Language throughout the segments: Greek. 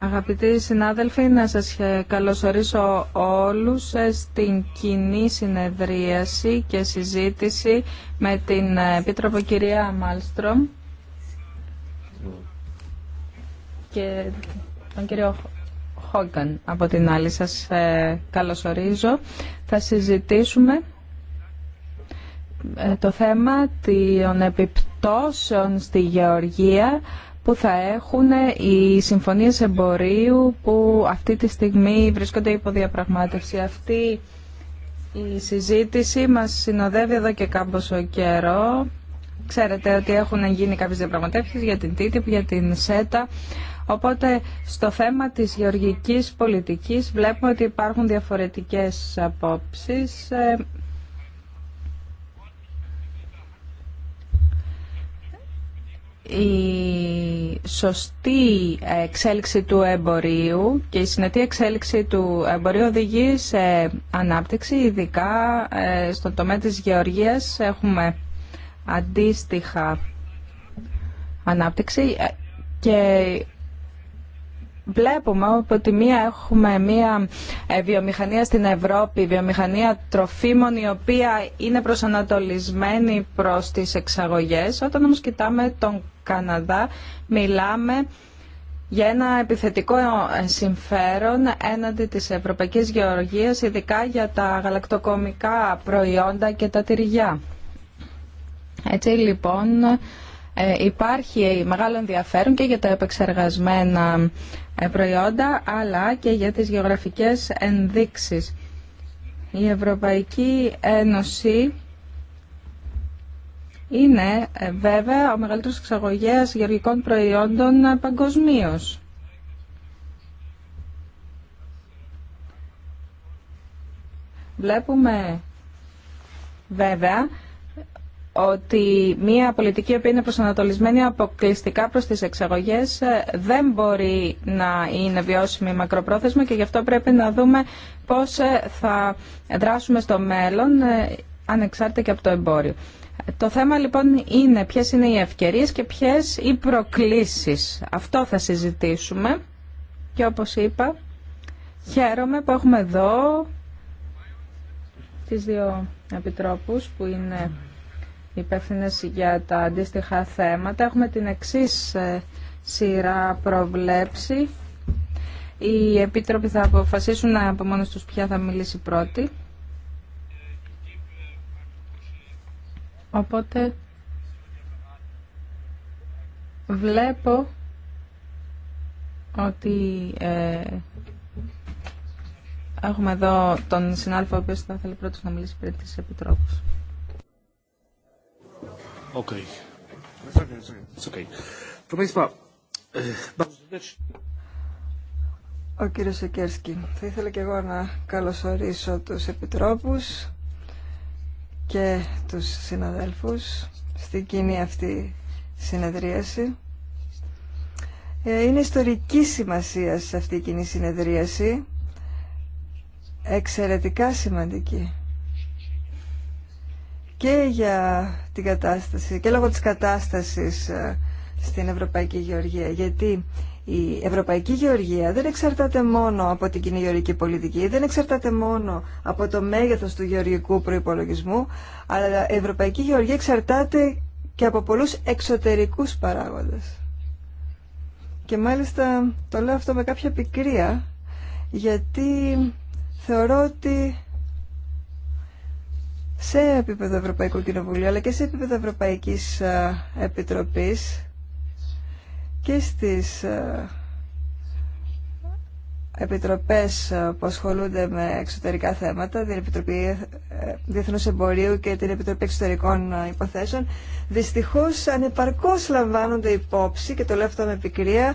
Αγαπητοί συνάδελφοι, να σας ε, καλωσορίσω όλους ε, στην κοινή συνεδρίαση και συζήτηση με την ε, Επίτροπο κυρία Μάλστρομ και τον κύριο Χόγκαν. Από την άλλη σας καλωσορίζω. Θα συζητήσουμε το θέμα των επιπτώσεων Τόσων στη γεωργία που θα έχουν οι συμφωνίες εμπορίου που αυτή τη στιγμή βρίσκονται υπό διαπραγμάτευση. Αυτή η συζήτηση μας συνοδεύει εδώ και κάμποσο καιρό. Ξέρετε ότι έχουν γίνει κάποιες διαπραγματεύσεις για την TTIP, για την ΣΕΤΑ. Οπότε στο θέμα της γεωργικής πολιτικής βλέπουμε ότι υπάρχουν διαφορετικές απόψεις. Ε, η σωστή εξέλιξη του εμπορίου και η συνετή εξέλιξη του εμπορίου οδηγεί σε ανάπτυξη, ειδικά ε, στον τομέα της γεωργίας έχουμε αντίστοιχα ανάπτυξη ε, και Βλέπουμε ότι μία έχουμε μία ε, βιομηχανία στην Ευρώπη, βιομηχανία τροφίμων η οποία είναι προσανατολισμένη προς τις εξαγωγές. Όταν όμως κοιτάμε τον Καναδά μιλάμε για ένα επιθετικό ε, συμφέρον έναντι της Ευρωπαϊκής Γεωργίας, ειδικά για τα γαλακτοκομικά προϊόντα και τα τυριά. Έτσι λοιπόν ε, υπάρχει μεγάλο ενδιαφέρον και για τα επεξεργασμένα ε, προϊόντα αλλά και για τις γεωγραφικές ενδείξεις. Η Ευρωπαϊκή Ένωση είναι ε, βέβαια ο μεγαλύτερος εξαγωγέας γεωργικών προϊόντων παγκοσμίω. Βλέπουμε βέβαια ότι μια πολιτική που είναι προσανατολισμένη αποκλειστικά προς τις εξαγωγές ε, δεν μπορεί να είναι βιώσιμη μακροπρόθεσμα και γι' αυτό πρέπει να δούμε πώς ε, θα δράσουμε στο μέλλον ε, ανεξάρτητα και από το εμπόριο. Το θέμα λοιπόν είναι ποιες είναι οι ευκαιρίες και ποιες οι προκλήσεις. Αυτό θα συζητήσουμε και όπως είπα χαίρομαι που έχουμε εδώ τις δύο επιτρόπους που είναι υπεύθυνε για τα αντίστοιχα θέματα. Έχουμε την εξή ε, σειρά προβλέψει Οι επίτροποι θα αποφασίσουν από μόνο τους ποια θα μιλήσει πρώτη. Οπότε βλέπω ότι ε, έχουμε εδώ τον συνάδελφο ο οποίος θα θέλει πρώτος να μιλήσει πριν τις επιτρόπους. Okej. Ο κύριο Σεκέρσκι, θα ήθελα και εγώ να καλωσορίσω τους επιτρόπους και τους συναδέλφους στην κοινή αυτή συνεδρίαση. Ε, είναι ιστορική σημασία σε αυτή η κοινή συνεδρίαση, εξαιρετικά σημαντική και για την κατάσταση και λόγω της κατάστασης ε, στην Ευρωπαϊκή Γεωργία. Γιατί η Ευρωπαϊκή Γεωργία δεν εξαρτάται μόνο από την κοινή γεωργική πολιτική, δεν εξαρτάται μόνο από το μέγεθος του γεωργικού προϋπολογισμού, αλλά η Ευρωπαϊκή Γεωργία εξαρτάται και από πολλούς εξωτερικούς παράγοντες. Και μάλιστα το λέω αυτό με κάποια πικρία, γιατί θεωρώ ότι σε επίπεδο Ευρωπαϊκού Κοινοβουλίου αλλά και σε επίπεδο Ευρωπαϊκής ε, Επιτροπής και στις ε, επιτροπές ε, που ασχολούνται με εξωτερικά θέματα, την Επιτροπή Διεθνούς Εμπορίου και την Επιτροπή Εξωτερικών Υποθέσεων, δυστυχώς ανεπαρκώς λαμβάνονται υπόψη, και το λέω αυτό με πικρία,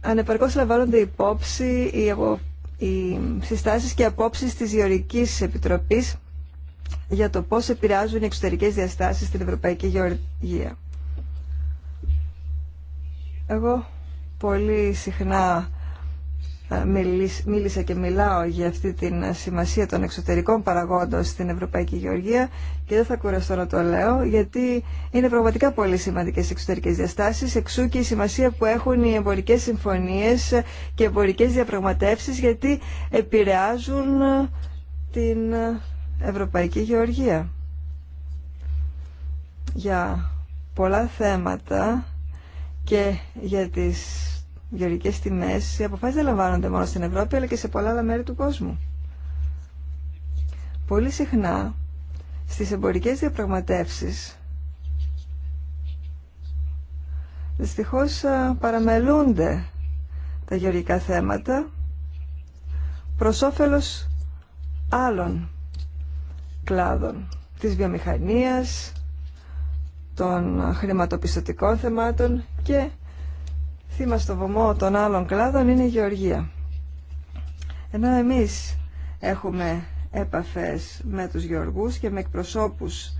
ανεπαρκώς λαμβάνονται υπόψη οι οι συστάσεις και απόψεις της Γεωρικής Επιτροπής για το πώς επηρεάζουν οι εξωτερικές διαστάσεις στην Ευρωπαϊκή Γεωργία. Εγώ πολύ συχνά ε, μίλησα και μιλάω για αυτή τη σημασία των εξωτερικών παραγόντων στην Ευρωπαϊκή Γεωργία και δεν θα κουραστώ να το λέω γιατί είναι πραγματικά πολύ σημαντικές εξωτερικές διαστάσεις εξού και η σημασία που έχουν οι εμπορικές συμφωνίες και εμπορικές διαπραγματεύσεις γιατί επηρεάζουν την Ευρωπαϊκή Γεωργία. Για πολλά θέματα και για τις γεωργικές τιμές, οι αποφάσεις δεν λαμβάνονται μόνο στην Ευρώπη, αλλά και σε πολλά άλλα μέρη του κόσμου. Πολύ συχνά, στις εμπορικές διαπραγματεύσεις, δυστυχώς παραμελούνται τα γεωργικά θέματα προς όφελος άλλων κλάδων, της βιομηχανίας, των χρηματοπιστωτικών θεμάτων και θύμα στο βωμό των άλλων κλάδων είναι η γεωργία. Ενώ εμείς έχουμε επαφές με τους γεωργούς και με εκπροσώπους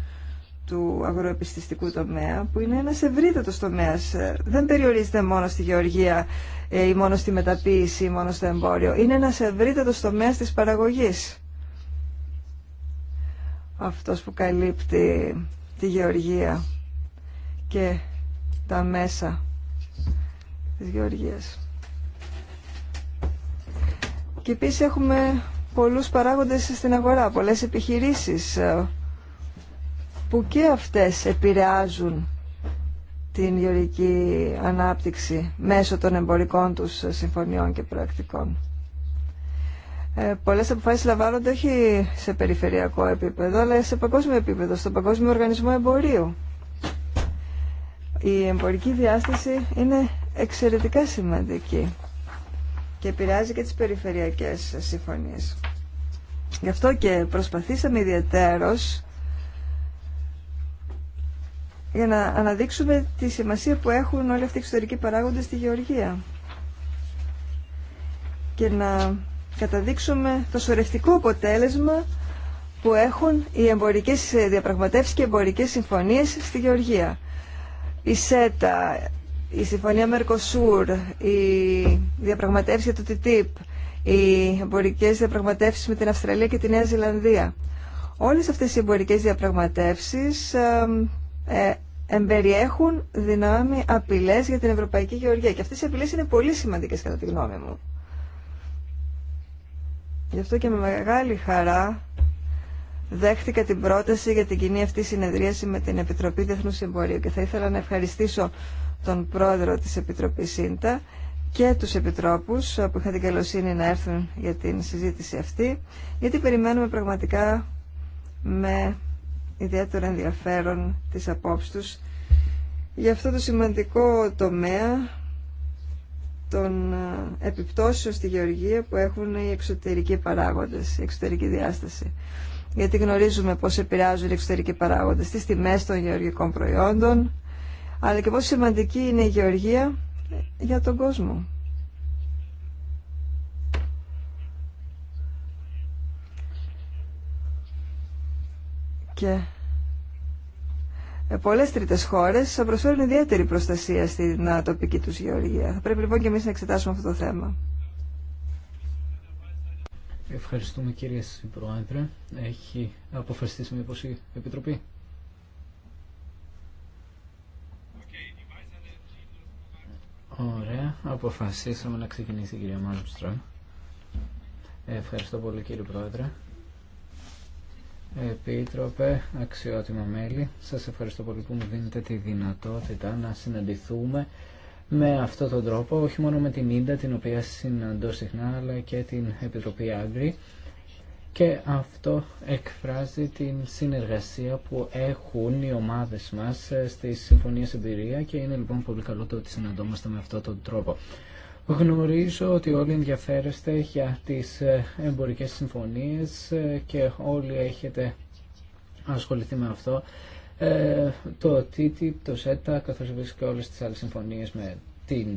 του αγροεπιστηστικού τομέα, που είναι ένας ευρύτατος τομέας. Ε, δεν περιορίζεται μόνο στη γεωργία ε, ή μόνο στη μεταποίηση ή μόνο στο εμπόριο. Είναι ένας ευρύτατος τομέας της παραγωγής. Αυτός που καλύπτει τη γεωργία και τα μέσα της γεωργίας. Και επίσης έχουμε πολλούς παράγοντες στην αγορά, πολλές επιχειρήσεις ε, που και αυτές επηρεάζουν την γεωργική ανάπτυξη μέσω των εμπορικών τους συμφωνιών και πρακτικών. Ε, πολλές αποφάσεις λαμβάνονται όχι σε περιφερειακό επίπεδο, αλλά σε παγκόσμιο επίπεδο, στον Παγκόσμιο Οργανισμό Εμπορίου. Η εμπορική διάσταση είναι εξαιρετικά σημαντική και επηρεάζει και τις περιφερειακές συμφωνίες. Γι' αυτό και προσπαθήσαμε ιδιαίτερος για να αναδείξουμε τη σημασία που έχουν όλοι αυτοί οι εξωτερικοί παράγοντες στη γεωργία και να καταδείξουμε το σωρευτικό αποτέλεσμα που έχουν οι εμπορικές διαπραγματεύσεις και εμπορικές συμφωνίες στη γεωργία. Η ΣΕΤΑ, η συμφωνία Μερκοσούρ, η διαπραγματεύσει του TTIP, οι εμπορικέ διαπραγματεύσει με την Αυστραλία και τη Νέα Ζηλανδία. Όλε αυτέ οι εμπορικέ διαπραγματεύσει ε, εμπεριέχουν δυνάμει απειλέ για την Ευρωπαϊκή Γεωργία. Και αυτέ οι απειλέ είναι πολύ σημαντικέ κατά τη γνώμη μου. Γι' αυτό και με μεγάλη χαρά δέχτηκα την πρόταση για την κοινή αυτή συνεδρίαση με την Επιτροπή Διεθνού Συμπορίου και θα ήθελα να ευχαριστήσω τον πρόεδρο της Επιτροπής ΣΥΝΤΑ και τους επιτρόπους που είχαν την καλοσύνη να έρθουν για την συζήτηση αυτή γιατί περιμένουμε πραγματικά με ιδιαίτερο ενδιαφέρον τις απόψεις τους για αυτό το σημαντικό τομέα των ε, επιπτώσεων στη γεωργία που έχουν οι εξωτερικοί παράγοντες, η εξωτερική διάσταση. Γιατί γνωρίζουμε πώς επηρεάζουν οι εξωτερικοί παράγοντες τις τιμές των γεωργικών προϊόντων, αλλά και πόσο σημαντική είναι η γεωργία για τον κόσμο. Και ε, πολλές τρίτες χώρες προσφέρουν ιδιαίτερη προστασία στην τοπική τους γεωργία. Θα πρέπει λοιπόν και εμείς να εξετάσουμε αυτό το θέμα. Ευχαριστούμε κύριε Συμπροάντρε. Έχει αποφασίσει μια μήπως η Επιτροπή. Ωραία. Αποφασίσαμε να ξεκινήσει η κυρία Μάλμστρομ. Ευχαριστώ πολύ κύριε Πρόεδρε. Επίτροπε, αξιότιμα μέλη, σας ευχαριστώ πολύ που μου δίνετε τη δυνατότητα να συναντηθούμε με αυτό τον τρόπο, όχι μόνο με την Ίντα, την οποία συναντώ συχνά, αλλά και την Επιτροπή Άγκρη και αυτό εκφράζει την συνεργασία που έχουν οι ομάδες μας ε, στη Συμφωνία Συμπηρία και είναι λοιπόν πολύ καλό το ότι συναντώμαστε με αυτόν τον τρόπο. Γνωρίζω ότι όλοι ενδιαφέρεστε για τις ε, εμπορικές συμφωνίες ε, και όλοι έχετε ασχοληθεί με αυτό. το TTIP, το σέτα, καθώς βρίσκεται και όλες τις άλλες συμφωνίες με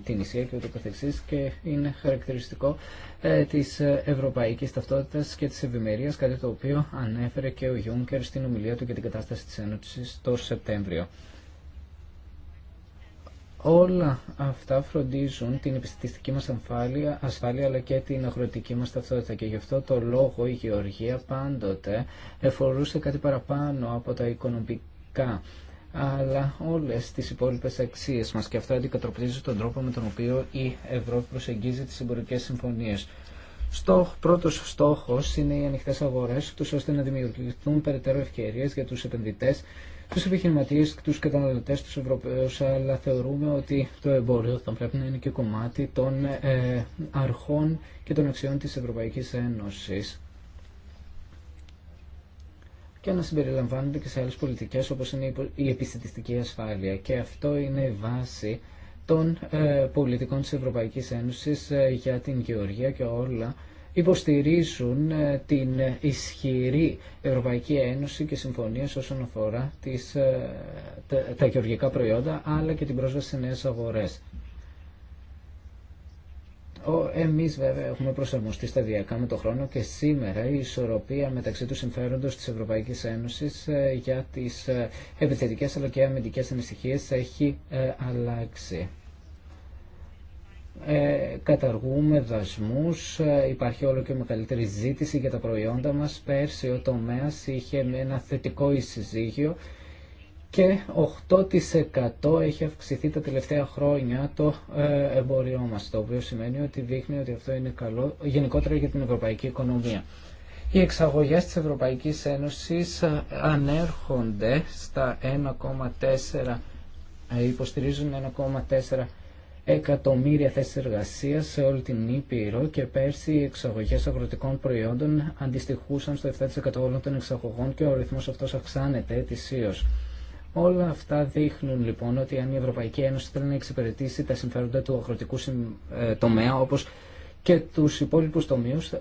την Ισία και ούτω καθεξής και είναι χαρακτηριστικό ε, της ευρωπαϊκής ταυτότητας και της ευημερίας, κάτι το οποίο ανέφερε και ο Γιούνκερ στην ομιλία του για την κατάσταση της Ένωσης το Σεπτέμβριο. Όλα αυτά φροντίζουν την επιστημιστική μας ασφάλεια, ασφάλεια αλλά και την αγροτική μας ταυτότητα και γι' αυτό το λόγο η γεωργία πάντοτε εφορούσε κάτι παραπάνω από τα οικονομικά αλλά όλες τις υπόλοιπες αξίες μας και αυτό αντικατροπίζει τον τρόπο με τον οποίο η Ευρώπη προσεγγίζει τις εμπορικές συμφωνίες. Στόχ, πρώτος στόχος είναι οι ανοιχτές αγορές, τους ώστε να δημιουργηθούν περαιτέρω ευκαιρίες για τους επενδυτές, τους επιχειρηματίες, τους καταναλωτές, του Ευρωπαίου, αλλά θεωρούμε ότι το εμπόριο θα πρέπει να είναι και κομμάτι των ε, αρχών και των αξιών της Ευρωπαϊκής Ένωσης και να συμπεριλαμβάνονται και σε άλλες πολιτικές όπως είναι η επιστημιστική ασφάλεια. Και αυτό είναι η βάση των ε, πολιτικών της Ευρωπαϊκής Ένωσης ε, για την Γεωργία και όλα υποστηρίζουν ε, την ισχυρή Ευρωπαϊκή Ένωση και συμφωνίες όσον αφορά τις, τα, τα γεωργικά προϊόντα αλλά και την πρόσβαση σε νέες αγορές. Εμείς βέβαια έχουμε προσαρμοστεί σταδιακά με το χρόνο και σήμερα η ισορροπία μεταξύ του συμφέροντος της Ευρωπαϊκής Ένωσης ε, για τις ε, επιθετικές αλλά και αμυντικές ανησυχίες έχει ε, αλλάξει. καταργούμε δασμούς, υπάρχει όλο και μεγαλύτερη ζήτηση για τα προϊόντα μας. Πέρσι ο τομέας είχε ένα θετικό εισιζύγιο και 8% έχει αυξηθεί τα τελευταία χρόνια το ε, εμπόριό μας, το οποίο σημαίνει ότι δείχνει ότι αυτό είναι καλό γενικότερα για την ευρωπαϊκή οικονομία. Οι εξαγωγές της Ευρωπαϊκής Ένωσης ε, ανέρχονται στα 1,4, ε, υποστηρίζουν 1,4 εκατομμύρια θέσεις εργασίας σε όλη την Ήπειρο και πέρσι οι εξαγωγές αγροτικών προϊόντων αντιστοιχούσαν στο 7% όλων των εξαγωγών και ο ρυθμός αυτός αυξάνεται ετησίως. Όλα αυτά δείχνουν λοιπόν ότι αν η Ευρωπαϊκή Ένωση θέλει να εξυπηρετήσει τα συμφέροντα του αγροτικού ε, τομέα όπω και του υπόλοιπου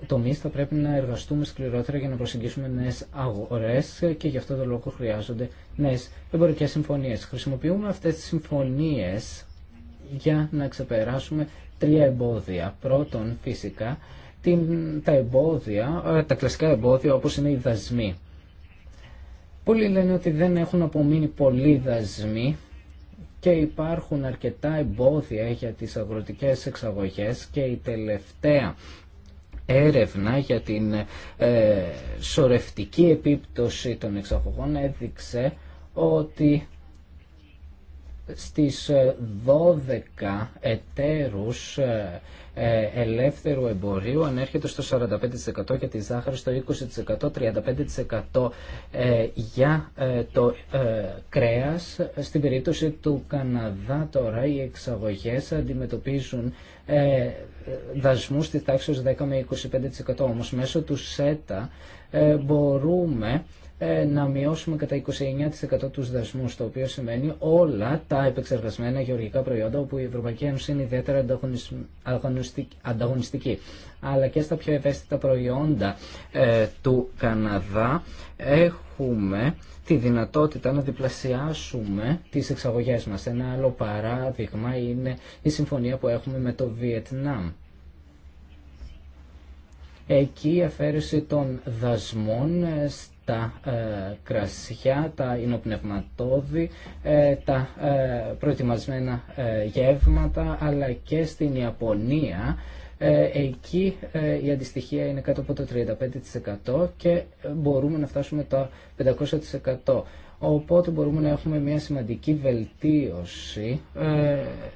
τομεί θα πρέπει να εργαστούμε σκληρότερα για να προσεγγίσουμε νέε αγορέ και γι' αυτό το λόγο χρειάζονται νέε εμπορικέ συμφωνίε. Χρησιμοποιούμε αυτέ τι συμφωνίε για να ξεπεράσουμε τρία εμπόδια. Πρώτον φυσικά την, τα εμπόδια, ε, τα κλασικά εμπόδια όπως είναι οι δασμοί. Πολλοί λένε ότι δεν έχουν απομείνει πολλοί δασμοί και υπάρχουν αρκετά εμπόδια για τις αγροτικές εξαγωγές και η τελευταία έρευνα για την ε, σορευτική επίπτωση των εξαγωγών έδειξε ότι στις 12 ε, εταίρους ε, ε, ελεύθερου εμπορίου ανέρχεται στο 45% για τη ζάχαρη στο 20%, 35% για το κρέας. Στην περίπτωση του Καναδά τώρα οι εξαγωγές αντιμετωπίζουν δασμούς της τάξης 10 με 25% όμως μέσω του ΣΕΤΑ μπορούμε ε, να μειώσουμε κατά 29% τους δασμούς, το οποίο σημαίνει όλα τα επεξεργασμένα γεωργικά προϊόντα όπου η Ευρωπαϊκή Ένωση είναι ιδιαίτερα ανταγωνιστική. Αλλά και στα πιο ευαίσθητα προϊόντα ε, του Καναδά έχουμε τη δυνατότητα να διπλασιάσουμε τις εξαγωγές μας. Ένα άλλο παράδειγμα είναι η συμφωνία που έχουμε με το Βιετνάμ. Εκεί η αφαίρεση των δασμών ε, τα ε, κρασιά, τα υνοπνευματόδη, ε, τα ε, προετοιμασμένα γεύματα, αλλά και στην Ιαπωνία εκεί η αντιστοιχεία είναι κάτω από το 35% και μπορούμε να φτάσουμε το 500%. Οπότε μπορούμε να έχουμε μια σημαντική βελτίωση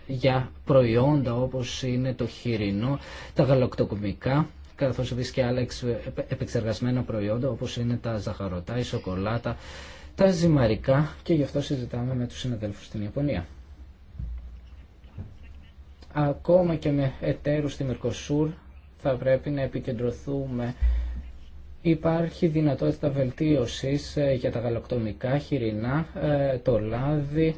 για προϊόντα όπως είναι το χοιρινό, τα γαλακτοκομικά Καθώ επίσης και άλλα επεξεργασμένα προϊόντα όπως είναι τα ζαχαρωτά, η σοκολάτα, τα ζυμαρικά και γι' αυτό συζητάμε με τους συναδέλφου στην Ιαπωνία. Ακόμα και με εταίρου στη Μερκοσούρ θα πρέπει να επικεντρωθούμε Υπάρχει δυνατότητα βελτίωσης ε, για τα γαλακτομικά, χοιρινά, ε, το λάδι,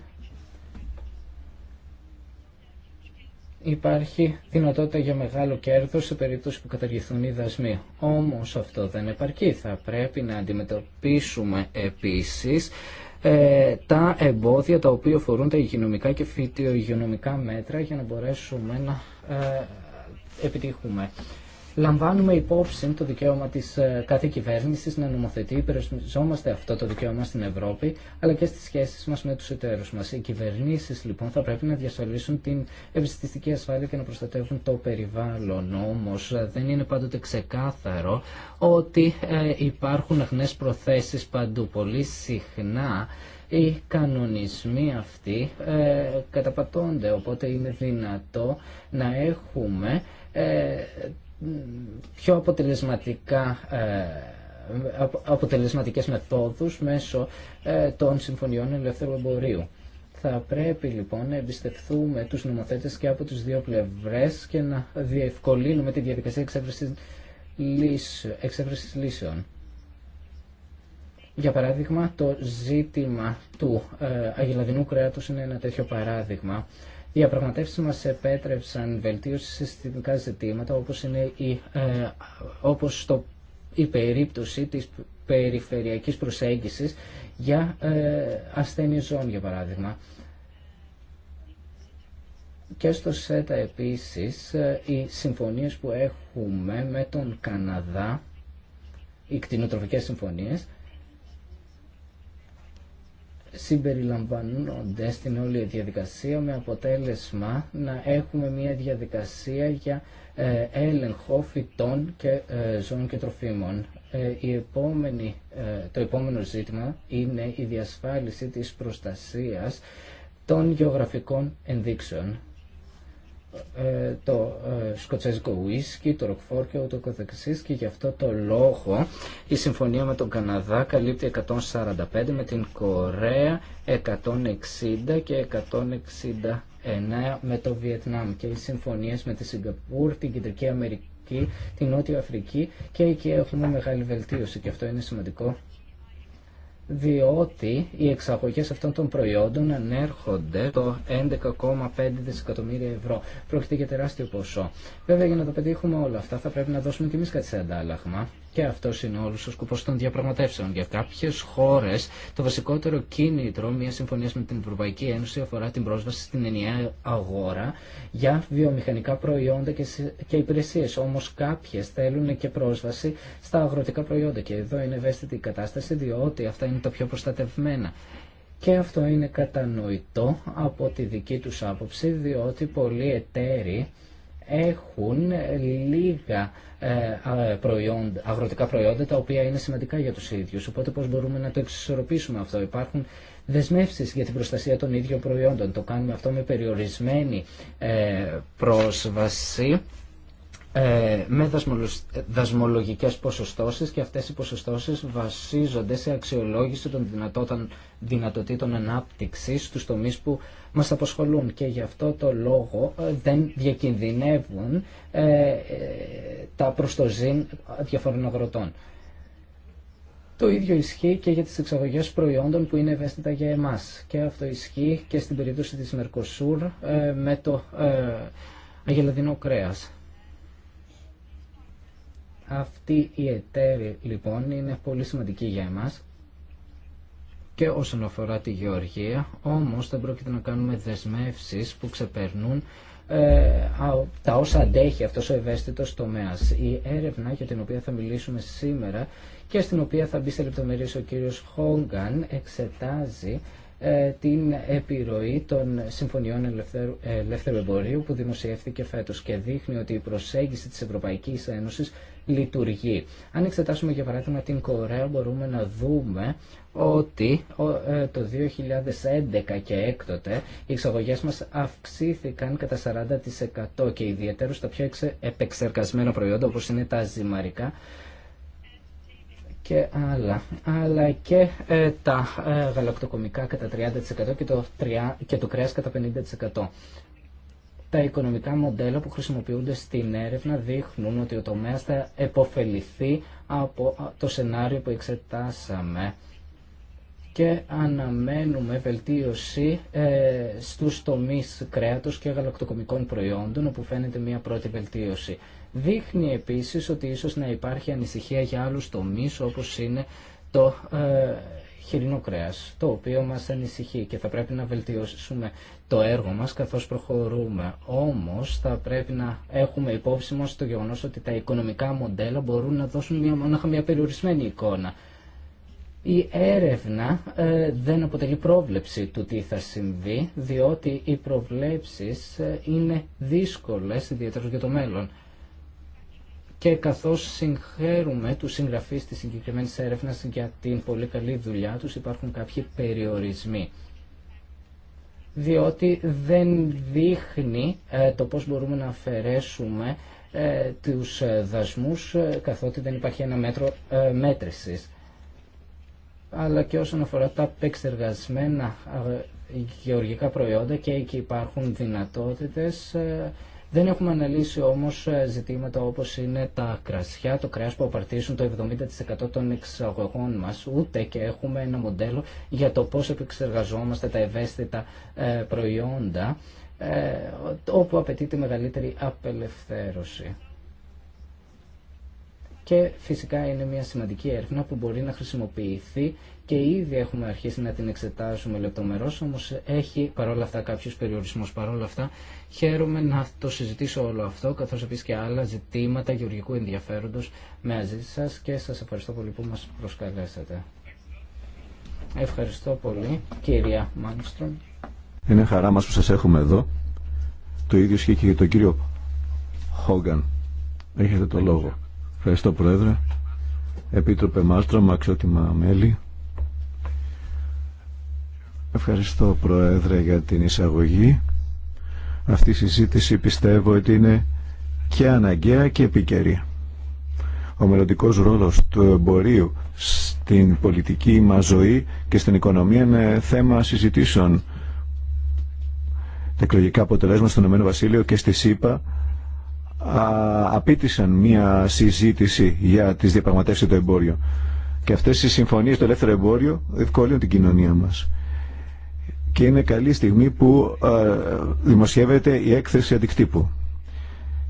υπάρχει δυνατότητα για μεγάλο κέρδος σε περίπτωση που καταργηθούν οι δασμοί. Όμως αυτό δεν επαρκεί. Θα πρέπει να αντιμετωπίσουμε επίσης ε, τα εμπόδια τα οποία αφορούν τα υγειονομικά και φυτοϊγειονομικά μέτρα για να μπορέσουμε να ε, επιτύχουμε λαμβάνουμε υπόψη το δικαίωμα της ε, κάθε κυβέρνησης να νομοθετεί, υπερασπιζόμαστε αυτό το δικαίωμα στην Ευρώπη, αλλά και στις σχέσεις μας με τους εταίρους μας. Οι κυβερνήσεις λοιπόν θα πρέπει να διασφαλίσουν την ευαισθητική ασφάλεια και να προστατεύουν το περιβάλλον. Όμως ε, δεν είναι πάντοτε ξεκάθαρο ότι ε, υπάρχουν αγνές προθέσεις παντού. Πολύ συχνά οι κανονισμοί αυτοί καταπατώνται, οπότε είναι δυνατό να έχουμε πιο αποτελεσματικά ε, αποτελεσματικές μεθόδους μέσω ε, των συμφωνιών ελεύθερου εμπορίου. Θα πρέπει λοιπόν να εμπιστευτούμε τους νομοθέτες και από τις δύο πλευρές και να διευκολύνουμε τη διαδικασία εξέβρεσης λύσεων. Για παράδειγμα, το ζήτημα του ε, αγελαδινού κρέατος είναι ένα τέτοιο παράδειγμα διαπραγματεύσει μας επέτρεψαν βελτίωση σε συστημικά ζητήματα όπως, η, ε, όπως το, η περίπτωση της περιφερειακής προσέγγισης για ε, για παράδειγμα. Και στο ΣΕΤΑ επίσης ε, οι συμφωνίες που έχουμε με τον Καναδά, οι κτηνοτροφικές συμφωνίες, συμπεριλαμβάνονται στην όλη διαδικασία με αποτέλεσμα να έχουμε μια διαδικασία για ε, έλεγχο φυτών και ε, ζώων και τροφίμων. Ε, η επόμενη, το επόμενο ζήτημα είναι η διασφάλιση της προστασίας των γεωγραφικών ενδείξεων. Ε, το ε, σκοτσέζικο ουίσκι, το ροκφόρ και ούτω καθεξής και γι' αυτό το λόγο ε, η συμφωνία με τον Καναδά καλύπτει 145 με την Κορέα 160 και 169 με το Βιετνάμ και οι συμφωνίες με τη Σιγκαπούρ, την Κεντρική Αμερική την Νότια Αφρική και εκεί έχουμε μεγάλη βελτίωση και αυτό είναι σημαντικό διότι οι εξαγωγές αυτών των προϊόντων ανέρχονται το 11,5 δισεκατομμύρια ευρώ. Πρόκειται για τεράστιο ποσό. Βέβαια για να τα πετύχουμε όλα αυτά θα πρέπει να δώσουμε και εμείς κάτι σε αντάλλαγμα. Και αυτό είναι όλο ο σκοπό των διαπραγματεύσεων. Για κάποιε χώρε το βασικότερο κίνητρο μια συμφωνία με την Ευρωπαϊκή Ένωση αφορά την πρόσβαση στην ενιαία αγορά για βιομηχανικά προϊόντα και υπηρεσίε. Όμω κάποιε θέλουν και πρόσβαση στα αγροτικά προϊόντα. Και εδώ είναι ευαίσθητη η κατάσταση διότι αυτά είναι τα πιο προστατευμένα. Και αυτό είναι κατανοητό από τη δική του άποψη διότι πολλοί εταίροι έχουν λίγα ε, αγροτικά προϊόντα τα οποία είναι σημαντικά για τους ίδιους. Οπότε πώς μπορούμε να το εξισορροπήσουμε αυτό. Υπάρχουν δεσμεύσεις για την προστασία των ίδιων προϊόντων. Το κάνουμε αυτό με περιορισμένη ε, πρόσβαση ε, με δασμολογικές ποσοστώσεις και αυτές οι ποσοστώσεις βασίζονται σε αξιολόγηση των δυνατοτήτων ανάπτυξης στους τομείς που μας απασχολούν και γι' αυτό το λόγο ε, δεν διακινδυνεύουν ε, τα προστοζήν διαφορών αγροτών. Το ίδιο ισχύει και για τις εξαγωγές προϊόντων που είναι ευαίσθητα για εμάς και αυτό ισχύει και στην περίπτωση της Μερκοσούρ με το αγελαδινό κρέας αυτή η εταίρη λοιπόν είναι πολύ σημαντική για εμάς και όσον αφορά τη γεωργία, όμως δεν πρόκειται να κάνουμε δεσμεύσεις που ξεπερνούν ε, τα όσα αντέχει αυτός ο ευαίσθητος τομέας. Η έρευνα για την οποία θα μιλήσουμε σήμερα και στην οποία θα μπει σε λεπτομέρειες ο κύριος Χόγκαν εξετάζει ε, την επιρροή των συμφωνιών ελευθέρου, ελεύθερου εμπορίου που δημοσιεύθηκε φέτος και δείχνει ότι η προσέγγιση της Ευρωπαϊκής Ένωσης λειτουργεί. Αν εξετάσουμε για παράδειγμα την Κορέα μπορούμε να δούμε ότι ε, το 2011 και έκτοτε οι εξαγωγές μας αυξήθηκαν κατά 40% και ιδιαίτερα στα πιο επεξεργασμένα προϊόντα όπως είναι τα ζυμαρικά και άλλα, αλλά και ε, τα ε, γαλακτοκομικά κατά 30% και το, και το κρέας κατά 50%. Τα οικονομικά μοντέλα που χρησιμοποιούνται στην έρευνα δείχνουν ότι ο τομέας θα επωφεληθεί από το σενάριο που εξετάσαμε και αναμένουμε βελτίωση ε, στους τομείς κρέατος και γαλακτοκομικών προϊόντων όπου φαίνεται μια πρώτη βελτίωση. Δείχνει επίσης ότι ίσως να υπάρχει ανησυχία για άλλους τομείς όπως είναι το ε, χοιρινό κρέας, το οποίο μας ανησυχεί και θα πρέπει να βελτιώσουμε το έργο μας καθώς προχωρούμε. Όμως θα πρέπει να έχουμε υπόψη μας το γεγονός ότι τα οικονομικά μοντέλα μπορούν να δώσουν μια, μονάχα μια περιορισμένη εικόνα. Η έρευνα ε, δεν αποτελεί πρόβλεψη του τι θα συμβεί, διότι οι προβλέψεις ε, είναι δύσκολες, ιδιαίτερα για το μέλλον και καθώς συγχαίρουμε τους συγγραφείς της συγκεκριμένη έρευνα για την πολύ καλή δουλειά τους υπάρχουν κάποιοι περιορισμοί διότι δεν δείχνει ε, το πώς μπορούμε να αφαιρέσουμε ε, τους ε, δασμούς καθότι δεν υπάρχει ένα μέτρο μέτρησης αλλά και όσον αφορά τα επεξεργασμένα γεωργικά προϊόντα και εκεί υπάρχουν δυνατότητες δεν έχουμε αναλύσει όμως ε, ζητήματα όπως είναι τα κρασιά, το κρέας που απαρτίζουν το 70% των εξαγωγών μας, ούτε και έχουμε ένα μοντέλο για το πώ επεξεργαζόμαστε τα ευαίσθητα ε, προϊόντα, ε, όπου απαιτείται μεγαλύτερη απελευθέρωση. Και φυσικά είναι μια σημαντική έρευνα που μπορεί να χρησιμοποιηθεί και ήδη έχουμε αρχίσει να την εξετάζουμε λεπτομερώς, όμως έχει παρόλα αυτά κάποιους περιορισμούς. Παρόλα αυτά χαίρομαι να το συζητήσω όλο αυτό, καθώς επίσης και άλλα ζητήματα γεωργικού ενδιαφέροντος αζήτηση σας και σας ευχαριστώ πολύ που μας προσκαλέσατε. Ευχαριστώ πολύ, κυρία Μάνστρομ. Είναι χαρά μας που σας έχουμε εδώ. Το ίδιο ισχύει και για τον κύριο Χόγκαν. Έχετε το λόγο. Ευχαριστώ, Πρόεδρε. Επίτροπε Μάστρο, αξιότιμα μέλη. Ευχαριστώ Πρόεδρε για την εισαγωγή. Αυτή η συζήτηση πιστεύω ότι είναι και αναγκαία και επικαιρή. Ο μελλοντικό ρόλος του εμπορίου στην πολιτική μας ζωή και στην οικονομία είναι θέμα συζητήσεων. Τα εκλογικά αποτελέσματα στον Ηνωμένο Βασίλειο και στη ΣΥΠΑ απίτησαν μία συζήτηση για τις διαπραγματεύσεις του εμπόριου. Και αυτές οι συμφωνίες του ελεύθερου εμπόριο ευκολύνουν την κοινωνία μας και είναι καλή στιγμή που ε, δημοσιεύεται η έκθεση αντικτύπου.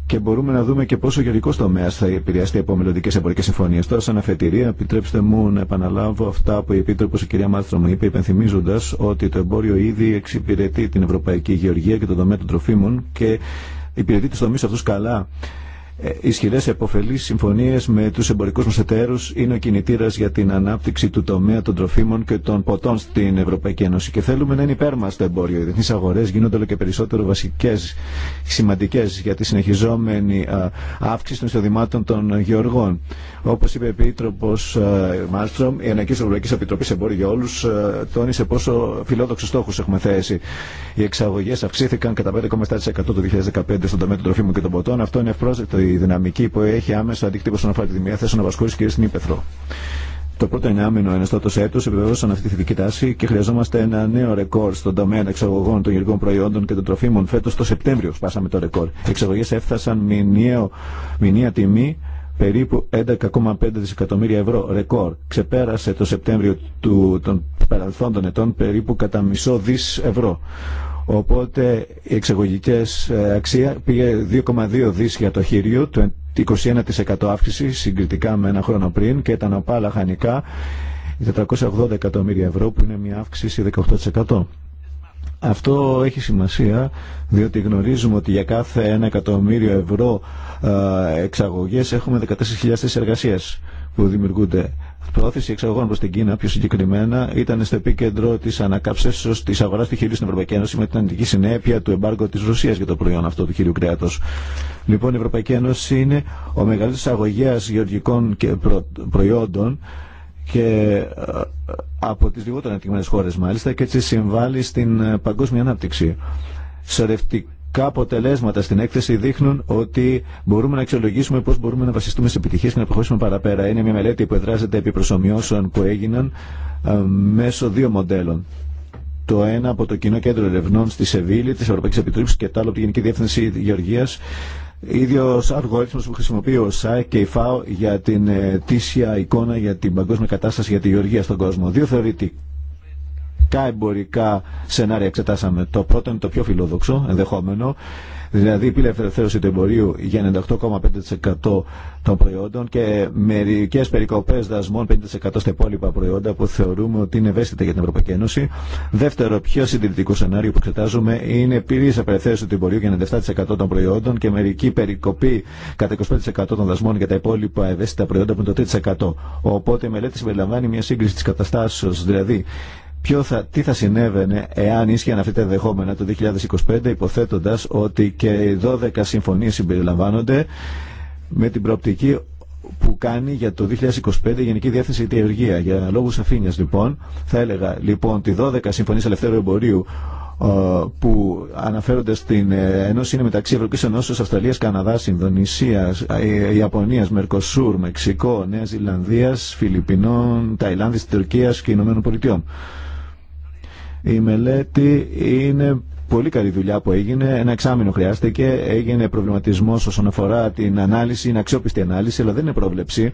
Και μπορούμε να δούμε και πόσο γενικό τομέα θα επηρεαστεί από μελλοντικέ εμπορικέ συμφωνίε. Τώρα, σαν αφετηρία, επιτρέψτε μου να επαναλάβω αυτά που η Επίτροπο η κυρία Μάλτρο μου είπε, υπενθυμίζοντα ότι το εμπόριο ήδη εξυπηρετεί την ευρωπαϊκή γεωργία και το τομέα των τροφίμων και υπηρετεί τι τομεί αυτού καλά ε, Ισχυρέ επωφελεί συμφωνίε με του εμπορικού μα εταίρου είναι ο κινητήρα για την ανάπτυξη του τομέα των τροφίμων και των ποτών στην Ευρωπαϊκή Ένωση. Και θέλουμε να είναι υπέρ μα το εμπόριο. Οι διεθνεί αγορέ γίνονται όλο και περισσότερο βασικέ, σημαντικέ για τη συνεχιζόμενη αύξηση των εισοδημάτων των γεωργών. Όπω είπε ο Επίτροπο Μάλστρομ, η Ανακή Ευρωπαϊκή Επιτροπή Εμπόριο για Όλου τόνισε πόσο φιλόδοξου στόχου έχουμε θέσει. Οι εξαγωγέ αυξήθηκαν κατά 5,7% το 2015 στον τομέα των τροφίμων και των ποτών. Αυτό είναι ευπρόσδεκτο δυναμική που έχει άμεσα αντίκτυπο στον αφορά τη δημιουργία θέσεων απασχόληση και στην Ήπεθρο. Το πρώτο ενάμινο ενεστώτο έτου επιβεβαίωσαν αυτή τη θετική τάση και χρειαζόμαστε ένα νέο ρεκόρ στον τομέα εξαγωγών των γεωργικών προϊόντων και των τροφίμων. Φέτο το Σεπτέμβριο σπάσαμε το ρεκόρ. Οι εξαγωγέ έφτασαν μηνιαίο, μηνιαία τιμή περίπου 11,5 δισεκατομμύρια ευρώ, ρεκόρ. Ξεπέρασε το Σεπτέμβριο του, των παρελθόντων ετών περίπου κατά μισό δι ευρώ. Οπότε η εξαγωγική ε, αξία πήγε 2,2 δις για το χείριο, το 21% αύξηση συγκριτικά με ένα χρόνο πριν και τα νοπά λαχανικά 480 εκατομμύρια ευρώ που είναι μια αύξηση 18%. Αυτό έχει σημασία διότι γνωρίζουμε ότι για κάθε 1 εκατομμύριο ευρώ ε, εξαγωγές έχουμε 14.000 εργασίες που δημιουργούνται. Πρόθεση εξαγωγών προ την Κίνα, πιο συγκεκριμένα, ήταν στο επίκεντρο τη ανακάψεω τη αγορά του χείριου στην Ευρωπαϊκή Ένωση με την αντική συνέπεια του εμπάργκο τη Ρωσία για το προϊόν αυτό του χείριου κρέατο. Λοιπόν, η Ευρωπαϊκή Ένωση είναι ο μεγαλύτερο αγωγέα γεωργικών και προϊόντων και ε, από τι λιγότερο ανεπτυγμένε χώρε μάλιστα και έτσι συμβάλλει στην ε, παγκόσμια ανάπτυξη. Πρακτικά αποτελέσματα στην έκθεση δείχνουν ότι μπορούμε να αξιολογήσουμε πώ μπορούμε να βασιστούμε σε επιτυχίε και να προχωρήσουμε παραπέρα. Είναι μια μελέτη που εδράζεται επί προσωμιώσεων που έγιναν ε, μέσω δύο μοντέλων. Το ένα από το Κοινό Κέντρο Ερευνών στη Σεβίλη, τη Ευρωπαϊκή Επιτροπή και το άλλο από τη Γενική Διεύθυνση Γεωργία. Ίδιο αργόριθμο που χρησιμοποιεί ο ΣΑΕ και η ΦΑΟ για την ε, τήσια εικόνα για την παγκόσμια κατάσταση για τη γεωργία στον κόσμο. Δύο θεωρητικοί τα εμπορικά σενάρια εξετάσαμε. Το πρώτο είναι το πιο φιλόδοξο ενδεχόμενο, δηλαδή η απελευθέρωση του εμπορίου για 98,5% των προϊόντων και μερικέ περικοπέ δασμών 50% στα υπόλοιπα προϊόντα που θεωρούμε ότι είναι ευαίσθητα για την Ευρωπαϊκή Ένωση. Δεύτερο, πιο συντηρητικό σενάριο που εξετάζουμε είναι πλήρη απελευθέρωση του εμπορίου για 97% των προϊόντων και μερική περικοπή κατά 25% των δασμών για τα υπόλοιπα ευαίσθητα προϊόντα που είναι το 3%. Οπότε η μελέτη συμπεριλαμβάνει μια σύγκριση τη καταστάσεω, δηλαδή ποιο τι θα συνέβαινε εάν ίσχυαν αυτά τα δεχόμενα το 2025 υποθέτοντας ότι και οι 12 συμφωνίες συμπεριλαμβάνονται με την προοπτική που κάνει για το 2025 η Γενική Διεύθυνση Εργία. Για λόγου αφήνεια λοιπόν, θα έλεγα λοιπόν ότι 12 συμφωνίε ελευθέρου εμπορίου ε, που αναφέρονται στην ε, Ένωση είναι μεταξύ Ευρωπαϊκή Ενώσεω, Αυστραλία, Καναδά, Ινδονησία, ε, Ιαπωνία, Μερκοσούρ, Μεξικό, Νέα Ζηλανδία, Φιλιππινών, Ταϊλάνδη, Τουρκία και Ηνωμένων Πολιτειών. Η μελέτη είναι πολύ καλή δουλειά που έγινε. Ένα εξάμεινο χρειάστηκε. Έγινε προβληματισμό όσον αφορά την ανάλυση. Είναι αξιόπιστη ανάλυση, αλλά δεν είναι πρόβλεψη.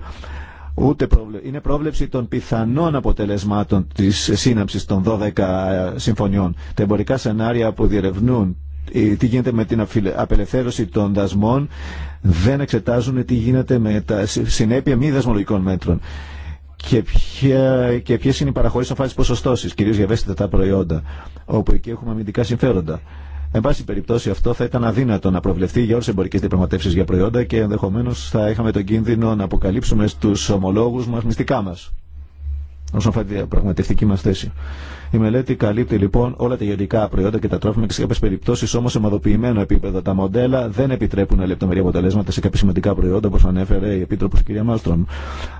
Ούτε Είναι πρόβλεψη των πιθανών αποτελεσμάτων τη σύναψη των 12 ε, συμφωνιών. Τα εμπορικά σενάρια που διερευνούν ε, τι γίνεται με την απελευθέρωση των δασμών δεν εξετάζουν τι γίνεται με τα συνέπεια μη δασμολογικών μέτρων και, ποια, και ποιες είναι οι παραχωρήσεις να φάσεις ποσοστώσεις, κυρίως για τα προϊόντα, όπου εκεί έχουμε αμυντικά συμφέροντα. Εν πάση περιπτώσει, αυτό θα ήταν αδύνατο να προβλεφθεί για όλε τι εμπορικέ διαπραγματεύσει για προϊόντα και ενδεχομένως θα είχαμε τον κίνδυνο να αποκαλύψουμε στου ομολόγους μας μυστικά μας όσον αφορά τη διαπραγματευτική μα θέση. Η μελέτη καλύπτει λοιπόν όλα τα γεωργικά προϊόντα και τα τρόφιμα και σε κάποιε περιπτώσει όμω σε μαδοποιημένο επίπεδο. Τα μοντέλα δεν επιτρέπουν λεπτομερή αποτελέσματα σε κάποια σημαντικά προϊόντα όπω ανέφερε η Επίτροπο κ. Μάλστρομ.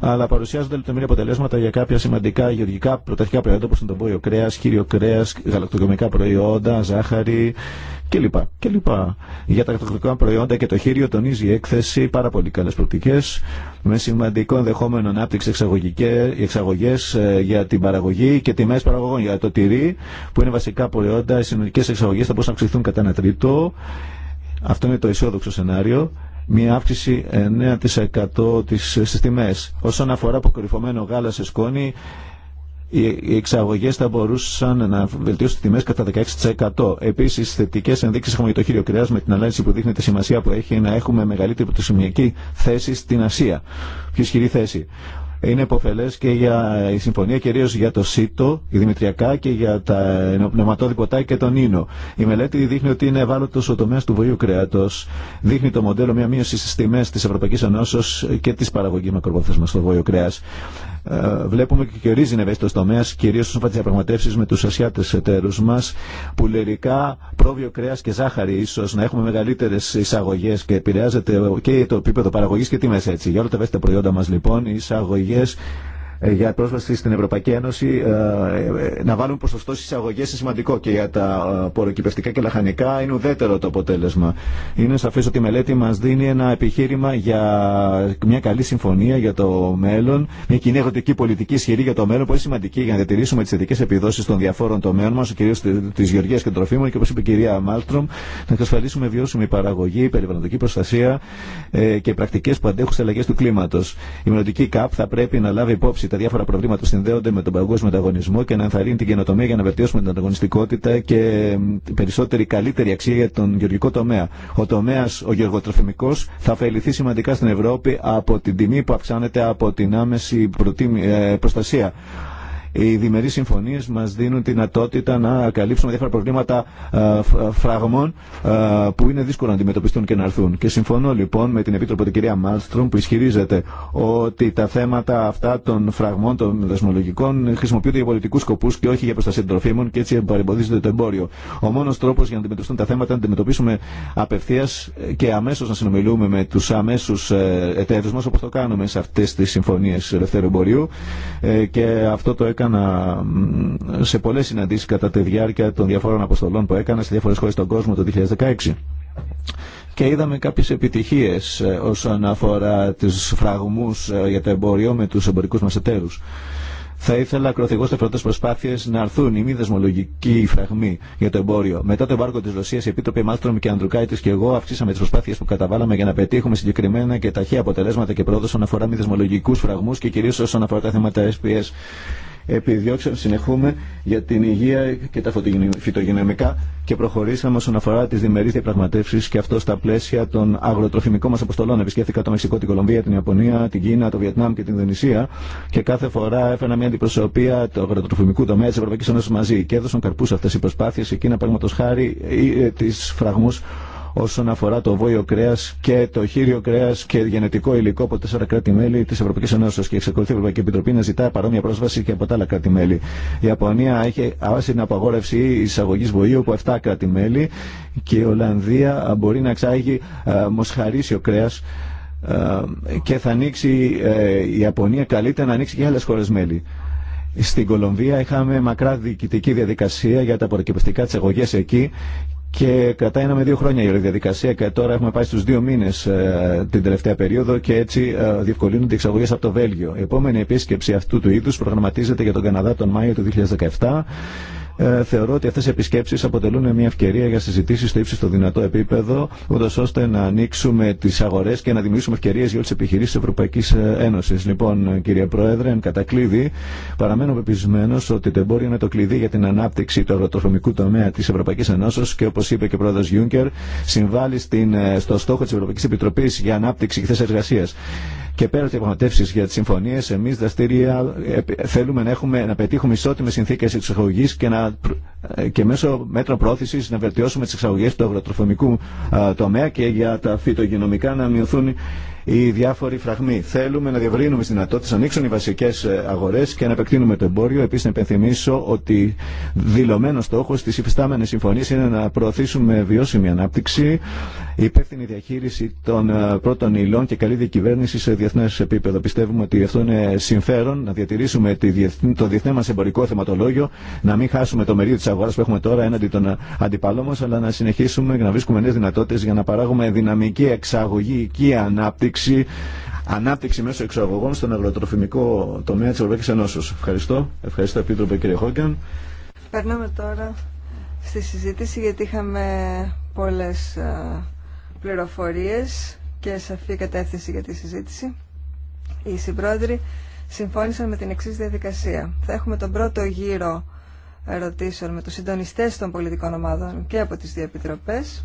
Αλλά παρουσιάζονται λεπτομερή αποτελέσματα για κάποια σημαντικά γεωργικά πρωταρχικά προϊόντα όπω είναι το μπόιο κρέα, χείριο κρέα, γαλακτοκομικά προϊόντα, ζάχαρη και λοιπά. Για τα κατακτικά προϊόντα και το χείριο τονίζει η έκθεση πάρα πολύ καλέ προοπτικέ με σημαντικό ενδεχόμενο ανάπτυξη εξαγωγέ ε, για την παραγωγή και τιμέ παραγωγών για το τυρί που είναι βασικά προϊόντα. Οι συνολικέ εξαγωγέ θα μπορούσαν να αυξηθούν κατά ένα τρίτο. Αυτό είναι το αισιόδοξο σενάριο μια αύξηση 9% στις τιμές. Όσον αφορά αποκορυφωμένο γάλα σε σκόνη, οι εξαγωγέ θα μπορούσαν να βελτιώσουν τιμέ κατά 16%. Επίση, θετικέ ενδείξει έχουμε για το χείριο κρέα με την ανάλυση που δείχνει τη σημασία που έχει να έχουμε μεγαλύτερη πρωτοσημιακή θέση στην Ασία. Πιο ισχυρή θέση. Είναι υποφελέ και για η συμφωνία κυρίω για το ΣΥΤΟ, η Δημητριακά και για τα πνευματόδη ποτά και τον Ίνο. Η μελέτη δείχνει ότι είναι ευάλωτο ο τομέα του βοηού κρέατο. Δείχνει το μοντέλο μια μείωση στι τιμέ τη Ευρωπαϊκή Ενώσεω και τη παραγωγή μακροπρόθεσμα στο βόλιο κρέα. Ε, βλέπουμε και κερδίζει ευαίσθητο τομέα, κυρίω όσον αφορά τι διαπραγματεύσει με του ασιάτε εταίρου μα, που λερικά πρόβιο κρέα και ζάχαρη ίσω να έχουμε μεγαλύτερε εισαγωγέ και επηρεάζεται και το επίπεδο παραγωγή και μέσα έτσι. Για όλα τα ευαίσθητα προϊόντα μα λοιπόν, οι εισαγωγέ ε, για πρόσβαση στην Ευρωπαϊκή Ένωση ε, ε, να βάλουν ποσοστό στι αγωγέ είναι σημαντικό και για τα ποροκυπευτικά και λαχανικά είναι ουδέτερο το αποτέλεσμα. Είναι σαφέ ότι η μελέτη μα δίνει ένα επιχείρημα για μια καλή συμφωνία για το μέλλον, μια κοινή εγωτική πολιτική ισχυρή για το μέλλον, πολύ σημαντική για να διατηρήσουμε τι ειδικέ επιδόσει των διαφόρων τομέων μα, κυρίω τη γεωργία και των τροφίμων και όπω είπε η κυρία Μάλτρομ, να εξασφαλίσουμε βιώσιμη παραγωγή, περιβαλλοντική προστασία και πρακτικέ που αντέχουν στι αλλαγέ του κλίματο. Η μελλοντική ΚΑΠ θα πρέπει να λάβει υπόψη τα διάφορα προβλήματα συνδέονται με τον παγκόσμιο ανταγωνισμό και να ενθαρρύνει την καινοτομία για να βελτιώσουμε την ανταγωνιστικότητα και περισσότερη καλύτερη αξία για τον γεωργικό τομέα. Ο τομέα ο γεωργοτροφημικό θα ωφεληθεί σημαντικά στην Ευρώπη από την τιμή που αυξάνεται από την άμεση ε, προστασία οι διμερεί συμφωνίε μα δίνουν τη δυνατότητα να καλύψουμε διάφορα προβλήματα ε, ε, φραγμών ε, που είναι δύσκολο να αντιμετωπιστούν και να έρθουν. Και συμφωνώ λοιπόν με την Επίτροπο την κυρία Μάλστρομ που ισχυρίζεται ότι τα θέματα αυτά των φραγμών των δεσμολογικών χρησιμοποιούνται για πολιτικού σκοπού και όχι για προστασία των τροφίμων και έτσι παρεμποδίζεται το εμπόριο. Ο μόνο τρόπο για να αντιμετωπιστούν τα θέματα να αντιμετωπίσουμε απευθεία και αμέσω να συνομιλούμε με του αμέσου εταίρου μα όπω το κάνουμε σε αυτέ τι συμφωνίε ελευθέρου εμπορίου και αυτό το έκανα σε πολλές συναντήσεις κατά τη διάρκεια των διαφόρων αποστολών που έκανα σε διάφορες χώρες στον κόσμο το 2016. Και είδαμε κάποιες επιτυχίες ε, όσον αφορά του φραγμούς ε, για το εμπόριο με τους εμπορικούς μας εταίρους. Θα ήθελα ακροθυγώ σε πρώτε προσπάθειε να έρθουν οι μη δεσμολογικοί φραγμοί για το εμπόριο. Μετά το εμπάργκο τη Ρωσία, η Επίτροπη Μάστρομ και Ανδρουκάητη και εγώ αυξήσαμε τι προσπάθειε που καταβάλαμε για να πετύχουμε συγκεκριμένα και ταχεία αποτελέσματα και πρόοδο όσον αφορά μη δεσμολογικού φραγμού και κυρίω όσον αφορά τα θέματα SPS επιδιώξαμε, συνεχούμε για την υγεία και τα φυτογενεμικά και προχωρήσαμε όσον αφορά τι διμερεί διαπραγματεύσει και αυτό στα πλαίσια των αγροτροφημικών μα αποστολών. Επισκέφθηκα το Μεξικό, την Κολομβία, την Ιαπωνία, την Κίνα, το Βιετνάμ και την Ινδονησία και κάθε φορά έφερα μια αντιπροσωπεία του αγροτροφημικού τομέα τη Ευρωπαϊκή Ένωση μαζί και έδωσαν καρπού αυτέ οι προσπάθειε. Εκείνα, παραδείγματο χάρη, ε, ε, τι φραγμού όσον αφορά το βόλιο κρέα και το χείριο κρέα και γενετικό υλικό από τέσσερα κράτη-μέλη τη Ευρωπαϊκή Ενώσεω. Και εξακολουθεί η Ευρωπαϊκή Επιτροπή να ζητά παρόμοια πρόσβαση και από τα άλλα κράτη-μέλη. Η Ιαπωνία έχει άσει την απαγόρευση εισαγωγή βοήου από 7 κράτη-μέλη και η Ολλανδία μπορεί να εξάγει ε, μοσχαρίσιο κρέα ε, και θα ανοίξει ε, η Ιαπωνία καλύτερα να ανοίξει και άλλε χώρε μέλη. Στην Κολομβία είχαμε μακρά διοικητική διαδικασία για τα προκυπηστικά εκεί και κρατάει ένα με δύο χρόνια η διαδικασία και τώρα έχουμε πάει στους δύο μήνες ε, την τελευταία περίοδο και έτσι ε, διευκολύνονται οι από το Βέλγιο. Η επόμενη επίσκεψη αυτού του είδους προγραμματίζεται για τον Καναδά τον Μάιο του 2017 ε, θεωρώ ότι αυτέ οι επισκέψει αποτελούν μια ευκαιρία για συζητήσεις στο ύψιστο δυνατό επίπεδο, ούτω ώστε να ανοίξουμε τι αγορέ και να δημιουργήσουμε ευκαιρίε για όλε τι επιχειρήσει τη Ευρωπαϊκή ε, Ένωση. Λοιπόν, κύριε Πρόεδρε, εν κατακλείδη, παραμένω πεπισμένο ότι το εμπόριο είναι το κλειδί για την ανάπτυξη του αεροτροφημικού τομέα τη Ευρωπαϊκή Ένωση, και όπω είπε και ο πρόεδρος Γιούγκερ συμβάλλει ε, στο στόχο τη Ευρωπαϊκή Επιτροπή για ανάπτυξη και θέσει και πέρα από τι διαπραγματεύσει για τι συμφωνίε, εμεί δραστηρία θέλουμε να, έχουμε, να πετύχουμε ισότιμε συνθήκε εξαγωγή και, ε, και μέσω μέτρων πρόθεση να βελτιώσουμε τι εξαγωγέ του αγροτροφωμικού τομέα και για τα φυτογενομικά να μειωθούν οι διάφοροι φραγμοί. Θέλουμε να διευρύνουμε τι δυνατότητε, να ανοίξουν οι βασικέ ε, αγορέ και να επεκτείνουμε το εμπόριο. Επίση, να υπενθυμίσω ότι δηλωμένο στόχο τη υφιστάμενη συμφωνία είναι να προωθήσουμε βιώσιμη ανάπτυξη, υπεύθυνη διαχείριση των ε, πρώτων υλών και καλή διακυβέρνηση σε διεθνέ επίπεδο. Πιστεύουμε ότι αυτό είναι συμφέρον να διατηρήσουμε το διεθνέ μα εμπορικό θεματολόγιο, να μην χάσουμε το μερίδιο τη αγορά που έχουμε τώρα έναντι των ε, αντιπαλών αλλά να συνεχίσουμε να βρίσκουμε νέε δυνατότητε για να παράγουμε δυναμική εξαγωγική ανάπτυξη ανάπτυξη μέσω εξαγωγών στον αγροτροφημικό τομέα τη Ευρωπαϊκή Ενώσεω. Ευχαριστώ. Ευχαριστώ, Επίτροπε, κύριε Χόγκαν. Περνάμε τώρα στη συζήτηση γιατί είχαμε πολλές ε, πληροφορίες και σαφή κατεύθυνση για τη συζήτηση. Οι συμπρόεδροι συμφώνησαν με την εξή διαδικασία. Θα έχουμε τον πρώτο γύρο ερωτήσεων με τους συντονιστές των πολιτικών ομάδων και από τις δύο επιτροπές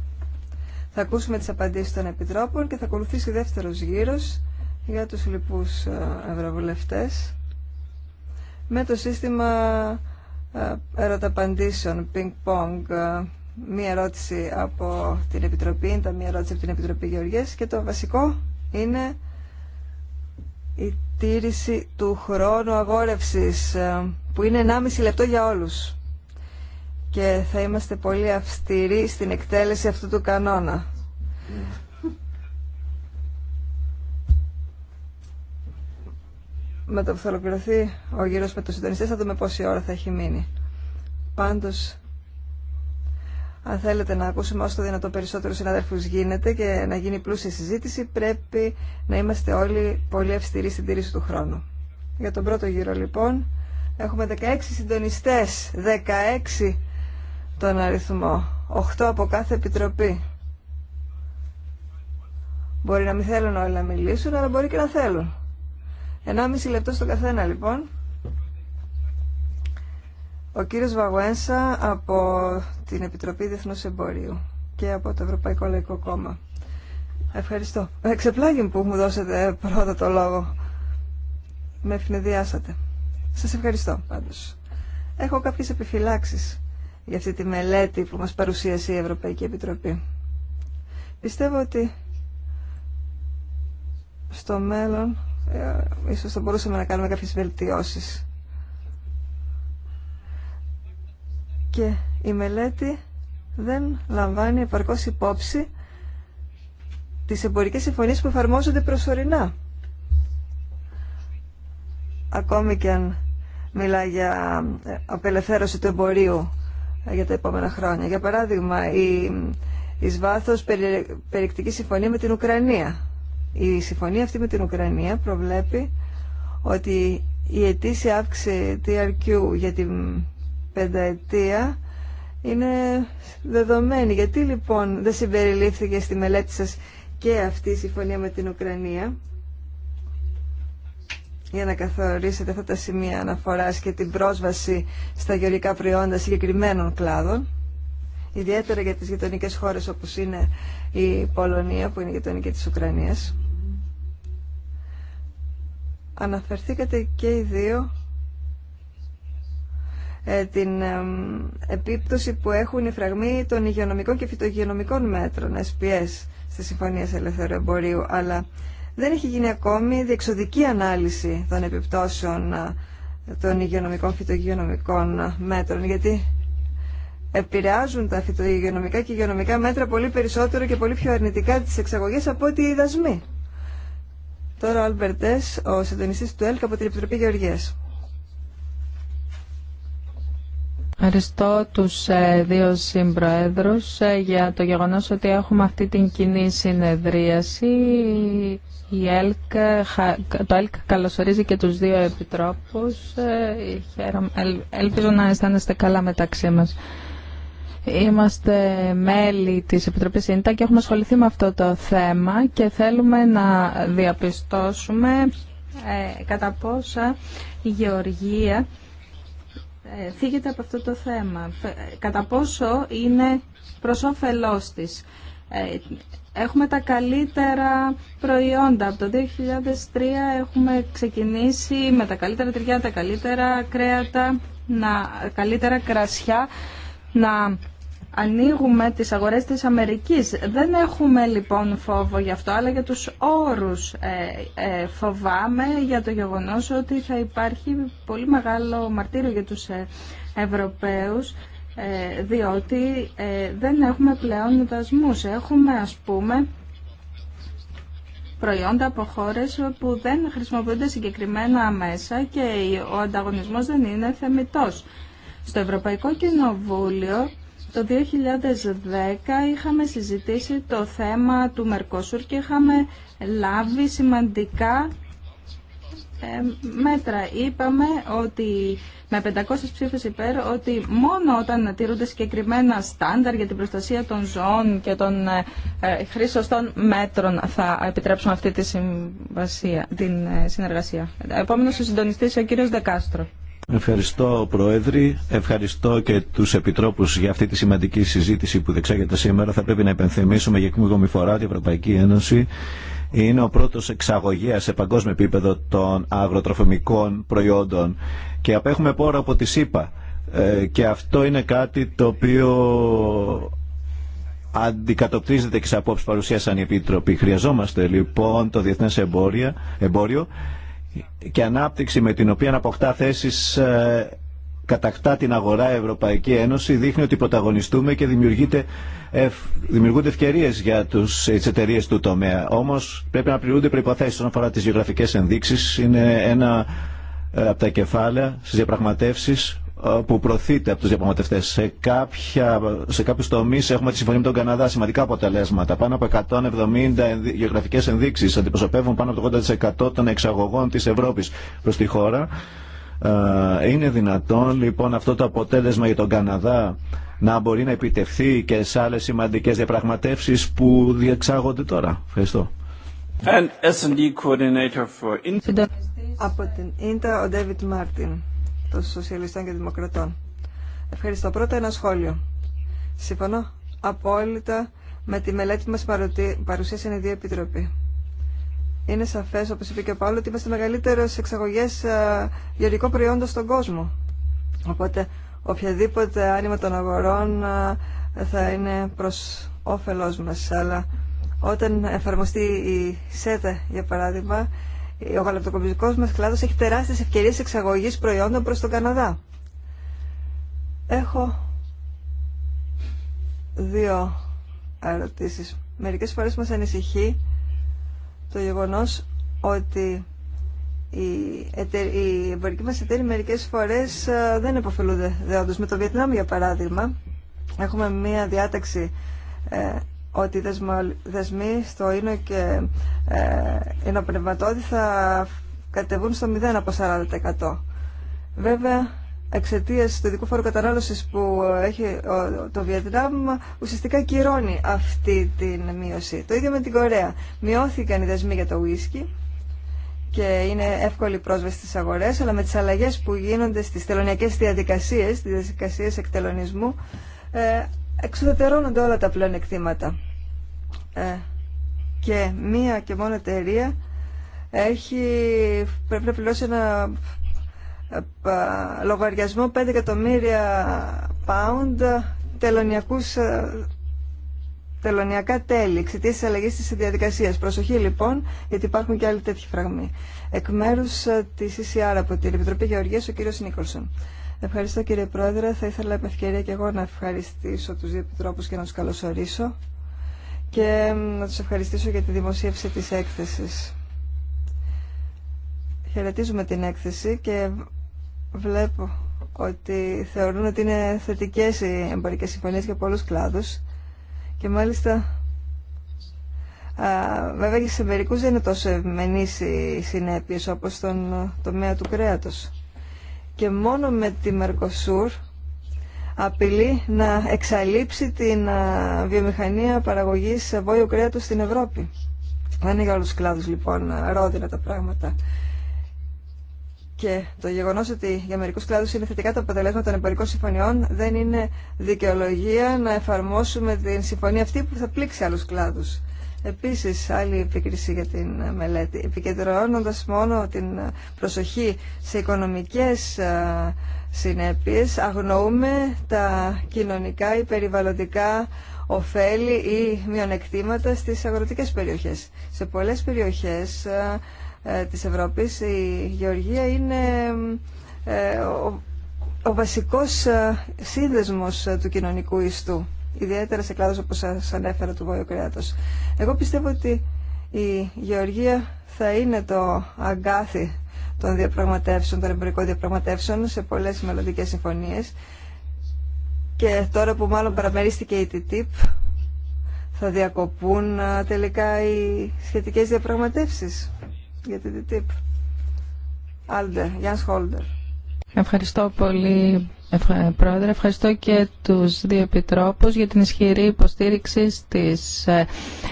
θα ακούσουμε τις απαντήσεις των επιτρόπων και θα ακολουθήσει δεύτερος γύρος για τους λοιπούς ε, ευρωβουλευτές με το σύστημα ε, ερωταπαντήσεων, ping-pong, ε, μία ερώτηση από την Επιτροπή, τα μία ερώτηση από την Επιτροπή Γεωργίας και το βασικό είναι η τήρηση του χρόνου αγόρευσης που είναι 1,5 λεπτό για όλους και θα είμαστε πολύ αυστηροί στην εκτέλεση αυτού του κανόνα. Με το που θα ολοκληρωθεί ο γύρος με τους συντονιστές θα δούμε πόση ώρα θα έχει μείνει. Πάντως, αν θέλετε να ακούσουμε όσο το δυνατό περισσότερο συναδέλφους γίνεται και να γίνει πλούσια συζήτηση, πρέπει να είμαστε όλοι πολύ αυστηροί στην τήρηση του χρόνου. Για τον πρώτο γύρο λοιπόν, έχουμε 16 συντονιστές, 16 τον αριθμό. 8 από κάθε επιτροπή. Μπορεί να μην θέλουν όλοι να μιλήσουν, αλλά μπορεί και να θέλουν. 1,5 λεπτό στο καθένα λοιπόν. Ο κύριος Βαγουένσα από την Επιτροπή Διεθνούς Εμπορίου και από το Ευρωπαϊκό Λαϊκό Κόμμα. Ευχαριστώ. Εξεπλάγει που μου δώσετε πρώτα το λόγο. Με ευνηδιάσατε. Σας ευχαριστώ πάντως. Έχω κάποιες επιφυλάξεις για αυτή τη μελέτη που μας παρουσίασε η Ευρωπαϊκή Επιτροπή. Πιστεύω ότι στο μέλλον ε, ίσως θα μπορούσαμε να κάνουμε κάποιες βελτιώσεις. Και η μελέτη δεν λαμβάνει επαρκώς υπόψη τις εμπορικές συμφωνίες που εφαρμόζονται προσωρινά. Ακόμη και αν μιλά για ε, απελευθέρωση του εμπορίου για τα επόμενα χρόνια. Για παράδειγμα, η εις βάθος περιεκτική συμφωνία με την Ουκρανία. Η συμφωνία αυτή με την Ουκρανία προβλέπει ότι η ετήσια αύξηση TRQ για την πενταετία είναι δεδομένη. Γιατί λοιπόν δεν συμπεριλήφθηκε στη μελέτη σας και αυτή η συμφωνία με την Ουκρανία για να καθορίσετε αυτά τα σημεία αναφοράς και την πρόσβαση στα γεωργικά προϊόντα συγκεκριμένων κλάδων, ιδιαίτερα για τις γειτονικές χώρες όπως είναι η Πολωνία που είναι η γειτονική της Ουκρανίας. Αναφερθήκατε και οι δύο ε, την επίπτωση που έχουν οι φραγμοί των υγειονομικών και φυτογειονομικών μέτρων, SPS, στη Συμφωνία Ελευθερού Εμπορίου, αλλά δεν έχει γίνει ακόμη διεξοδική ανάλυση των επιπτώσεων ε, των υγειονομικών φυτογειονομικών ε, μέτρων, γιατί επηρεάζουν τα φυτογειονομικά και υγειονομικά μέτρα πολύ περισσότερο και πολύ πιο αρνητικά τις εξαγωγές από ό,τι οι δασμοί. Τώρα ο Αλμπερτές, ο συντονιστής του ΕΛΚ από την Επιτροπή Γεωργίας. Ευχαριστώ τους ε, δύο συμπροέδρους ε, για το γεγονός ότι έχουμε αυτή την κοινή συνεδρίαση. Η ΕΛΚ, το ΕΛΚ καλωσορίζει και τους δύο επιτρόπους. Ε, ελπίζω να αισθάνεστε καλά μεταξύ μας. Είμαστε μέλη της Επιτροπής ΙΝΤΑ και έχουμε ασχοληθεί με αυτό το θέμα και θέλουμε να διαπιστώσουμε κατά πόσα η γεωργία Φύγετε ε, από αυτό το θέμα. Ε, κατά πόσο είναι προς όφελός της. Ε, έχουμε τα καλύτερα προϊόντα. Από το 2003 έχουμε ξεκινήσει με τα καλύτερα τριγιά, τα καλύτερα κρέατα, να, καλύτερα κρασιά, να ανοίγουμε τις αγορές της Αμερικής. Δεν έχουμε λοιπόν φόβο γι' αυτό, αλλά για τους όρους ε, ε, φοβάμαι για το γεγονός ότι θα υπάρχει πολύ μεγάλο μαρτύριο για τους ε, Ευρωπαίους διότι δεν έχουμε πλέον δασμούς. Έχουμε ας πούμε προϊόντα από χώρε που δεν χρησιμοποιούνται συγκεκριμένα μέσα και ο ανταγωνισμός δεν είναι θεμητός. Στο Ευρωπαϊκό Κοινοβούλιο το 2010 είχαμε συζητήσει το θέμα του Μερκόσουρ και είχαμε λάβει σημαντικά ε, μέτρα. Είπαμε ότι με 500 ψήφες υπέρ ότι μόνο όταν τηρούνται συγκεκριμένα στάνταρ για την προστασία των ζώων και των ε, ε χρήσωστών μέτρων θα επιτρέψουμε αυτή τη την ε, συνεργασία. Επόμενος ο συντονιστής ο κύριος Δεκάστρο. Ευχαριστώ Προέδρη, ευχαριστώ και τους Επιτρόπους για αυτή τη σημαντική συζήτηση που δεξάγεται σήμερα. Θα πρέπει να υπενθυμίσουμε για εκμήγομη φορά ότι η Ευρωπαϊκή Ένωση είναι ο πρώτος εξαγωγέας σε παγκόσμιο επίπεδο των αγροτροφημικών προϊόντων και απέχουμε πόρο από τη ΣΥΠΑ ε, και αυτό είναι κάτι το οποίο αντικατοπτρίζεται και σε απόψει παρουσίασαν οι επίτροποι. Χρειαζόμαστε λοιπόν το διεθνές εμπόριο και ανάπτυξη με την οποία αποκτά θέσεις ε, κατακτά την αγορά Ευρωπαϊκή Ένωση δείχνει ότι πρωταγωνιστούμε και δημιουργείται, δημιουργούνται ευκαιρίε για τους, τις εταιρείε του τομέα. Όμως πρέπει να πληρούνται προποθέσει όσον αφορά τις γεωγραφικές ενδείξεις. Είναι ένα ε, από τα κεφάλαια στι διαπραγματεύσει που προωθείται από του διαπραγματευτέ. Σε, σε κάποιου τομεί έχουμε τη συμφωνία με τον Καναδά, σημαντικά αποτελέσματα. Πάνω από 170 γεωγραφικέ ενδείξει αντιπροσωπεύουν πάνω από το 80% των εξαγωγών τη Ευρώπη προ τη χώρα. Ε, είναι δυνατόν λοιπόν αυτό το αποτέλεσμα για τον Καναδά να μπορεί να επιτευχθεί και σε άλλε σημαντικέ διαπραγματεύσει που διεξάγονται τώρα. Ευχαριστώ. And for... από την Ίντα, ο David Martin των Σοσιαλιστών και Δημοκρατών. Ευχαριστώ. Πρώτα ένα σχόλιο. Συμφωνώ απόλυτα με τη μελέτη που μας παρουσίασαν οι δύο επιτροπή. Είναι σαφέ, όπω είπε και ο Παύλο, ότι είμαστε μεγαλύτερε εξαγωγέ ε, γεωργικών προϊόντων στον κόσμο. Οπότε, οποιαδήποτε άνοιγμα των αγορών ε, θα είναι προ όφελο μα. Αλλά όταν εφαρμοστεί η ΣΕΤΑ, για παράδειγμα, ο γαλακτοκομικός μας κλάδος έχει τεράστιες ευκαιρίες εξαγωγής προϊόντων προς τον Καναδά. Έχω δύο ερωτήσεις. Μερικές φορές μας ανησυχεί το γεγονός ότι οι εμπορικοί μας εταίροι μερικές φορές ε, δεν επωφελούνται δεόντως. Με το Βιετνάμ, για παράδειγμα, έχουμε μία διάταξη ε, ότι οι δεσμοί στο ίνο και ε, ίνο θα κατεβούν στο 0 από 40%. Βέβαια, εξαιτία του ειδικού φόρου κατανάλωση που έχει το Βιετνάμ, ουσιαστικά κυρώνει αυτή την μείωση. Το ίδιο με την Κορέα. Μειώθηκαν οι δεσμοί για το ουίσκι και είναι εύκολη πρόσβαση στις αγορές, αλλά με τις αλλαγές που γίνονται στις τελωνιακές διαδικασίες, τις διαδικασίες εκτελωνισμού ε, εξουδετερώνονται όλα τα πλέον πλεονεκτήματα. Ε, και μία και μόνο εταιρεία έχει, πρέπει να πληρώσει ένα ε, λογαριασμό 5 εκατομμύρια pound τελωνιακούς ε, τελωνιακά τέλη εξαιτία τη αλλαγή τη διαδικασία. Προσοχή λοιπόν, γιατί υπάρχουν και άλλοι τέτοιοι φραγμοί. Εκ μέρου τη ECR από την Επιτροπή Γεωργία, ο κύριο Νίκολσον. Ευχαριστώ κύριε Πρόεδρε. Θα ήθελα με ευκαιρία και εγώ να ευχαριστήσω του δύο επιτρόπου και να του καλωσορίσω και να τους ευχαριστήσω για τη δημοσίευση της έκθεσης. Χαιρετίζουμε την έκθεση και βλέπω ότι θεωρούν ότι είναι θετικές οι εμπορικές συμφωνίες για πολλούς κλάδους και μάλιστα βέβαια και σε μερικούς δεν είναι τόσο ευμενείς οι συνέπειες όπως στον τομέα του κρέατος. Και μόνο με τη Μερκοσούρ απειλεί να εξαλείψει την βιομηχανία παραγωγής βόλου κρέατος στην Ευρώπη. Δεν είναι για όλους τους κλάδους λοιπόν ρόδινα τα πράγματα. Και το γεγονός ότι για μερικούς κλάδους είναι θετικά το αποτελέσμα των εμπορικών συμφωνιών δεν είναι δικαιολογία να εφαρμόσουμε την συμφωνία αυτή που θα πλήξει άλλους κλάδους. Επίσης, άλλη επίκριση για την μελέτη. Επικεντρώνοντας μόνο την προσοχή σε οικονομικέ συνέπειες, αγνοούμε τα κοινωνικά ή περιβαλλοντικά ωφέλη ή μειονεκτήματα στις αγροτικές περιοχές. Σε πολλές περιοχές ε, της Ευρώπης η γεωργία είναι ε, ο βασικός ε, σύνδεσμος του κοινωνικού ιστού, ιδιαίτερα σε κλάδους όπως σας ανέφερα του Βόλου Κρέατος. Εγώ πιστεύω ότι η μειονεκτηματα στις αγροτικες περιοχες σε πολλες περιοχες της ευρωπης η γεωργια ειναι ο βασικος συνδεσμος του κοινωνικου ιστου ιδιαιτερα σε κλαδους οπως σας ανεφερα του Βόλιο κρεατος εγω πιστευω οτι η γεωργια θα είναι το αγκάθι των διαπραγματεύσεων, των εμπορικών διαπραγματεύσεων σε πολλές μελλοντικέ συμφωνίες και τώρα που μάλλον παραμερίστηκε η TTIP θα διακοπούν τελικά οι σχετικές διαπραγματεύσει για την TTIP. Άλντε, Γιάννη Χόλντερ. Ευχαριστώ πολύ, Πρόεδρε. Ευχαριστώ και τους δύο επιτρόπους για την ισχυρή υποστήριξη της ε,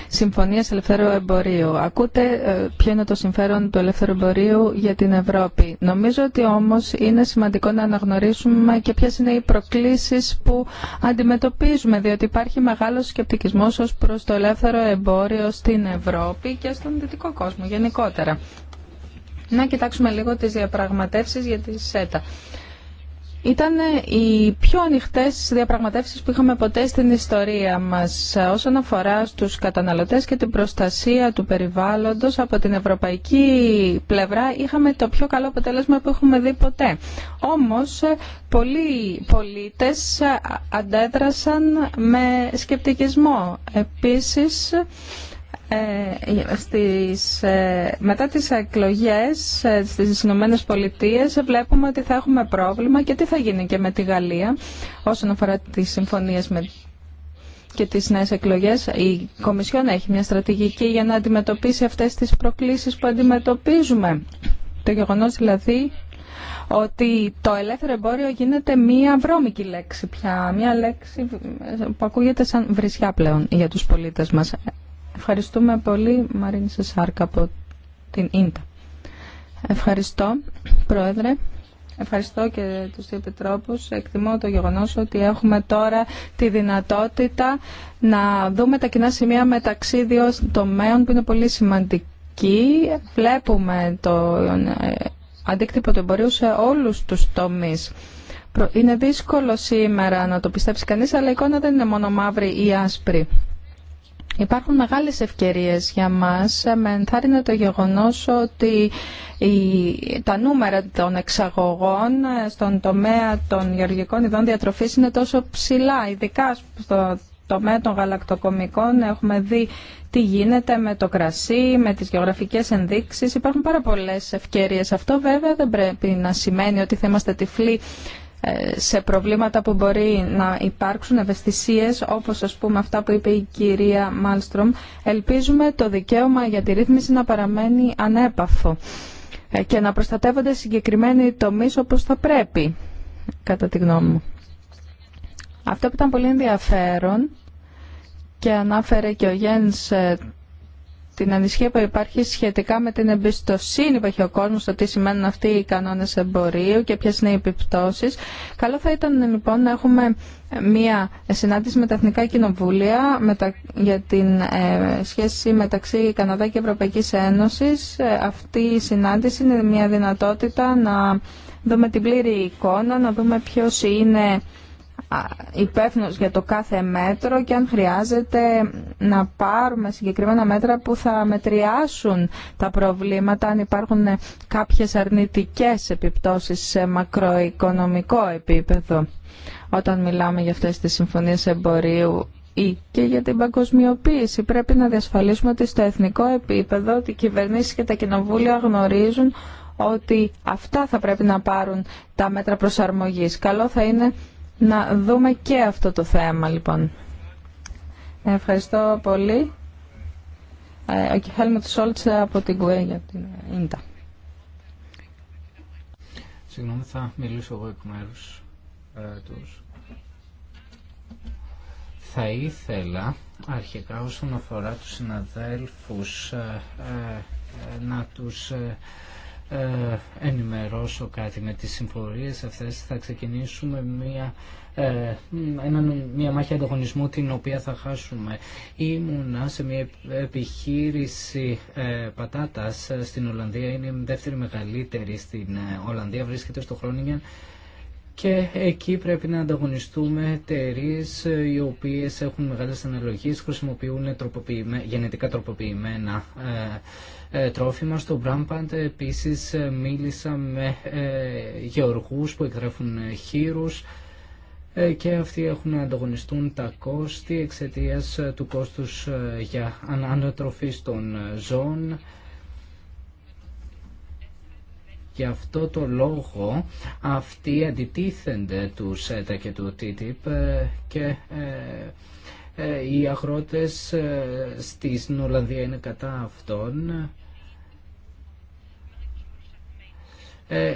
Συμφωνίας Ελευθέρου Εμπορίου. Ακούτε ε, ποιο είναι το συμφέρον του ελεύθερου εμπορίου για την Ευρώπη. Νομίζω ότι όμως είναι σημαντικό να αναγνωρίσουμε και ποιες είναι οι προκλήσεις που αντιμετωπίζουμε, διότι υπάρχει μεγάλος σκεπτικισμός ως προς το ελεύθερο εμπόριο στην Ευρώπη και στον δυτικό κόσμο γενικότερα να κοιτάξουμε λίγο τις διαπραγματεύσεις για τη ΣΕΤΑ. Ήταν οι πιο ανοιχτέ διαπραγματεύσεις που είχαμε ποτέ στην ιστορία μας όσον αφορά στους καταναλωτές και την προστασία του περιβάλλοντος από την ευρωπαϊκή πλευρά είχαμε το πιο καλό αποτέλεσμα που έχουμε δει ποτέ. Όμως πολλοί πολίτες αντέδρασαν με σκεπτικισμό. Επίσης ε, στις, ε, μετά τις εκλογές ε, στις Ηνωμένες Πολιτείες βλέπουμε ότι θα έχουμε πρόβλημα και τι θα γίνει και με τη Γαλλία όσον αφορά τις συμφωνίες με και τις νέες εκλογές. Η Κομισιόν έχει μια στρατηγική για να αντιμετωπίσει αυτές τις προκλήσεις που αντιμετωπίζουμε. Το γεγονός δηλαδή ότι το ελεύθερο εμπόριο γίνεται μία βρώμικη λέξη πια, μία λέξη που ακούγεται σαν βρισιά πλέον για τους πολίτες μας. Ευχαριστούμε πολύ, Μαρίνη Σεσάρκα από την Ίντα. Ευχαριστώ, Πρόεδρε. Ευχαριστώ και τους επιτρόπους. Εκτιμώ το γεγονός ότι έχουμε τώρα τη δυνατότητα να δούμε τα κοινά σημεία μεταξύ δύο τομέων που είναι πολύ σημαντικοί. Βλέπουμε το ε, αντίκτυπο του εμπορίου σε όλους τους τομείς. Είναι δύσκολο σήμερα να το πιστέψει κανείς, αλλά η εικόνα δεν είναι μόνο μαύρη ή άσπρη. Υπάρχουν μεγάλες ευκαιρίες για μας. Ε, με ενθάρρυνε το γεγονός ότι τα νούμερα των εξαγωγών ε, στον τομέα των γεωργικών ειδών διατροφής είναι τόσο ψηλά, ειδικά στο τομέα των γαλακτοκομικών έχουμε δει τι γίνεται με το κρασί, με τις γεωγραφικές ενδείξεις. Υπάρχουν πάρα πολλές ευκαιρίες. Αυτό βέβαια δεν πρέπει να σημαίνει ότι θα είμαστε τυφλοί ε, σε προβλήματα που μπορεί να υπάρξουν, ευαισθησίες όπως ας πούμε αυτά που είπε η κυρία Μάλστρομ. Ελπίζουμε το δικαίωμα για τη ρύθμιση να παραμένει ανέπαφο ε, και να προστατεύονται συγκεκριμένοι τομείς όπως θα πρέπει, κατά τη γνώμη μου. Αυτό που ήταν πολύ ενδιαφέρον και ανάφερε και ο ε, την ανησυχία που υπάρχει σχετικά με την εμπιστοσύνη που έχει ο κόσμο στο τι σημαίνουν αυτοί οι κανόνες εμπορίου και ποιε είναι οι επιπτώσει. Καλό θα ήταν λοιπόν να έχουμε μία συνάντηση με τα Εθνικά Κοινοβούλια για την ε, σχέση μεταξύ Καναδά και Ευρωπαϊκής Ένωσης. Ε, αυτή η συνάντηση είναι μια δυνατότητα να δούμε την πλήρη εικόνα, να δούμε ποιο είναι υπεύθυνο για το κάθε μέτρο και αν χρειάζεται να πάρουμε συγκεκριμένα μέτρα που θα μετριάσουν τα προβλήματα αν υπάρχουν κάποιες αρνητικές επιπτώσεις σε μακροοικονομικό επίπεδο όταν μιλάμε για αυτές τις συμφωνίες εμπορίου ή και για την παγκοσμιοποίηση. Πρέπει να διασφαλίσουμε ότι στο εθνικό επίπεδο ότι οι κυβερνήσεις και τα κοινοβούλια γνωρίζουν ότι αυτά θα πρέπει να πάρουν τα μέτρα προσαρμογής. Καλό θα είναι να δούμε και αυτό το θέμα λοιπόν. Ευχαριστώ πολύ. Ε, ο του Σόλτσε από την ΚΟΕ για την ΙΝΤΑ. Συγγνώμη, θα μιλήσω εγώ εκ μέρους ε, τους. Θα ήθελα αρχικά όσον αφορά τους συναδέλφου ε, ε, να τους ε, ε, ενημερώσω κάτι με τις συμφορίες αυτές θα ξεκινήσουμε μια, ε, μια μάχη ανταγωνισμού την οποία θα χάσουμε ήμουνα σε μια επιχείρηση ε, πατάτας στην Ολλανδία είναι η δεύτερη μεγαλύτερη στην ε, Ολλανδία βρίσκεται στο Χρόνιγεν και εκεί πρέπει να ανταγωνιστούμε εταιρείε οι οποίες έχουν μεγάλες αναλογίες, χρησιμοποιούν γενετικά τροποποιημένα ε, ε, τρόφιμα. Στο Μπράμπαντ επίσης ε, μίλησα με γεωργούς που εκτρέφουν χείρους και αυτοί έχουν να ανταγωνιστούν τα κόστη εξαιτίας του κόστους για ανατροφή των ζώων. Γι' αυτό το λόγο αυτοί αντιτίθενται του ΣΕΤΑ και του TTIP ε, και ε, ε, οι αγρότες στην Ολλανδία είναι κατά αυτών.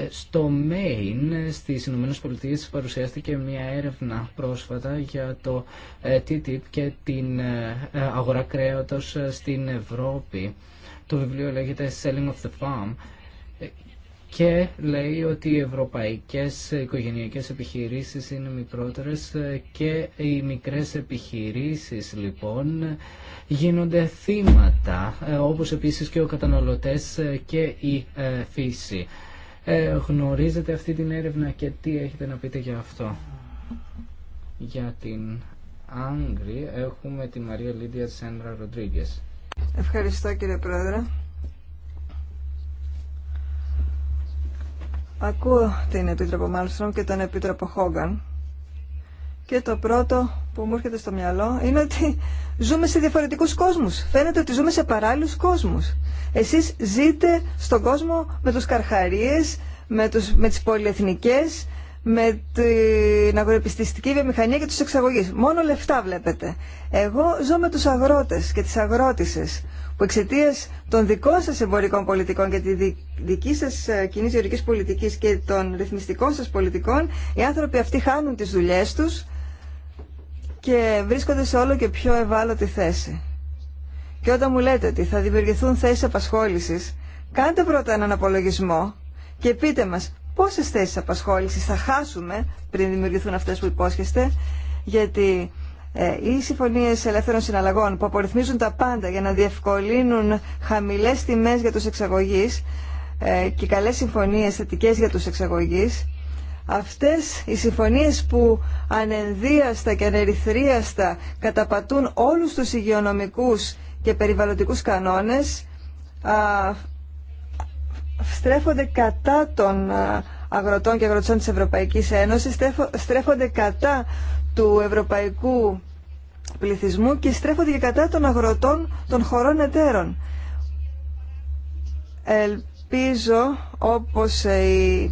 στο ΜΕΙΝ στις Ηνωμένες Πολιτείες παρουσιάστηκε μια έρευνα πρόσφατα για το TTIP και την αγορά κρέατος στην Ευρώπη. Το βιβλίο λέγεται Selling of the Farm και λέει ότι οι ευρωπαϊκές οικογενειακές επιχειρήσεις είναι μικρότερες και οι μικρές επιχειρήσεις λοιπόν γίνονται θύματα ε, όπως επίσης και ο καταναλωτές και η ε, φύση. Ε, γνωρίζετε αυτή την έρευνα και τι έχετε να πείτε για αυτό. Για την Άγρι, έχουμε τη Μαρία Λίδια Σέντρα Ροντρίγκες. Ευχαριστώ κύριε Πρόεδρε. Ακούω την Επίτροπο Μάλστρομ και τον Επίτροπο Χόγκαν και το πρώτο που μου έρχεται στο μυαλό είναι ότι ζούμε σε διαφορετικούς κόσμους. Φαίνεται ότι ζούμε σε παράλληλους κόσμους. Εσείς ζείτε στον κόσμο με τους καρχαρίες, με, τους, με τις πολυεθνικές, με την αγορεπιστιστική βιομηχανία και τους εξαγωγείς. Μόνο λεφτά βλέπετε. Εγώ ζω με τους αγρότες και τις αγρότησες που εξαιτία των δικών σα εμπορικών πολιτικών και τη δική σα ε, κοινή γεωργική πολιτική και των ρυθμιστικών σα πολιτικών, οι άνθρωποι αυτοί χάνουν τι δουλειέ του και βρίσκονται σε όλο και πιο ευάλωτη θέση. Και όταν μου λέτε ότι θα δημιουργηθούν θέσει απασχόληση, κάντε πρώτα έναν απολογισμό και πείτε μα πόσε θέσει απασχόληση θα χάσουμε πριν δημιουργηθούν αυτέ που υπόσχεστε, γιατί ε, οι συμφωνίε ελεύθερων συναλλαγών που απορριθμίζουν τα πάντα για να διευκολύνουν χαμηλέ τιμέ για του εξαγωγεί ε, και καλέ συμφωνίε θετικέ για του εξαγωγεί, αυτέ οι συμφωνίε που ανενδίαστα και ανερυθρίαστα καταπατούν όλου του υγειονομικού και περιβαλλοντικού κανόνε, στρέφονται κατά των ε, αγροτών και αγροτών της Ευρωπαϊκής Ένωσης στρέφονται κατά του ευρωπαϊκού πληθυσμού και στρέφονται και κατά των αγροτών των χωρών εταίρων. Ελπίζω, όπως οι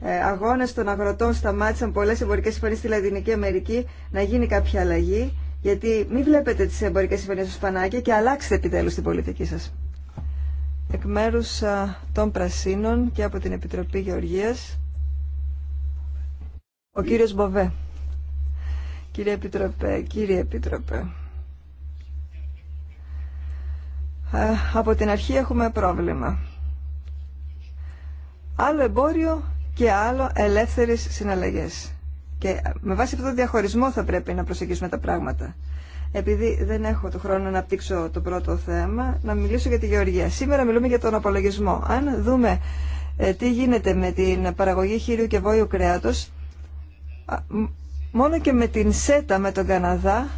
ε, αγώνες των αγροτών σταμάτησαν πολλές εμπορικές συμφωνίες στη Λατινική Αμερική, να γίνει κάποια αλλαγή, γιατί μην βλέπετε τις εμπορικές συμφωνίες ως πανάκια και αλλάξτε επιτέλους την πολιτική σας. Εκ μέρους των Πρασίνων και από την Επιτροπή Γεωργίας, ο κύριος Μποβέ. Κύριε Επιτροπέ, κύριε Επιτροπέ. Ε, από την αρχή έχουμε πρόβλημα. Άλλο εμπόριο και άλλο ελεύθερες συναλλαγές. Και με βάση αυτό το διαχωρισμό θα πρέπει να προσεγγίσουμε τα πράγματα. Επειδή δεν έχω το χρόνο να αναπτύξω το πρώτο θέμα, να μιλήσω για τη γεωργία. Σήμερα μιλούμε για τον απολογισμό. Αν δούμε ε, τι γίνεται με την παραγωγή χείριου και βόλου κρέατος, Μόνο και με την ΣΕΤΑ με τον Καναδά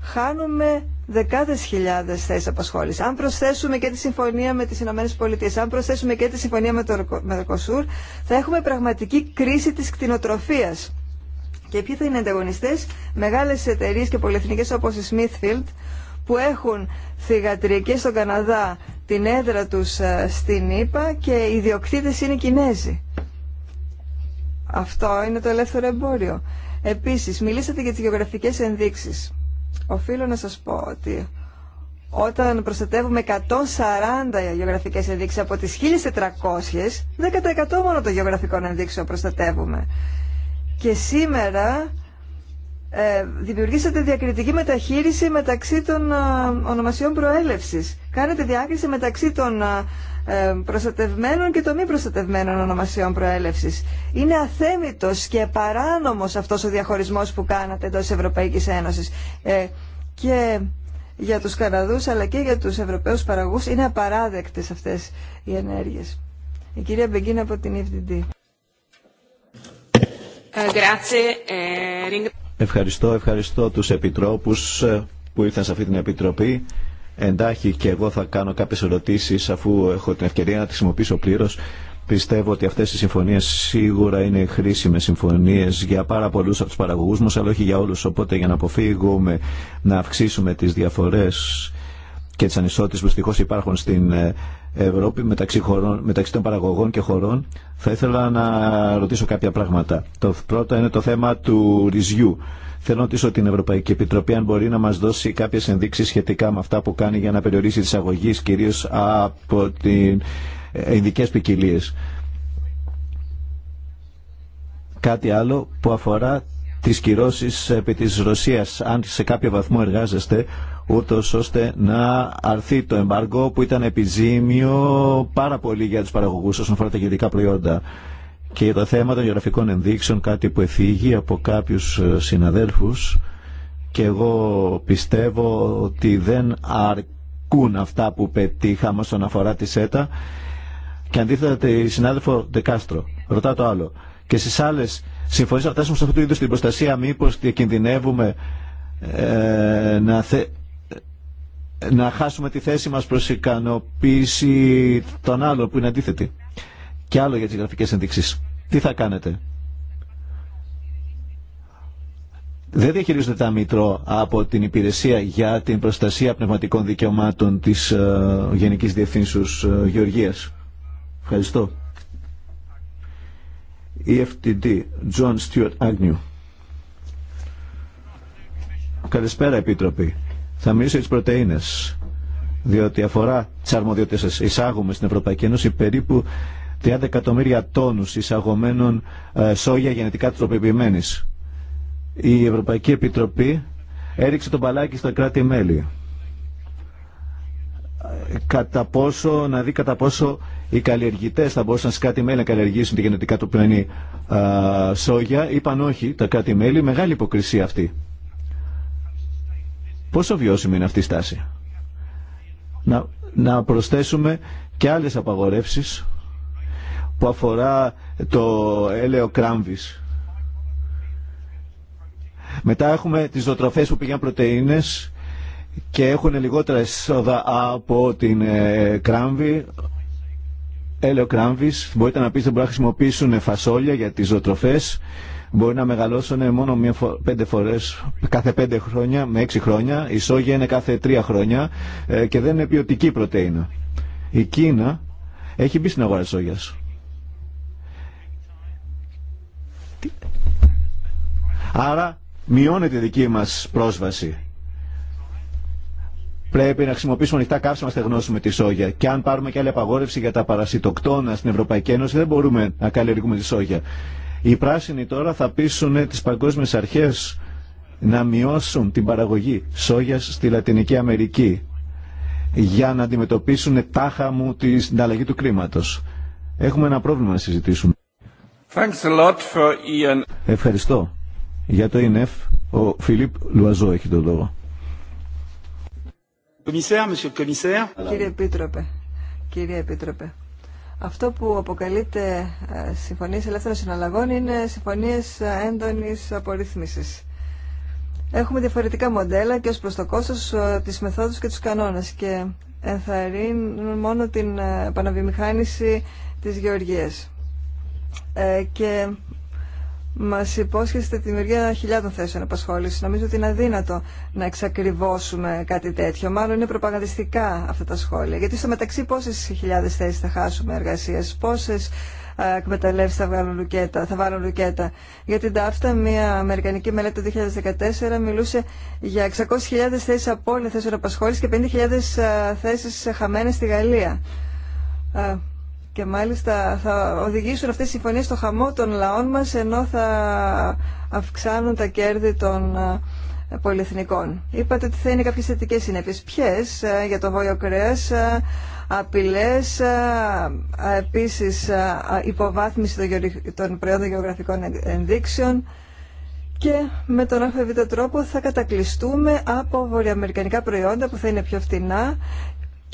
χάνουμε δεκάδες χιλιάδες θέσεις απασχόλησης. Αν προσθέσουμε και τη συμφωνία με τις Ηνωμένες Πολιτείες, αν προσθέσουμε και τη συμφωνία με το Μερκοσούρ, θα έχουμε πραγματική κρίση της κτηνοτροφίας. Και ποιοι θα είναι ανταγωνιστέ, μεγάλες εταιρείες και πολυεθνικές όπως η Smithfield, που έχουν θηγατρική στον Καναδά την έδρα τους ε, στην ΗΠΑ και οι ιδιοκτήτες είναι Κινέζοι. Αυτό είναι το ελεύθερο εμπόριο. Επίσης, μιλήσατε για τις γεωγραφικές ενδείξεις. Οφείλω να σας πω ότι όταν προστατεύουμε 140 γεωγραφικές ενδείξεις από τις 1400, 10% μόνο των γεωγραφικών ενδείξεων προστατεύουμε. Και σήμερα ε, δημιουργήσατε διακριτική μεταχείριση μεταξύ των ε, ονομασιών προέλευσης. Κάνετε διάκριση μεταξύ των ε, ε, προστατευμένων και των μη προστατευμένων ονομασιών προέλευσης. Είναι αθέμητος και παράνομος αυτός ο διαχωρισμός που κάνατε εντός Ευρωπαϊκής Ένωσης. Ε, και για τους Καναδούς αλλά και για τους Ευρωπαίους παραγούς είναι απαράδεκτες αυτές οι ενέργειες. Η κυρία Μπεγκίν από την EFDD. Ε, ευχαριστώ, ευχαριστώ τους επιτρόπους που ήρθαν σε αυτή την επιτροπή εντάχει και εγώ θα κάνω κάποιες ερωτήσεις αφού έχω την ευκαιρία να τις χρησιμοποιήσω πλήρως. Πιστεύω ότι αυτές οι συμφωνίες σίγουρα είναι χρήσιμες συμφωνίες για πάρα πολλούς από τους παραγωγούς μας, αλλά όχι για όλους. Οπότε για να αποφύγουμε να αυξήσουμε τις διαφορές και τις ανισότητες που στοιχώς υπάρχουν στην ε, Ευρώπη μεταξύ, χωρών, μεταξύ των παραγωγών και χωρών, θα ήθελα να ρωτήσω κάποια πράγματα. Το πρώτο είναι το θέμα του ρυζιού. Θέλω να ρωτήσω την Ευρωπαϊκή Επιτροπή αν μπορεί να μας δώσει κάποιες ενδείξεις σχετικά με αυτά που κάνει για να περιορίσει τις αγωγείς κυρίως από τι ε, ειδικές ποικιλίε. Κάτι άλλο που αφορά τις κυρώσεις επί της Ρωσίας, αν σε κάποιο βαθμό εργάζεστε, ούτω ώστε να αρθεί το εμπάργκο που ήταν επιζήμιο πάρα πολύ για του παραγωγού όσον αφορά τα γενικά προϊόντα και το θέμα των γεωγραφικών ενδείξεων κάτι που εφήγει από κάποιους ε, συναδέλφους και εγώ πιστεύω ότι δεν αρκούν αυτά που πετύχαμε στον αφορά τη ΣΕΤΑ και αντίθετα η συνάδελφο Ντεκάστρο ρωτά το άλλο και στις άλλες συμφωνίες να φτάσουμε σε αυτού του είδους την προστασία μήπως κινδυνεύουμε ε, να, να χάσουμε τη θέση μας προς ικανοποίηση των άλλων που είναι αντίθετη και άλλο για τις γραφικές ενδείξεις. Τι θα κάνετε. Δεν διαχειρίζονται τα Μήτρο από την Υπηρεσία για την Προστασία Πνευματικών Δικαιωμάτων της Γενική Γενικής Διευθύνσεως ε, Γεωργίας. Ευχαριστώ. EFTD, John Stuart Agnew. Καλησπέρα, Επίτροποι. Θα μιλήσω για πρωτεΐνες, διότι αφορά τι αρμοδιότητες Εισάγουμε στην Ευρωπαϊκή Ένωση περίπου 30 εκατομμύρια τόνους εισαγωμένων ε, σόγια γενετικά τροποποιημένης. Η Ευρωπαϊκή Επιτροπή έριξε τον παλάκι στα κράτη-μέλη. Ε, κατά πόσο, να δει κατά πόσο οι καλλιεργητές θα μπορούσαν σε κάτι μέλη να καλλιεργήσουν τη γενετικά τροποποιημένη ε, σόγια. Είπαν όχι τα κάτι μέλη. Μεγάλη υποκρισία αυτή. Πόσο βιώσιμη είναι αυτή η στάση. Να, να προσθέσουμε και άλλες απαγορεύσεις που αφορά το έλαιο κράμβης. Μετά έχουμε τις ζωοτροφές που πηγαίνουν πρωτεΐνες και έχουν λιγότερα εισόδα από την ε, κράμβη, έλαιο κράμβης. Μπορείτε να πείτε μπορεί να χρησιμοποιήσουν φασόλια για τις ζωοτροφές. Μπορεί να μεγαλώσουν μόνο μία πέντε φορές, κάθε πέντε χρόνια με έξι χρόνια. Η σόγια είναι κάθε τρία χρόνια ε, και δεν είναι ποιοτική πρωτεΐνα. Η Κίνα έχει μπει στην αγορά της σόγιας. Άρα μειώνεται η δική μας πρόσβαση. Πρέπει να χρησιμοποιήσουμε ανοιχτά καύσιμα να στεγνώσουμε τη σόγια. Και αν πάρουμε και άλλη απαγόρευση για τα παρασιτοκτόνα στην Ευρωπαϊκή Ένωση, δεν μπορούμε να καλλιεργούμε τη σόγια. Οι πράσινοι τώρα θα πείσουν τις παγκόσμιες αρχές να μειώσουν την παραγωγή σόγιας στη Λατινική Αμερική για να αντιμετωπίσουν τάχα μου την αλλαγή του κλίματος. Έχουμε ένα πρόβλημα να συζητήσουμε. Ευχαριστώ. Για το ΕΝΕΦ, ο Φιλίπ Λουαζό έχει τον λόγο. Κύριε Επίτροπε, κύριε Επίτροπε, αυτό που αποκαλείται ε, συμφωνίες ελεύθερων συναλλαγών είναι συμφωνίες ε, έντονης απορρίθμισης. Έχουμε διαφορετικά μοντέλα και ως προς το κόστος, ε, τις μεθόδους και τους κανόνες και ενθαρρύνουν μόνο την επαναβιομηχάνηση της γεωργίας. Ε, και Μα υπόσχεστε τη δημιουργία χιλιάδων θέσεων απασχόληση. Νομίζω ότι είναι αδύνατο να εξακριβώσουμε κάτι τέτοιο. Μάλλον είναι προπαγανδιστικά αυτά τα σχόλια. Γιατί στο μεταξύ πόσε χιλιάδε θέσει θα χάσουμε εργασία, πόσε εκμεταλλεύσει θα, θα βάλουν λουκέτα. Για την ΤΑΦΤΑ, μια αμερικανική μελέτη το 2014 μιλούσε για 600.000 θέσει απόλυτα θέσεων απασχόληση και 50.000 θέσει χαμένε στη Γαλλία. Ε, και μάλιστα θα οδηγήσουν αυτές οι συμφωνίες στο χαμό των λαών μας ενώ θα αυξάνουν τα κέρδη των ε, πολυεθνικών. Είπατε ότι θα είναι κάποιες θετικές συνέπειες. Ποιες ε, για το βόλιο κρέας, ε, απειλές, επίσης υποβάθμιση των προϊόντων γεωγραφικών ενδείξεων και με τον αφεβήτο τρόπο θα κατακλειστούμε από βορειοαμερικανικά προϊόντα που θα είναι πιο φτηνά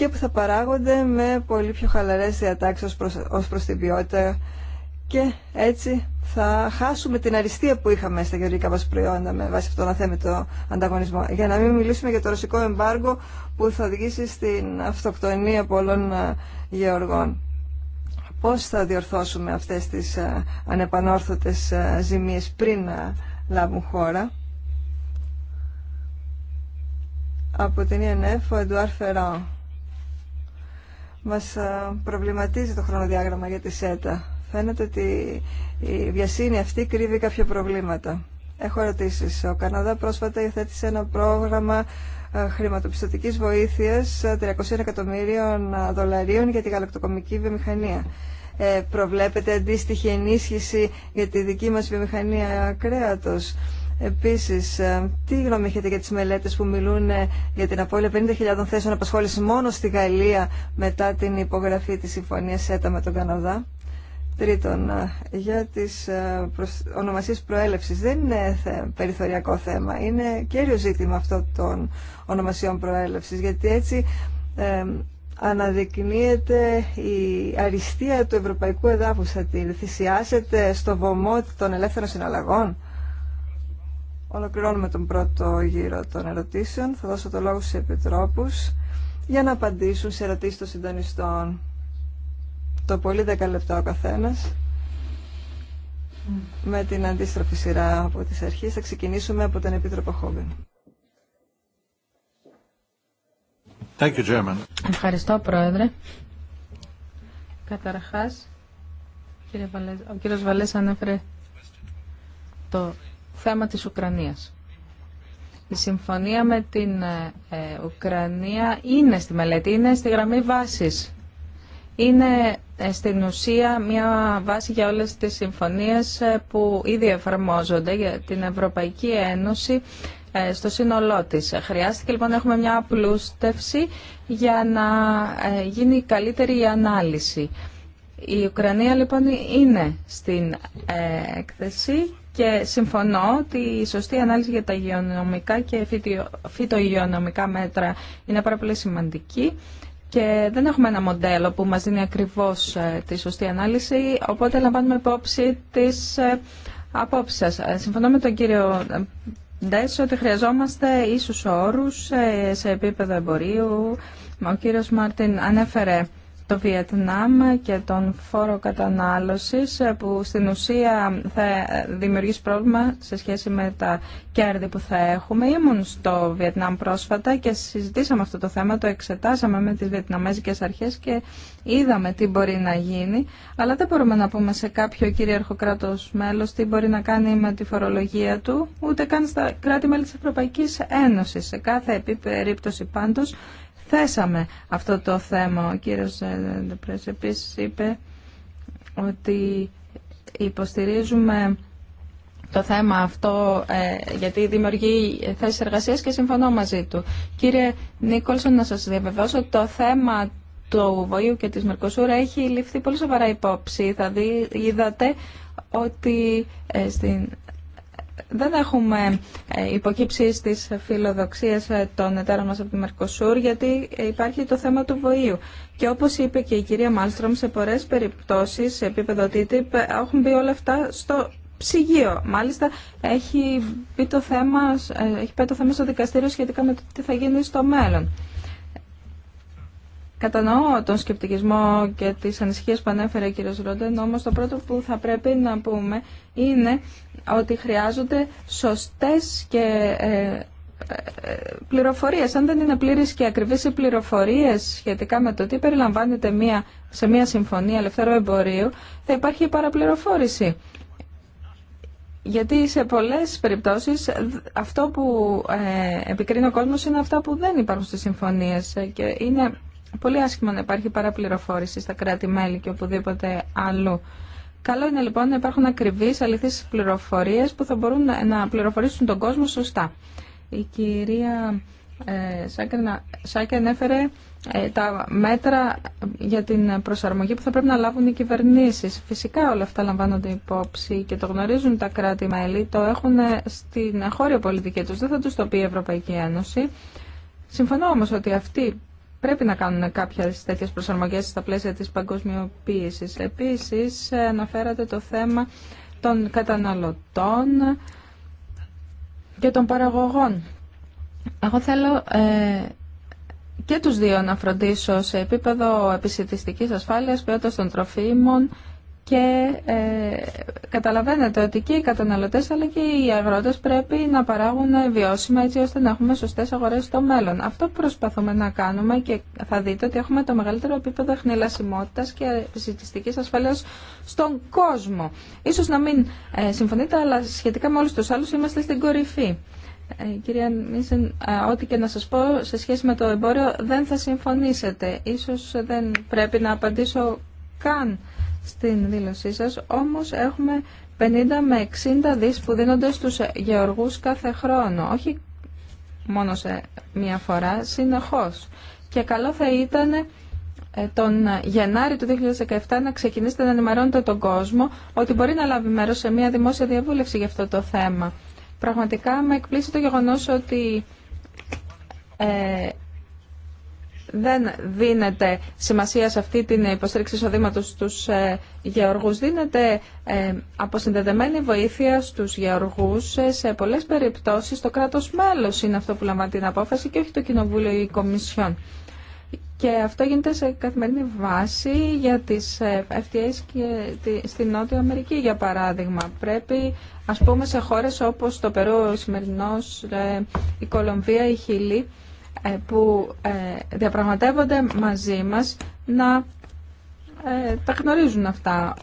και που θα παράγονται με πολύ πιο χαλαρές διατάξεις ως προς, την ποιότητα και έτσι θα χάσουμε την αριστεία που είχαμε στα γεωργικά μας προϊόντα με βάση αυτόν τον αθέμητο ανταγωνισμό. Για να μην μιλήσουμε για το ρωσικό εμπάργο που θα οδηγήσει στην αυτοκτονία πολλών ε, γεωργών. Πώς θα διορθώσουμε αυτές τις ε, ανεπανόρθωτες ε, ζημίες πριν να λάβουν χώρα. Από την ΕΝΕΦ, e ο Εντουάρ Φεράν. Μας ε, προβληματίζει το χρονοδιάγραμμα για τη ΣΕΤΑ. Φαίνεται ότι η βιασύνη αυτή κρύβει κάποια προβλήματα. Έχω ερωτήσεις. Ο Καναδά πρόσφατα υιοθέτησε ένα πρόγραμμα ε, χρηματοπιστωτικής βοήθειας 300 ε, εκατομμύριων δολαρίων για τη γαλακτοκομική βιομηχανία. Ε, προβλέπεται αντίστοιχη ενίσχυση για τη δική μας βιομηχανία κρέατος. Επίσης, ε, τι γνώμη έχετε για τις μελέτες που μιλούν ε, για την απώλεια 50.000 θέσεων απασχόληση μόνο στη Γαλλία μετά την υπογραφή της συμφωνίας ΣΕΤΑ με τον Καναδά. Τρίτον, ε, για τις ονομασίες προέλευσης. Δεν είναι περιθωριακό θέμα. Είναι κέριο ζήτημα αυτό των ονομασιών προέλευσης, γιατί έτσι αναδεικνύεται η αριστεία του ευρωπαϊκού εδάφους. Θα τη θυσιάσετε στο βωμό των ελεύθερων συναλλαγών. Ολοκληρώνουμε τον πρώτο γύρο των ερωτήσεων. Θα δώσω το λόγο στους επιτρόπους για να απαντήσουν σε ερωτήσεις των συντονιστών. Το πολύ 10 λεπτά ο καθένας. Με την αντίστροφη σειρά από τις αρχές θα ξεκινήσουμε από τον Επίτροπο Χόβιν. Ευχαριστώ, Πρόεδρε. Καταρχάς, ο κύριος Βαλές ανέφερε το θέμα της Ουκρανίας. Η συμφωνία με την ε, ε, Ουκρανία είναι στη μελέτη, είναι στη γραμμή βάσης. Είναι ε, στην ουσία μια βάση για όλες τις συμφωνίες που ήδη εφαρμόζονται για την Ευρωπαϊκή Ένωση στο σύνολό της. Χρειάστηκε λοιπόν να έχουμε μια απλούστευση για να γίνει καλύτερη η ανάλυση. Η Ουκρανία λοιπόν είναι στην έκθεση και συμφωνώ ότι η σωστή ανάλυση για τα υγειονομικά και φυτοϊγειονομικά μέτρα είναι πάρα πολύ σημαντική και δεν έχουμε ένα μοντέλο που μας δίνει ακριβώς ε, τη σωστή ανάλυση, οπότε λαμβάνουμε υπόψη τις ε, απόψεις σας. Ε, συμφωνώ με τον κύριο Ντέσο ότι χρειαζόμαστε ίσους όρους σε επίπεδο εμπορίου. Ο κύριος Μάρτιν ανέφερε το Βιετνάμ και τον φόρο κατανάλωσης ε, που στην ουσία θα δημιουργήσει πρόβλημα σε σχέση με τα κέρδη που θα έχουμε. Ήμουν στο Βιετνάμ πρόσφατα και συζητήσαμε αυτό το θέμα, το εξετάσαμε με τις βιετναμέζικες αρχές και είδαμε τι μπορεί να γίνει, αλλά δεν μπορούμε να πούμε σε κάποιο κυρίαρχο κράτος μέλος τι μπορεί να κάνει με τη φορολογία του, ούτε καν στα κράτη-μέλη της Ευρωπαϊκής Ένωσης. Σε κάθε περίπτωση πάντως θέσαμε αυτό το θέμα. Ο κύριος ε, Ντεπρές επίσης είπε ότι υποστηρίζουμε το θέμα αυτό ε, γιατί δημιουργεί θέσεις εργασίας και συμφωνώ μαζί του. Κύριε Νίκολσον, να σας διαβεβαιώσω ότι το θέμα του Βοΐου και της Μερκοσούρα έχει ληφθεί πολύ σοβαρά υπόψη. Θα είδατε ότι ε, στην δεν έχουμε ε, υποκύψεις της φιλοδοξίας ε, των εταίρων μας από τη Μερκοσούρ γιατί ε, υπάρχει το θέμα του βοήου. Και όπως είπε και η κυρία Μάλστρομ, σε πολλές περιπτώσεις σε επίπεδο TTIP έχουν μπει όλα αυτά στο ψυγείο. Μάλιστα έχει, πει το θέμα, έχει πάει το θέμα στο δικαστήριο σχετικά με το τι θα γίνει στο μέλλον. Κατανοώ τον σκεπτικισμό και τις ανησυχίες που ανέφερε ο κ. Ρόντεν, όμως το πρώτο που θα πρέπει να πούμε είναι ότι χρειάζονται σωστές και ε, ε, ε, πληροφορίες. Αν δεν είναι πλήρες και ακριβείς οι πληροφορίες σχετικά με το τι περιλαμβάνεται μια, σε μια συμφωνία ελευθερών εμπορίου, θα υπάρχει παραπληροφόρηση. Γιατί σε πολλές περιπτώσεις αυτό που επικρίνει ο κόσμος είναι αυτά που δεν υπάρχουν στις συμφωνίες και είναι Πολύ άσχημα να υπάρχει παραπληροφόρηση στα κράτη-μέλη και οπουδήποτε αλλού. Καλό είναι λοιπόν να υπάρχουν ακριβείς αληθείς πληροφορίες που θα μπορούν να πληροφορήσουν τον κόσμο σωστά. Η κυρία ε, Σάκη ανέφερε ε, τα μέτρα για την προσαρμογή που θα πρέπει να λάβουν οι κυβερνήσεις. Φυσικά όλα αυτά λαμβάνονται υπόψη και το γνωρίζουν τα κράτη-μέλη, το έχουν ε, στην χώρια πολιτική τους, δεν θα τους το πει η Ευρωπαϊκή Ένωση. Συμφωνώ όμως ότι αυτή πρέπει να κάνουν κάποιε τέτοιε προσαρμογές στα πλαίσια της παγκοσμιοποίηση. Επίσης, αναφέρατε το θέμα των καταναλωτών και των παραγωγών. Εγώ θέλω ε, και τους δύο να φροντίσω σε επίπεδο επισητιστικής ασφάλειας, ποιότητας των τροφίμων, και ε, καταλαβαίνετε ότι και οι καταναλωτές αλλά και οι αγρότες πρέπει να παράγουν βιώσιμα έτσι ώστε να έχουμε σωστές αγορές στο μέλλον. Αυτό προσπαθούμε να κάνουμε και θα δείτε ότι έχουμε το μεγαλύτερο επίπεδο χνηλασιμότητας και επιστημιστικής ασφαλείας στον κόσμο. Ίσως να μην ε, συμφωνείτε αλλά σχετικά με όλους τους άλλους είμαστε στην κορυφή. Ε, κυρία Νίσεν, ε, ό,τι και να σας πω σε σχέση με το εμπόριο δεν θα συμφωνήσετε. Ίσως δεν πρέπει να απαντήσω καν στην δήλωσή σας, όμως έχουμε 50 με 60 δις που δίνονται στους γεωργούς κάθε χρόνο, όχι μόνο σε μία φορά, συνεχώς. Και καλό θα ήταν ε, τον Γενάρη του 2017 να ξεκινήσετε να ενημερώνετε τον κόσμο ότι μπορεί να λάβει μέρος σε μία δημόσια διαβούλευση για αυτό το θέμα. Πραγματικά με εκπλήσει το γεγονός ότι ε, δεν δίνεται σημασία σε αυτή την υποστήριξη εισοδήματος στους ε, γεωργούς. Δίνεται ε, αποσυνδεδεμένη βοήθεια στους γεωργούς. Ε, σε πολλές περιπτώσεις το κράτος μέλος είναι αυτό που λαμβάνει την απόφαση και όχι το Κοινοβούλιο ή η Κομισιόν. Και αυτό γίνεται σε καθημερινή βάση για τις FTAs και στην Νότια Αμερική, για παράδειγμα. Πρέπει, ας πούμε, σε χώρες όπως το Περού, ο η Κολομβία, η Χιλή, ε, που ε, διαπραγματεύονται μαζί μας να ε, τα γνωρίζουν αυτά.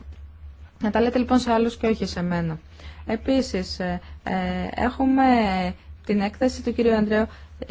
Να τα λέτε λοιπόν σε άλλους και όχι σε μένα. Επίσης, έχουμε την έκθεση του κυρίου Ανδρέου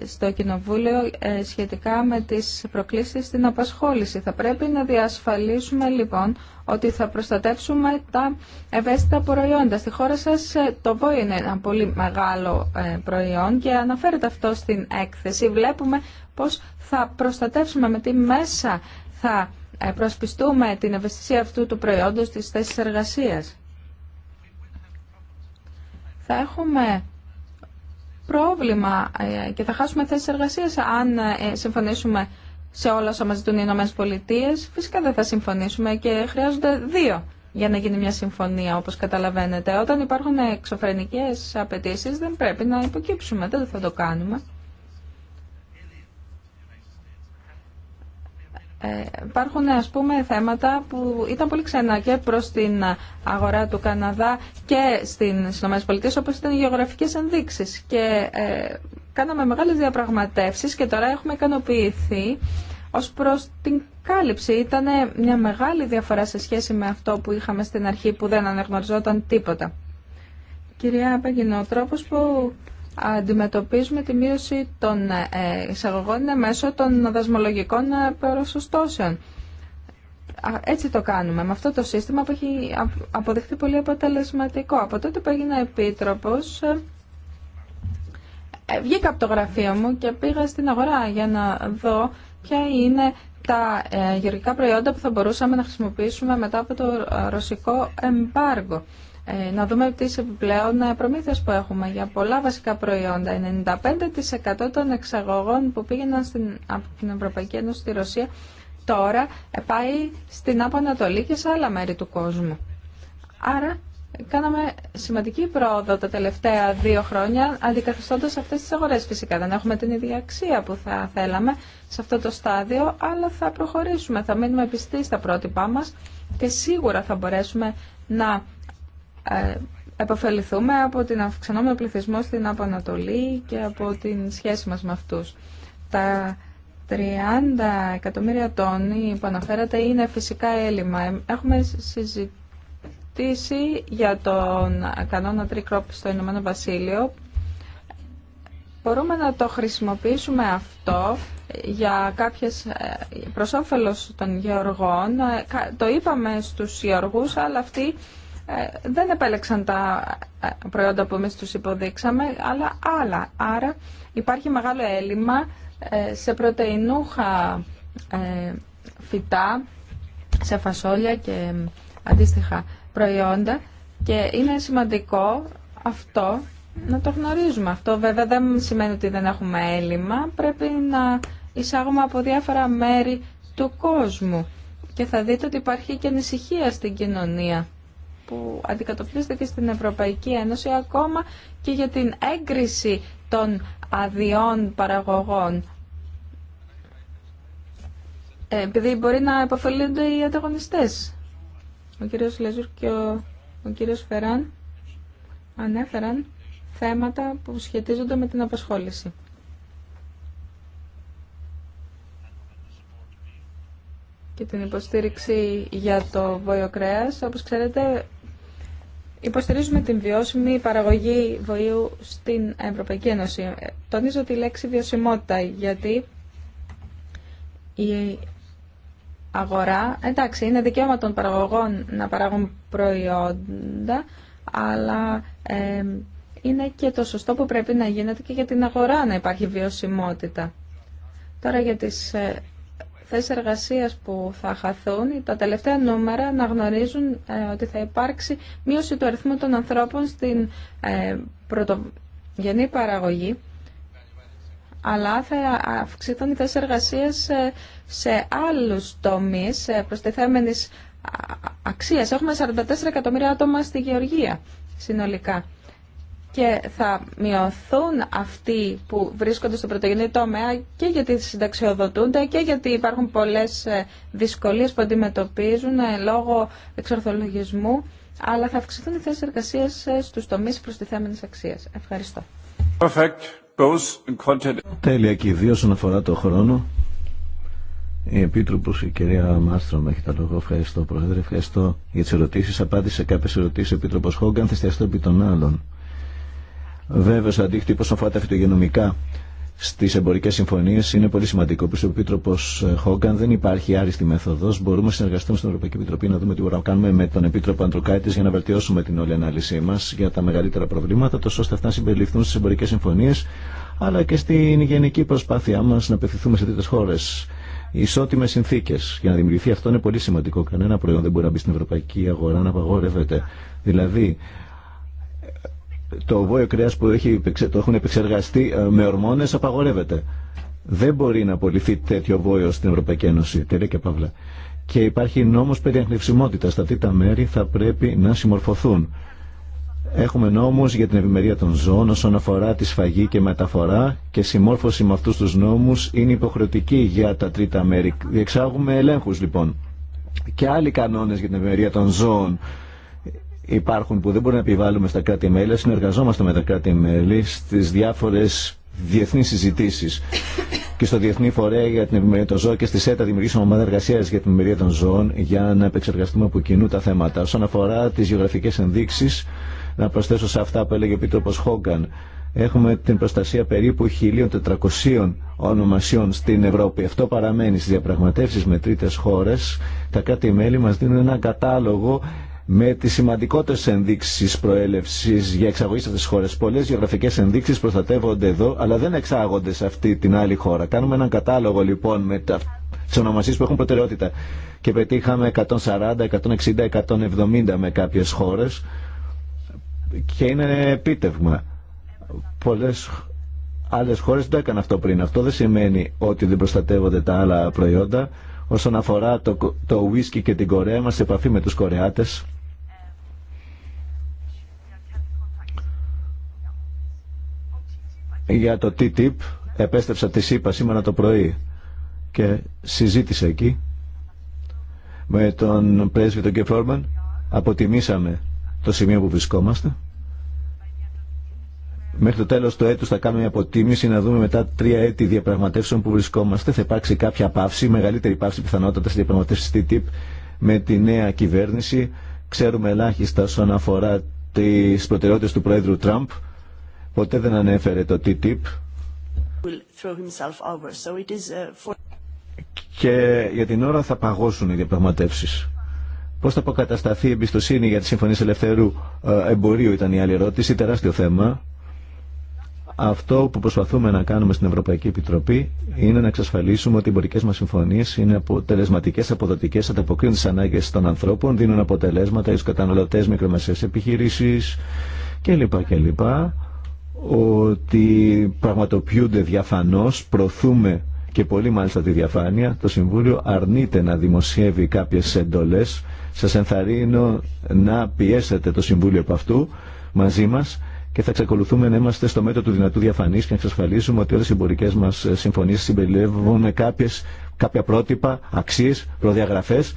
στο Κοινοβούλιο ε, σχετικά με τις προκλήσεις στην απασχόληση. Θα πρέπει να διασφαλίσουμε λοιπόν ότι θα προστατεύσουμε τα ευαίσθητα προϊόντα. Στη χώρα σας ε, το βόη είναι ένα πολύ μεγάλο ε, προϊόν και αναφέρεται αυτό στην έκθεση. Βλέπουμε πώς θα προστατεύσουμε με τι μέσα θα προσπιστούμε την ευαισθησία αυτού του προϊόντος στις θέσεις εργασίας. Θα έχουμε πρόβλημα ε, και θα χάσουμε θέσει εργασία. αν ε, συμφωνήσουμε σε όλα όσα μα ζητούν οι Ηνωμένε Πολιτείες. Φυσικά δεν θα συμφωνήσουμε και χρειάζονται δύο για να γίνει μια συμφωνία, όπως καταλαβαίνετε. Όταν υπάρχουν εξωφρενικές απαιτήσει δεν πρέπει να υποκύψουμε, δεν θα το κάνουμε. Ε, υπάρχουν ας πούμε θέματα που ήταν πολύ ξένα και προς την αγορά του Καναδά και στην ΗΠΑ όπως ήταν οι γεωγραφικές ενδείξεις και ε, κάναμε μεγάλες διαπραγματεύσεις και τώρα έχουμε ικανοποιηθεί ως προς την κάλυψη. Ήταν μια μεγάλη διαφορά σε σχέση με αυτό που είχαμε στην αρχή που δεν αναγνωριζόταν τίποτα. Κυρία ο που αντιμετωπίζουμε τη μείωση των ε, εισαγωγών μέσω των δασμολογικών ε, προσωστώσεων. Έτσι το κάνουμε, με αυτό το σύστημα που έχει αποδειχθεί πολύ αποτελεσματικό. Από τότε που έγινα επίτροπος, ε, βγήκα από το γραφείο μου και πήγα στην αγορά για να δω ποια είναι τα γεωργικά προϊόντα που θα μπορούσαμε να χρησιμοποιήσουμε μετά από το ρωσικό εμπάργο. Ε, να δούμε τις επιπλέον ε, προμήθειες που έχουμε για πολλά βασικά προϊόντα. 95% των εξαγωγών που πήγαιναν στην, από την Ευρωπαϊκή Ένωση στη Ρωσία τώρα ε, πάει στην Άπο και σε άλλα μέρη του κόσμου. Άρα κάναμε σημαντική πρόοδο τα τελευταία δύο χρόνια αντικαθιστώντας αυτές τις αγορές φυσικά. Δεν έχουμε την ίδια αξία που θα θέλαμε σε αυτό το στάδιο, αλλά θα προχωρήσουμε, θα μείνουμε πιστοί στα πρότυπά μας και σίγουρα θα μπορέσουμε να ε, επωφεληθούμε από την αυξανόμενο πληθυσμό στην Απανατολή και από την σχέση μας με αυτούς. Τα 30 εκατομμύρια τόνοι που αναφέρατε είναι φυσικά έλλειμμα. Ε, έχουμε συζητήσει για τον κανόνα τρικρόπ στο Ηνωμένο Βασίλειο. Μπορούμε να το χρησιμοποιήσουμε αυτό για κάποιες ε, προς των γεωργών. Το είπαμε στους γεωργούς, αλλά αυτοί ε, δεν επέλεξαν τα ε, προϊόντα που εμείς τους υποδείξαμε, αλλά άλλα. Άρα υπάρχει μεγάλο έλλειμμα ε, σε πρωτεϊνούχα φυτά, σε φασόλια και αντίστοιχα προϊόντα και είναι σημαντικό αυτό να το γνωρίζουμε. Αυτό βέβαια δεν σημαίνει ότι δεν έχουμε έλλειμμα, πρέπει να εισάγουμε από διάφορα μέρη του κόσμου και θα δείτε ότι υπάρχει και ανησυχία στην κοινωνία που αντικατοπτρίζεται και στην Ευρωπαϊκή Ένωση ακόμα και για την έγκριση των αδειών παραγωγών. Ε, επειδή μπορεί να επωφελούνται οι ανταγωνιστές. Ο κύριος Λεζούρ και ο, ο κύριος Φεράν ανέφεραν θέματα που σχετίζονται με την απασχόληση. και την υποστήριξη για το βόλιο κρέας. Όπως ξέρετε, Υποστηρίζουμε την βιώσιμη παραγωγή βοήου στην Ευρωπαϊκή Ένωση. Ε, τονίζω τη λέξη βιωσιμότητα γιατί η αγορά, εντάξει, είναι δικαίωμα των παραγωγών να παράγουν προϊόντα, αλλά ε, είναι και το σωστό που πρέπει να γίνεται και για την αγορά να υπάρχει βιωσιμότητα. Τώρα για τις ε, θέσεις εργασίας που θα χαθούν, τα τελευταία νούμερα να γνωρίζουν ε, ότι θα υπάρξει μείωση του αριθμού των ανθρώπων στην ε, πρωτογενή παραγωγή, αλλά θα αυξηθούν οι θέσεις εργασίας ε, σε άλλους τομείς προστιθέμενης αξίας. Έχουμε 44 εκατομμύρια άτομα στη Γεωργία συνολικά και θα μειωθούν αυτοί που βρίσκονται στο πρωτογενή τομέα και γιατί συνταξιοδοτούνται και γιατί υπάρχουν πολλές ε, δυσκολίες που αντιμετωπίζουν ε, λόγω εξορθολογισμού, αλλά θα αυξηθούν οι θέσεις εργασίας ε, στους τομείς προστιθέμενης αξίας. Ευχαριστώ. Τέλεια και ιδίω όσον αφορά το χρόνο. Η Επίτροπο, η κυρία με έχει τα λόγο. Ευχαριστώ, Πρόεδρε. Ευχαριστώ για τι ερωτήσει. Απάντησε κάποιε ερωτήσει ο Επίτροπο Χόγκαν. Θα επί των άλλων. Βέβαια, ο αντίκτυπο όσον αφορά τα φυτογενομικά στι εμπορικέ συμφωνίε είναι πολύ σημαντικό. Όπω ο Επίτροπο ε, Χόγκαν δεν υπάρχει άριστη μέθοδο. Μπορούμε να συνεργαστούμε στην Ευρωπαϊκή Επιτροπή να δούμε τι μπορούμε να κάνουμε με τον Επίτροπο Αντροκάητη για να βελτιώσουμε την όλη ανάλυση μα για τα μεγαλύτερα προβλήματα, τόσο ώστε αυτά να συμπεριληφθούν στι εμπορικέ συμφωνίε αλλά και στην γενική προσπάθειά μα να απευθυνθούμε σε τρίτε χώρε. Ισότιμε συνθήκε. Για να δημιουργηθεί αυτό είναι πολύ σημαντικό. Κανένα προϊόν δεν μπορεί να μπει στην ευρωπαϊκή αγορά να απαγορεύεται. Δηλαδή, το βόλιο κρέας που έχει, το έχουν επεξεργαστεί ε, με ορμόνες απαγορεύεται. Δεν μπορεί να απολυθεί τέτοιο βόλιο στην Ευρωπαϊκή Ένωση. Τελεία και παύλα. Και υπάρχει νόμος περί Τα τρίτα μέρη θα πρέπει να συμμορφωθούν. Έχουμε νόμους για την ευημερία των ζώων όσον αφορά τη σφαγή και μεταφορά και συμμόρφωση με αυτούς τους νόμους είναι υποχρεωτική για τα τρίτα μέρη. Διεξάγουμε ελέγχους λοιπόν και άλλοι κανόνες για την ευημερία των ζώων υπάρχουν που δεν μπορούμε να επιβάλλουμε στα κράτη-μέλη, συνεργαζόμαστε με τα κράτη-μέλη στι διάφορε διεθνείς συζητήσει και στο Διεθνή Φορέα για την Επιμερία των Ζώων και στη ΣΕΤΑ δημιουργήσαμε ομάδα εργασία για την Επιμερία των Ζώων για να επεξεργαστούμε από κοινού τα θέματα. Όσον αφορά τι γεωγραφικέ ενδείξει, να προσθέσω σε αυτά που έλεγε ο Πίτροπο Χόγκαν. Έχουμε την προστασία περίπου 1.400 ονομασιών στην Ευρώπη. Αυτό παραμένει στι διαπραγματεύσει με τρίτε χώρε. Τα κράτη-μέλη μα δίνουν ένα κατάλογο με τι σημαντικότερε ενδείξει προέλευση για εξαγωγή σε αυτέ τι χώρες. Πολλές γεωγραφικέ ενδείξεις προστατεύονται εδώ, αλλά δεν εξάγονται σε αυτή την άλλη χώρα. Κάνουμε έναν κατάλογο λοιπόν με τα... τις που έχουν προτεραιότητα και πετύχαμε 140, 160, 170 με κάποιε χώρε και είναι επίτευγμα. Πολλές άλλες χώρες δεν το έκαναν αυτό πριν. Αυτό δεν σημαίνει ότι δεν προστατεύονται τα άλλα προϊόντα. Όσον αφορά το, το και την Κορέα, είμαστε σε επαφή με τους Κορεάτες για το TTIP επέστρεψα τη ΣΥΠΑ σήμερα το πρωί και συζήτησα εκεί με τον πρέσβη τον Κεφόρμαν αποτιμήσαμε το σημείο που βρισκόμαστε μέχρι το τέλος του έτους θα κάνουμε μια αποτίμηση να δούμε μετά τρία έτη διαπραγματεύσεων που βρισκόμαστε θα υπάρξει κάποια παύση, μεγαλύτερη παύση πιθανότατα στη διαπραγματεύση TTIP με τη νέα κυβέρνηση ξέρουμε ελάχιστα όσον αφορά τις προτεραιότητες του Πρόεδρου Τραμπ Ποτέ δεν ανέφερε το TTIP. Uh, Και για την ώρα θα παγώσουν οι διαπραγματεύσει. Πώ θα αποκατασταθεί η εμπιστοσύνη για τη συμφωνίε ελευθερού ε, εμπορίου ήταν η άλλη ερώτηση. Τεράστιο θέμα. Αυτό που προσπαθούμε να κάνουμε στην Ευρωπαϊκή Επιτροπή είναι να εξασφαλίσουμε ότι οι εμπορικέ μα συμφωνίε είναι αποτελεσματικέ, αποδοτικέ, ανταποκρίνουν τι ανάγκε των ανθρώπων, δίνουν αποτελέσματα στου καταναλωτέ, μικρομεσαίε επιχειρήσει κλπ. κλπ ότι πραγματοποιούνται διαφανώς, προθούμε και πολύ μάλιστα τη διαφάνεια, το Συμβούλιο αρνείται να δημοσιεύει κάποιες εντολές. Σας ενθαρρύνω να πιέσετε το Συμβούλιο από αυτού μαζί μας και θα εξακολουθούμε να είμαστε στο μέτρο του δυνατού διαφανής και να εξασφαλίσουμε ότι όλες οι εμπορικές μας συμφωνίες συμπεριλεύουν κάποιες, κάποια πρότυπα, αξίες, προδιαγραφές,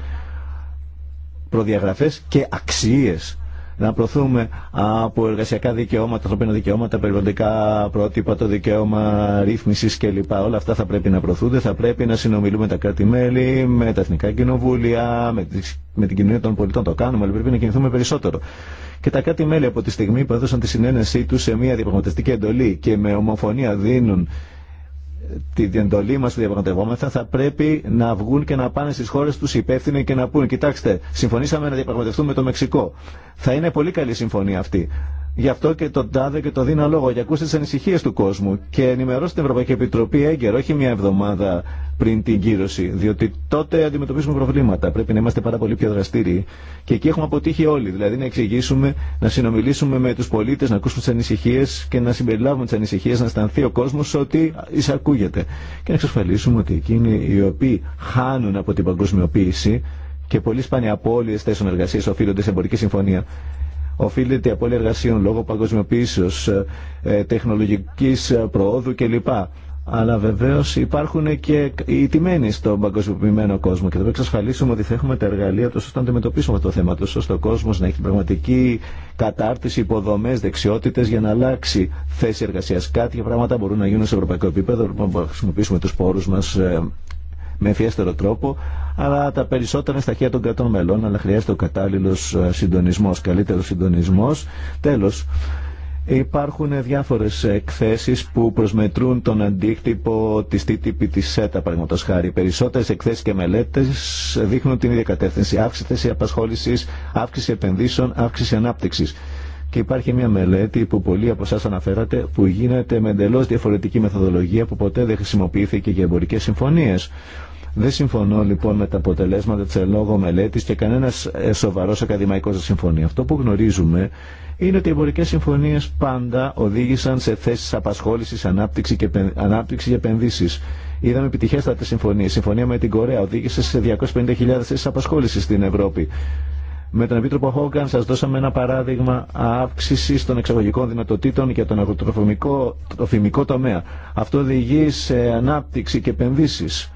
προδιαγραφές και αξίες να προωθούμε από εργασιακά δικαιώματα, ανθρωπίνα δικαιώματα, περιβαλλοντικά πρότυπα, το δικαίωμα ρύθμιση κλπ. Όλα αυτά θα πρέπει να προωθούνται, θα πρέπει να συνομιλούμε τα κράτη-μέλη, με τα εθνικά κοινοβούλια, με την κοινωνία των πολιτών το κάνουμε, αλλά πρέπει να κινηθούμε περισσότερο. Και τα κράτη-μέλη από τη στιγμή που έδωσαν τη συνένεσή του σε μια διαπραγματευτική εντολή και με ομοφωνία δίνουν τη διεντολή μας που διαπραγματευόμεθα θα πρέπει να βγουν και να πάνε στις χώρες τους υπεύθυνοι και να πούν κοιτάξτε συμφωνήσαμε να διαπραγματευτούμε με το Μεξικό. Θα είναι πολύ καλή συμφωνία αυτή. Γι' αυτό και τον τάδε και το δίνω λόγο. Για ακούστε τι ανησυχίε του κόσμου και ενημερώστε την Ευρωπαϊκή Επιτροπή έγκαιρο, όχι μια εβδομάδα πριν την κύρωση. Διότι τότε αντιμετωπίζουμε προβλήματα. Πρέπει να είμαστε πάρα πολύ πιο δραστήριοι. Και εκεί έχουμε αποτύχει όλοι. Δηλαδή να εξηγήσουμε, να συνομιλήσουμε με του πολίτε, να ακούσουμε τι ανησυχίε και να συμπεριλάβουμε τι ανησυχίε, να αισθανθεί ο κόσμο ότι εισακούγεται. Και να εξασφαλίσουμε ότι εκείνοι οι οποίοι χάνουν από την παγκοσμιοποίηση και πολύ σπάνια απόλυε θέσει οφείλονται σε εμπορική συμφωνία οφείλεται η απώλεια εργασίων λόγω παγκοσμιοποίησεως, ε, ε, τεχνολογικής ε, προόδου κλπ. Αλλά βεβαίω υπάρχουν και οι τιμένοι στον παγκοσμιοποιημένο κόσμο και θα πρέπει να εξασφαλίσουμε ότι θα έχουμε τα εργαλεία τόσο να αντιμετωπίσουμε αυτό το θέμα, τόσο ώστε ο κόσμο να έχει πραγματική κατάρτιση, υποδομέ, δεξιότητε για να αλλάξει θέση εργασία. Κάτι πράγματα μπορούν να γίνουν σε ευρωπαϊκό επίπεδο, λοιπόν, μπορούμε να χρησιμοποιήσουμε του πόρου μα με ευφιέστερο τρόπο, αλλά τα περισσότερα είναι στα χέρια των κρατών μελών, αλλά χρειάζεται ο κατάλληλο ε, συντονισμό, καλύτερο συντονισμό. Τέλο, υπάρχουν διάφορε εκθέσει που προσμετρούν τον αντίκτυπο τη TTIP τη ΣΕΤΑ, παραδείγματο χάρη. Περισσότερε εκθέσει και μελέτε δείχνουν την ίδια κατεύθυνση. Αύξηση απασχόληση, αύξηση επενδύσεων, αύξηση ανάπτυξη. Και υπάρχει μια μελέτη που πολλοί από εσά αναφέρατε που γίνεται με εντελώ διαφορετική μεθοδολογία που ποτέ δεν χρησιμοποιήθηκε για εμπορικέ συμφωνίε. Δεν συμφωνώ λοιπόν με τα αποτελέσματα τη ελόγω μελέτη και κανένα ε, σοβαρό ακαδημαϊκό δεν συμφωνεί. Αυτό που γνωρίζουμε είναι ότι οι εμπορικέ συμφωνίε πάντα οδήγησαν σε θέσει απασχόληση, ανάπτυξη και ανάπτυξη επενδύσει. Είδαμε επιτυχέστατε συμφωνίε. Η συμφωνία με την Κορέα οδήγησε σε 250.000 θέσει απασχόληση στην Ευρώπη. Με τον Επίτροπο Χόγκαν σας δώσαμε ένα παράδειγμα αύξηση των εξαγωγικών δυνατοτήτων για τον αγροτροφημικό τομέα. Αυτό οδηγεί σε ανάπτυξη και επενδύσεις.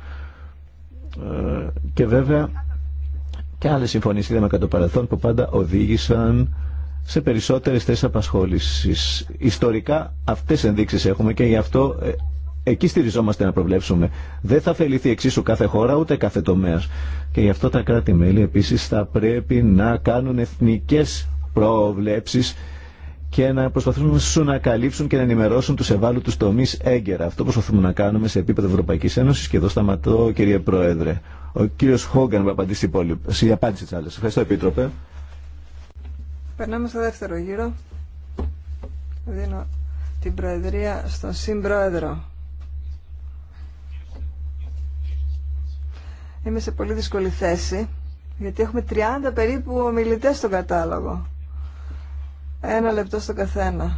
Ε, και βέβαια και άλλες συμφωνίες είδαμε κατά το παρελθόν που πάντα οδήγησαν σε περισσότερες θέσεις απασχόλησης. Ιστορικά αυτές ενδείξεις έχουμε και γι' αυτό ε, εκεί στηριζόμαστε να προβλέψουμε. Δεν θα ωφεληθεί εξίσου κάθε χώρα ούτε κάθε τομέα. Και γι' αυτό τα κράτη-μέλη επίσης θα πρέπει να κάνουν εθνικές προβλέψεις και να προσπαθούν να καλύψουν και να ενημερώσουν τους ευάλωτου τομεί έγκαιρα. Αυτό προσπαθούμε να κάνουμε σε επίπεδο Ευρωπαϊκή Ένωση και εδώ σταματώ κύριε Πρόεδρε. Ο κύριο Χόγκαν θα απαντήσει σε απάντηση τη άλλη. Ευχαριστώ Επίτροπε. Περνάμε στο δεύτερο γύρο. Δίνω την Προεδρία στον Συμπρόεδρο. Είμαι σε πολύ δύσκολη θέση, γιατί έχουμε 30 περίπου ομιλητές στο κατάλογο. Ένα λεπτό στο καθένα.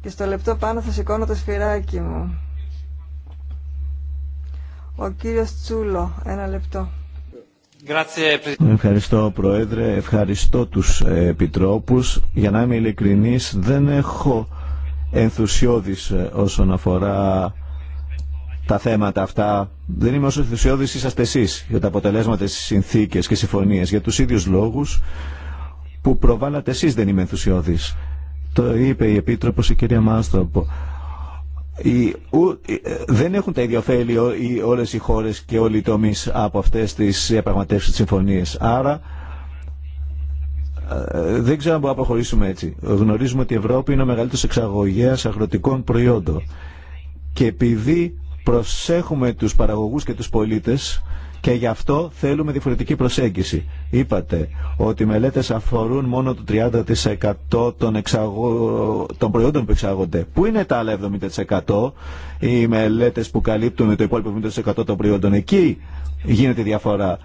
Και στο λεπτό πάνω θα σηκώνω το σφυράκι μου. Ο κύριος Τσούλο, ένα λεπτό. Ευχαριστώ Πρόεδρε, ευχαριστώ τους ε, επιτρόπους. Για να είμαι ειλικρινής δεν έχω ενθουσιώδης ε, όσον αφορά τα θέματα αυτά. Δεν είμαι όσο ενθουσιώδης είσαστε εσείς για τα αποτελέσματα στις συνθήκες και συμφωνίες. Για τους ίδιους λόγους που προβάλλατε εσείς δεν είμαι ενθουσιώδης. Το είπε η Επίτροπος η κυρία Μάστροπο. Ε, δεν έχουν τα ίδια ωφέλη οι, όλες οι χώρες και όλοι οι τομείς από αυτές τις διαπραγματεύσεις της συμφωνίες. Άρα ε, δεν ξέρω αν μπορούμε να προχωρήσουμε έτσι. Γνωρίζουμε ότι η Ευρώπη είναι ο μεγαλύτερος εξαγωγέας αγροτικών προϊόντων. Και επειδή προσέχουμε τους παραγωγούς και τους πολίτες, και γι' αυτό θέλουμε διαφορετική προσέγγιση. Είπατε ότι οι μελέτες αφορούν μόνο το 30% των, εξαγω... των προϊόντων που εξάγονται. Πού είναι τα άλλα 70% οι μελέτες που καλύπτουν το υπόλοιπο 70% των προϊόντων. Εκεί γίνεται διαφορά.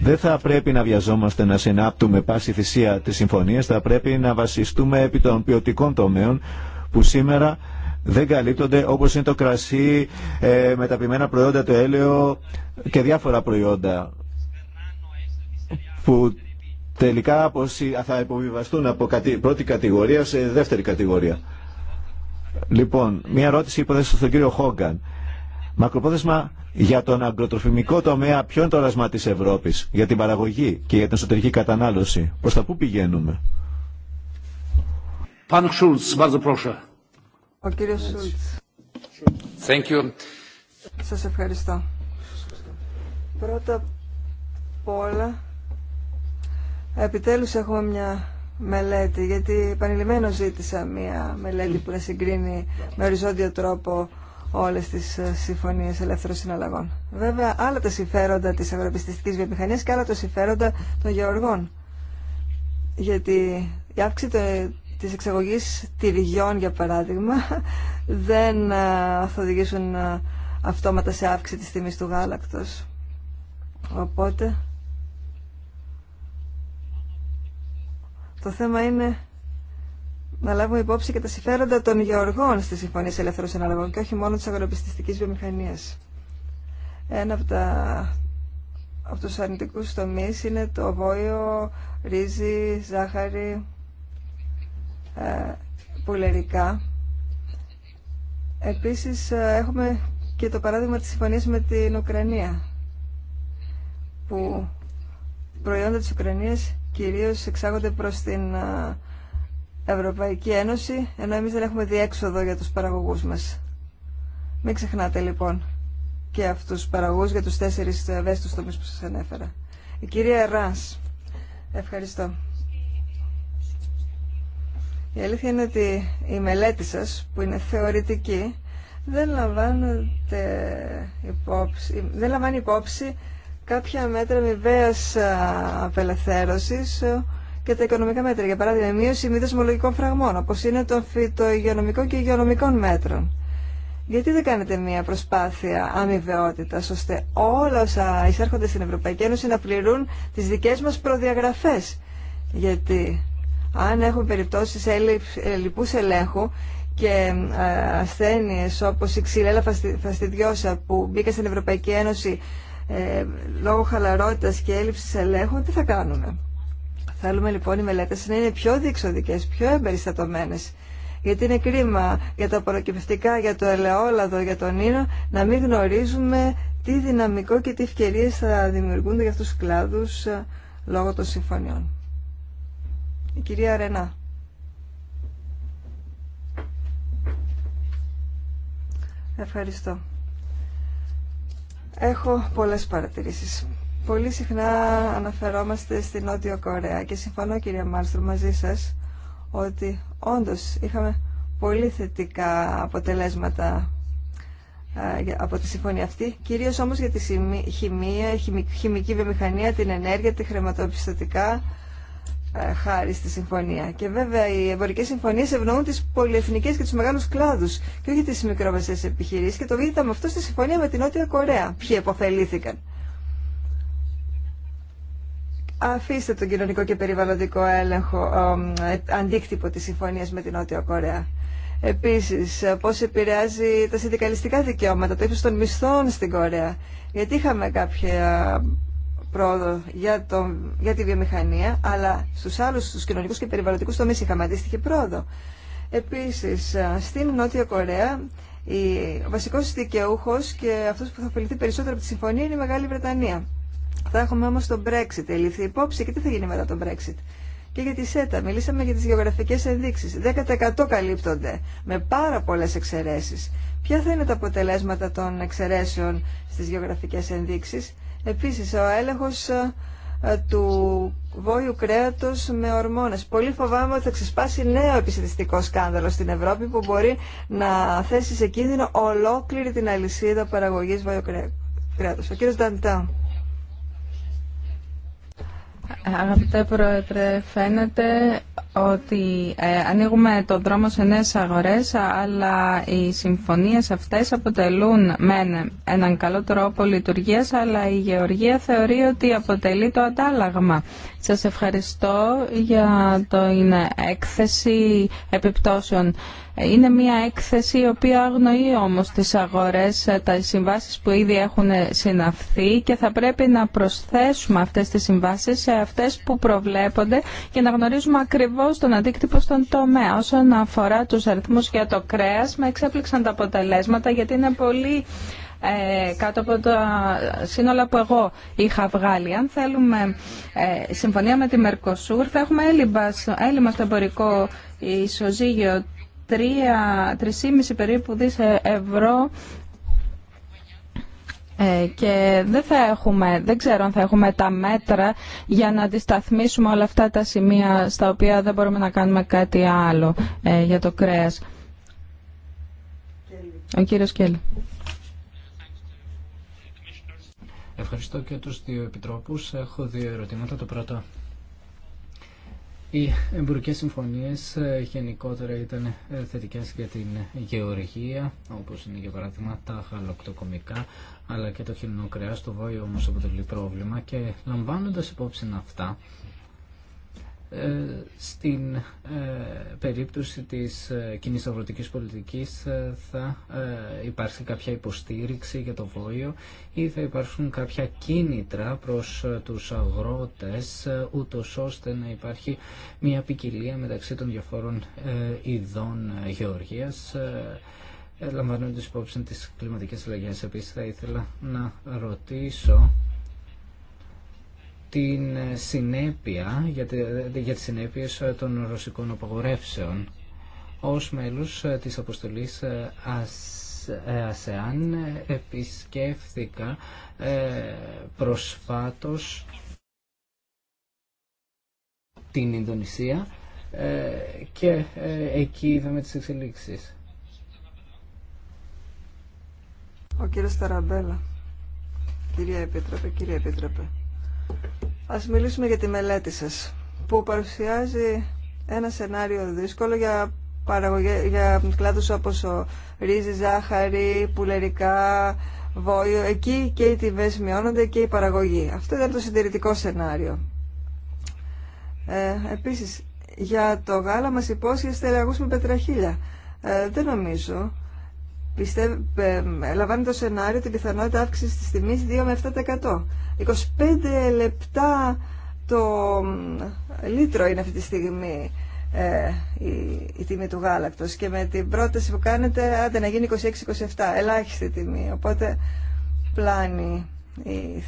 Δεν θα πρέπει να βιαζόμαστε να συνάπτουμε πάση θυσία τις συμφωνίες, θα πρέπει να βασιστούμε επί των ποιοτικών τομέων που σήμερα δεν καλύπτονται όπως είναι το κρασί, ε, μεταπημένα προϊόντα, το έλαιο και διάφορα προϊόντα που τελικά θα υποβιβαστούν από πρώτη κατηγορία σε δεύτερη κατηγορία. Λοιπόν, μια ερώτηση που στον κύριο Χόγκαν. Μακροπρόθεσμα για τον αγροτροφημικό τομέα, ποιο είναι το ρασμά της Ευρώπης, για την παραγωγή και για την εσωτερική κατανάλωση. Προς τα πού πηγαίνουμε. Ο κύριος Σούλτς. Σας ευχαριστώ. Πρώτα απ' όλα, επιτέλους έχουμε μια μελέτη, γιατί επανειλημμένο ζήτησα μια μελέτη που να συγκρίνει με οριζόντιο τρόπο όλες τις ε, συμφωνίες ελεύθερων συναλλαγών. Βέβαια, άλλα τα συμφέροντα της αγροπιστικής βιομηχανίας και άλλα τα συμφέροντα των γεωργών. Γιατί η αύξηση της εξαγωγής τυριών, για παράδειγμα, δεν ε, θα οδηγήσουν ε, αυτόματα σε αύξηση της τιμής του γάλακτος. Οπότε, το θέμα είναι να λάβουμε υπόψη και τα συμφέροντα των γεωργών στη Συμφωνία Ελεύθερων Συναλλαγών και όχι μόνο της αγροπιστικής βιομηχανίας. Ένα από, τα, από τους αρνητικούς τομείς είναι το βόιο, ρύζι, ζάχαρη, ε, πουλερικά. Επίσης ε, έχουμε και το παράδειγμα της συμφωνίας με την Ουκρανία που προϊόντα της Ουκρανίας κυρίως εξάγονται προς την ε, Ευρωπαϊκή Ένωση ενώ εμείς δεν έχουμε διέξοδο για τους παραγωγούς μας. Μην ξεχνάτε λοιπόν και αυτούς τους παραγωγούς για τους τέσσερις ευαίσθητους τομείς που σας ανέφερα. Η κυρία Ράς. Ευχαριστώ. Η αλήθεια είναι ότι η μελέτη σας, που είναι θεωρητική, δεν, υπόψη, δεν λαμβάνει υπόψη κάποια μέτρα μηβαίας απελευθέρωσης και τα οικονομικά μέτρα. Για παράδειγμα, η μείωση μη δεσμολογικών φραγμών, όπως είναι των φυτοϊγειονομικών και υγειονομικών μέτρων. Γιατί δεν κάνετε μια προσπάθεια αμοιβαιότητα, ώστε όλα όσα εισέρχονται στην Ευρωπαϊκή Ένωση να πληρούν τις δικές μας προδιαγραφές. Γιατί αν έχουμε περιπτώσεις λοιπούς ελέγχου και ε, ασθένειες όπως η ξυλέλα φαστιδιώσα που μπήκε στην Ευρωπαϊκή Ένωση ε, λόγω χαλαρότητας και έλλειψης ελέγχου, τι θα κάνουμε. Θέλουμε λοιπόν οι μελέτες να είναι πιο διεξοδικές, πιο εμπεριστατωμένες. Γιατί είναι κρίμα για τα προκυπευτικά, για το ελαιόλαδο, για τον ίνο, να μην γνωρίζουμε τι δυναμικό και τι ευκαιρίες θα δημιουργούνται για αυτούς τους κλάδους ε, λόγω των συμφωνιών. Η κυρία Ρενά. Ευχαριστώ. Έχω πολλές παρατηρήσεις. Πολύ συχνά αναφερόμαστε στην Νότιο Κορέα και συμφωνώ κυρία Μάλστρο μαζί σας ότι όντως είχαμε πολύ θετικά αποτελέσματα ε, από τη συμφωνία αυτή, κυρίως όμως για τη χημεία, χημική βιομηχανία, την ενέργεια, τη χρηματοπιστωτικά ε, χάρη στη συμφωνία. Και βέβαια οι εμπορικέ συμφωνίε ευνοούν τι πολυεθνικές και του μεγάλου κλάδου και όχι τι μικρομεσαίε επιχειρήσει. Και το είδαμε αυτό στη συμφωνία με την Νότια Κορέα. Ποιοι επωφελήθηκαν. Αφήστε τον κοινωνικό και περιβαλλοντικό έλεγχο, ε, αντίκτυπο της συμφωνία με την Νότια Κορέα. Επίση, ε, πώ επηρεάζει τα συνδικαλιστικά δικαιώματα, το ύψο των μισθών στην Κορέα. Γιατί είχαμε κάποια πρόοδο για, για τη βιομηχανία, αλλά στους άλλους, στους κοινωνικούς και περιβαλλοντικούς τομείς είχαμε αντίστοιχη πρόοδο. Επίσης, στην Νότια Κορέα, η, ο βασικός δικαιούχος και αυτός που θα ωφεληθεί περισσότερο από τη συμφωνία είναι η Μεγάλη Βρετανία. Θα έχουμε όμως τον Brexit, ελήφθη υπόψη και τι θα γίνει μετά τον Brexit. Και για τη ΣΕΤΑ, μιλήσαμε για τις γεωγραφικές ενδείξεις. 10% καλύπτονται, με πάρα πολλές εξαιρέσεις. Ποια θα είναι τα αποτελέσματα των εξαιρέσεων στις γεωγραφικές ενδείξεις Επίσης, ο έλεγχος ε, του βόλιου κρέατος με ορμόνες. Πολύ φοβάμαι ότι θα ξεσπάσει νέο επιστημιστικό σκάνδαλο στην Ευρώπη που μπορεί να θέσει σε κίνδυνο ολόκληρη την αλυσίδα παραγωγής βόλιου κρέατος. Ο κύριος Αγαπητέ Πρόεδρε, φαίνεται ότι ε, ανοίγουμε το δρόμο σε νέες αγορές, αλλά οι συμφωνίες αυτές αποτελούν μεν έναν καλό τρόπο λειτουργίας, αλλά η Γεωργία θεωρεί ότι αποτελεί το αντάλλαγμα. Σας ευχαριστώ για το είναι έκθεση επιπτώσεων. Είναι μια έκθεση η οποία αγνοεί όμως τις αγορές, ε, τα συμβάσεις που ήδη έχουν συναυθεί και θα πρέπει να προσθέσουμε αυτές τις συμβάσεις αυτές που προβλέπονται και να γνωρίζουμε ακριβώς τον αντίκτυπο στον τομέα. Όσον αφορά του αριθμού για το κρέα, με εξέπληξαν τα αποτελέσματα γιατί είναι πολύ ε, κάτω από τα σύνολα που εγώ είχα βγάλει. Αν θέλουμε ε, συμφωνία με τη Μερκοσούρ, θα έχουμε έλλειμμα, έλλειμμα στο εμπορικό ισοζύγιο 3,5 περίπου δις ευρώ ε, και δεν θα έχουμε, δεν ξέρω αν θα έχουμε τα μέτρα για να αντισταθμίσουμε όλα αυτά τα σημεία στα οποία δεν μπορούμε να κάνουμε κάτι άλλο ε, για το κρέας. Ο κύριος Κέλλη. Ευχαριστώ και τους δύο επιτρόπους. Έχω δύο ερωτήματα. Το πρώτο οι εμπορικές συμφωνίες ε, γενικότερα ήταν ε, θετικές για την γεωργία, όπως είναι για παράδειγμα τα χαλοκτοκομικά, αλλά και το χοιρινό κρέας, το βόλιο όμως αποτελεί πρόβλημα και λαμβάνοντας υπόψη αυτά, ε, στην ε, περίπτωση της ε, κοινή αγροτικής πολιτικής θα υπάρξει κάποια υποστήριξη για το βόλιο ή θα υπάρξουν κάποια κίνητρα προς τους αγρότες ούτως ώστε να υπάρχει μια ποικιλία μεταξύ των διαφόρων ειδών γεωργίας λαμβάνοντας υπόψη τις κλιματικές αλλαγές. Επίσης θα ήθελα να ρωτήσω την συνέπεια, για, για τις συνέπειες των ρωσικών απαγορεύσεων. Ως μέλος της αποστολής ε, ε, ΑΣΕΑΝ επισκέφθηκα ε, προσφάτως την Ινδονησία και εκεί είδαμε τις εξελίξεις. Ο κύριος Ταραμπέλα. Κυρία Επίτροπε, κυρία Επίτροπε. Ας μιλήσουμε για τη μελέτη σας, που παρουσιάζει ένα σενάριο δύσκολο για, παραγωγή, για κλάδους όπως ο ρύζι, ζάχαρη, πουλερικά, βόλιο. Εκεί και οι τιμές μειώνονται και η παραγωγή. Αυτό ήταν το συντηρητικό σενάριο. Ε, επίσης, για το γάλα μας υπόσχεστε λαγούς με πετραχίλια. Ε, δεν νομίζω. Ε, λαμβάνει το σενάριο την πιθανότητα αύξηση τη τιμή 2 με 7%. 25 λεπτά το λίτρο είναι αυτή τη στιγμή ε, η, η, τιμή του γάλακτος και με την πρόταση που κάνετε άντε να γίνει 26-27, ελάχιστη τιμή. Οπότε πλάνει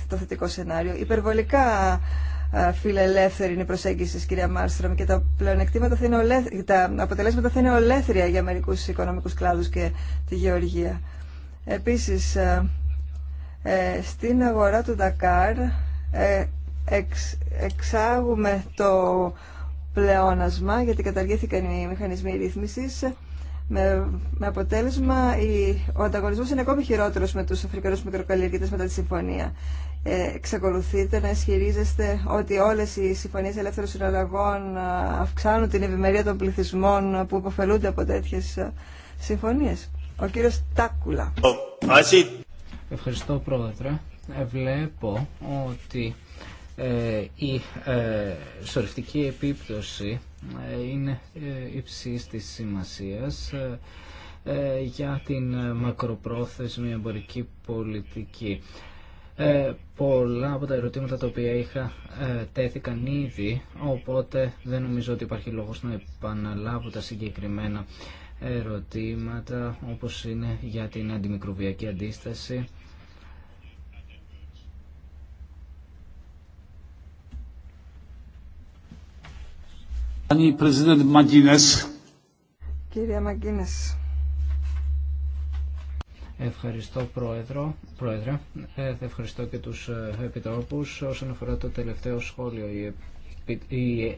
το θετικό σενάριο. Υπερβολικά ε, φιλελεύθερη είναι η προσέγγιση της κυρία Μάρστρομ και τα, πλεονεκτήματα θα είναι τα αποτελέσματα θα είναι ολέθρια για μερικούς οικονομικούς κλάδους και τη γεωργία. Επίσης, ε, ε, στην αγορά του Ντακάρ εξάγουμε το πλεόνασμα γιατί καταργήθηκαν οι μηχανισμοί ρύθμισης με, με αποτέλεσμα η, ο ανταγωνισμός είναι ακόμη χειρότερος με τους αφρικανούς μικροκαλλιεργητές μετά τη συμφωνία. Ε, εξακολουθείτε να ισχυρίζεστε ότι όλες οι συμφωνίες ελεύθερων συναλλαγών ε, αυξάνουν την ευημερία των πληθυσμών που υποφελούνται από τέτοιες ε, συμφωνίες. Ο κύριος Τάκουλα. Ευχαριστώ πρόεδρε. Βλέπω ότι η σωρευτική επίπτωση είναι υψής της σημασίας για την μακροπρόθεσμη εμπορική πολιτική. Ε, πολλά από τα ερωτήματα τα οποία είχα ε, τέθηκαν ήδη, οπότε δεν νομίζω ότι υπάρχει λόγος να επαναλάβω τα συγκεκριμένα ερωτήματα όπως είναι για την αντιμικροβιακή αντίσταση. Κύριε Μαγκίνες, Ευχαριστώ Πρόεδρο, Πρόεδρε, ε, ευχαριστώ και τους ε, επιτρόπους. Όσον αφορά το τελευταίο σχόλιο, η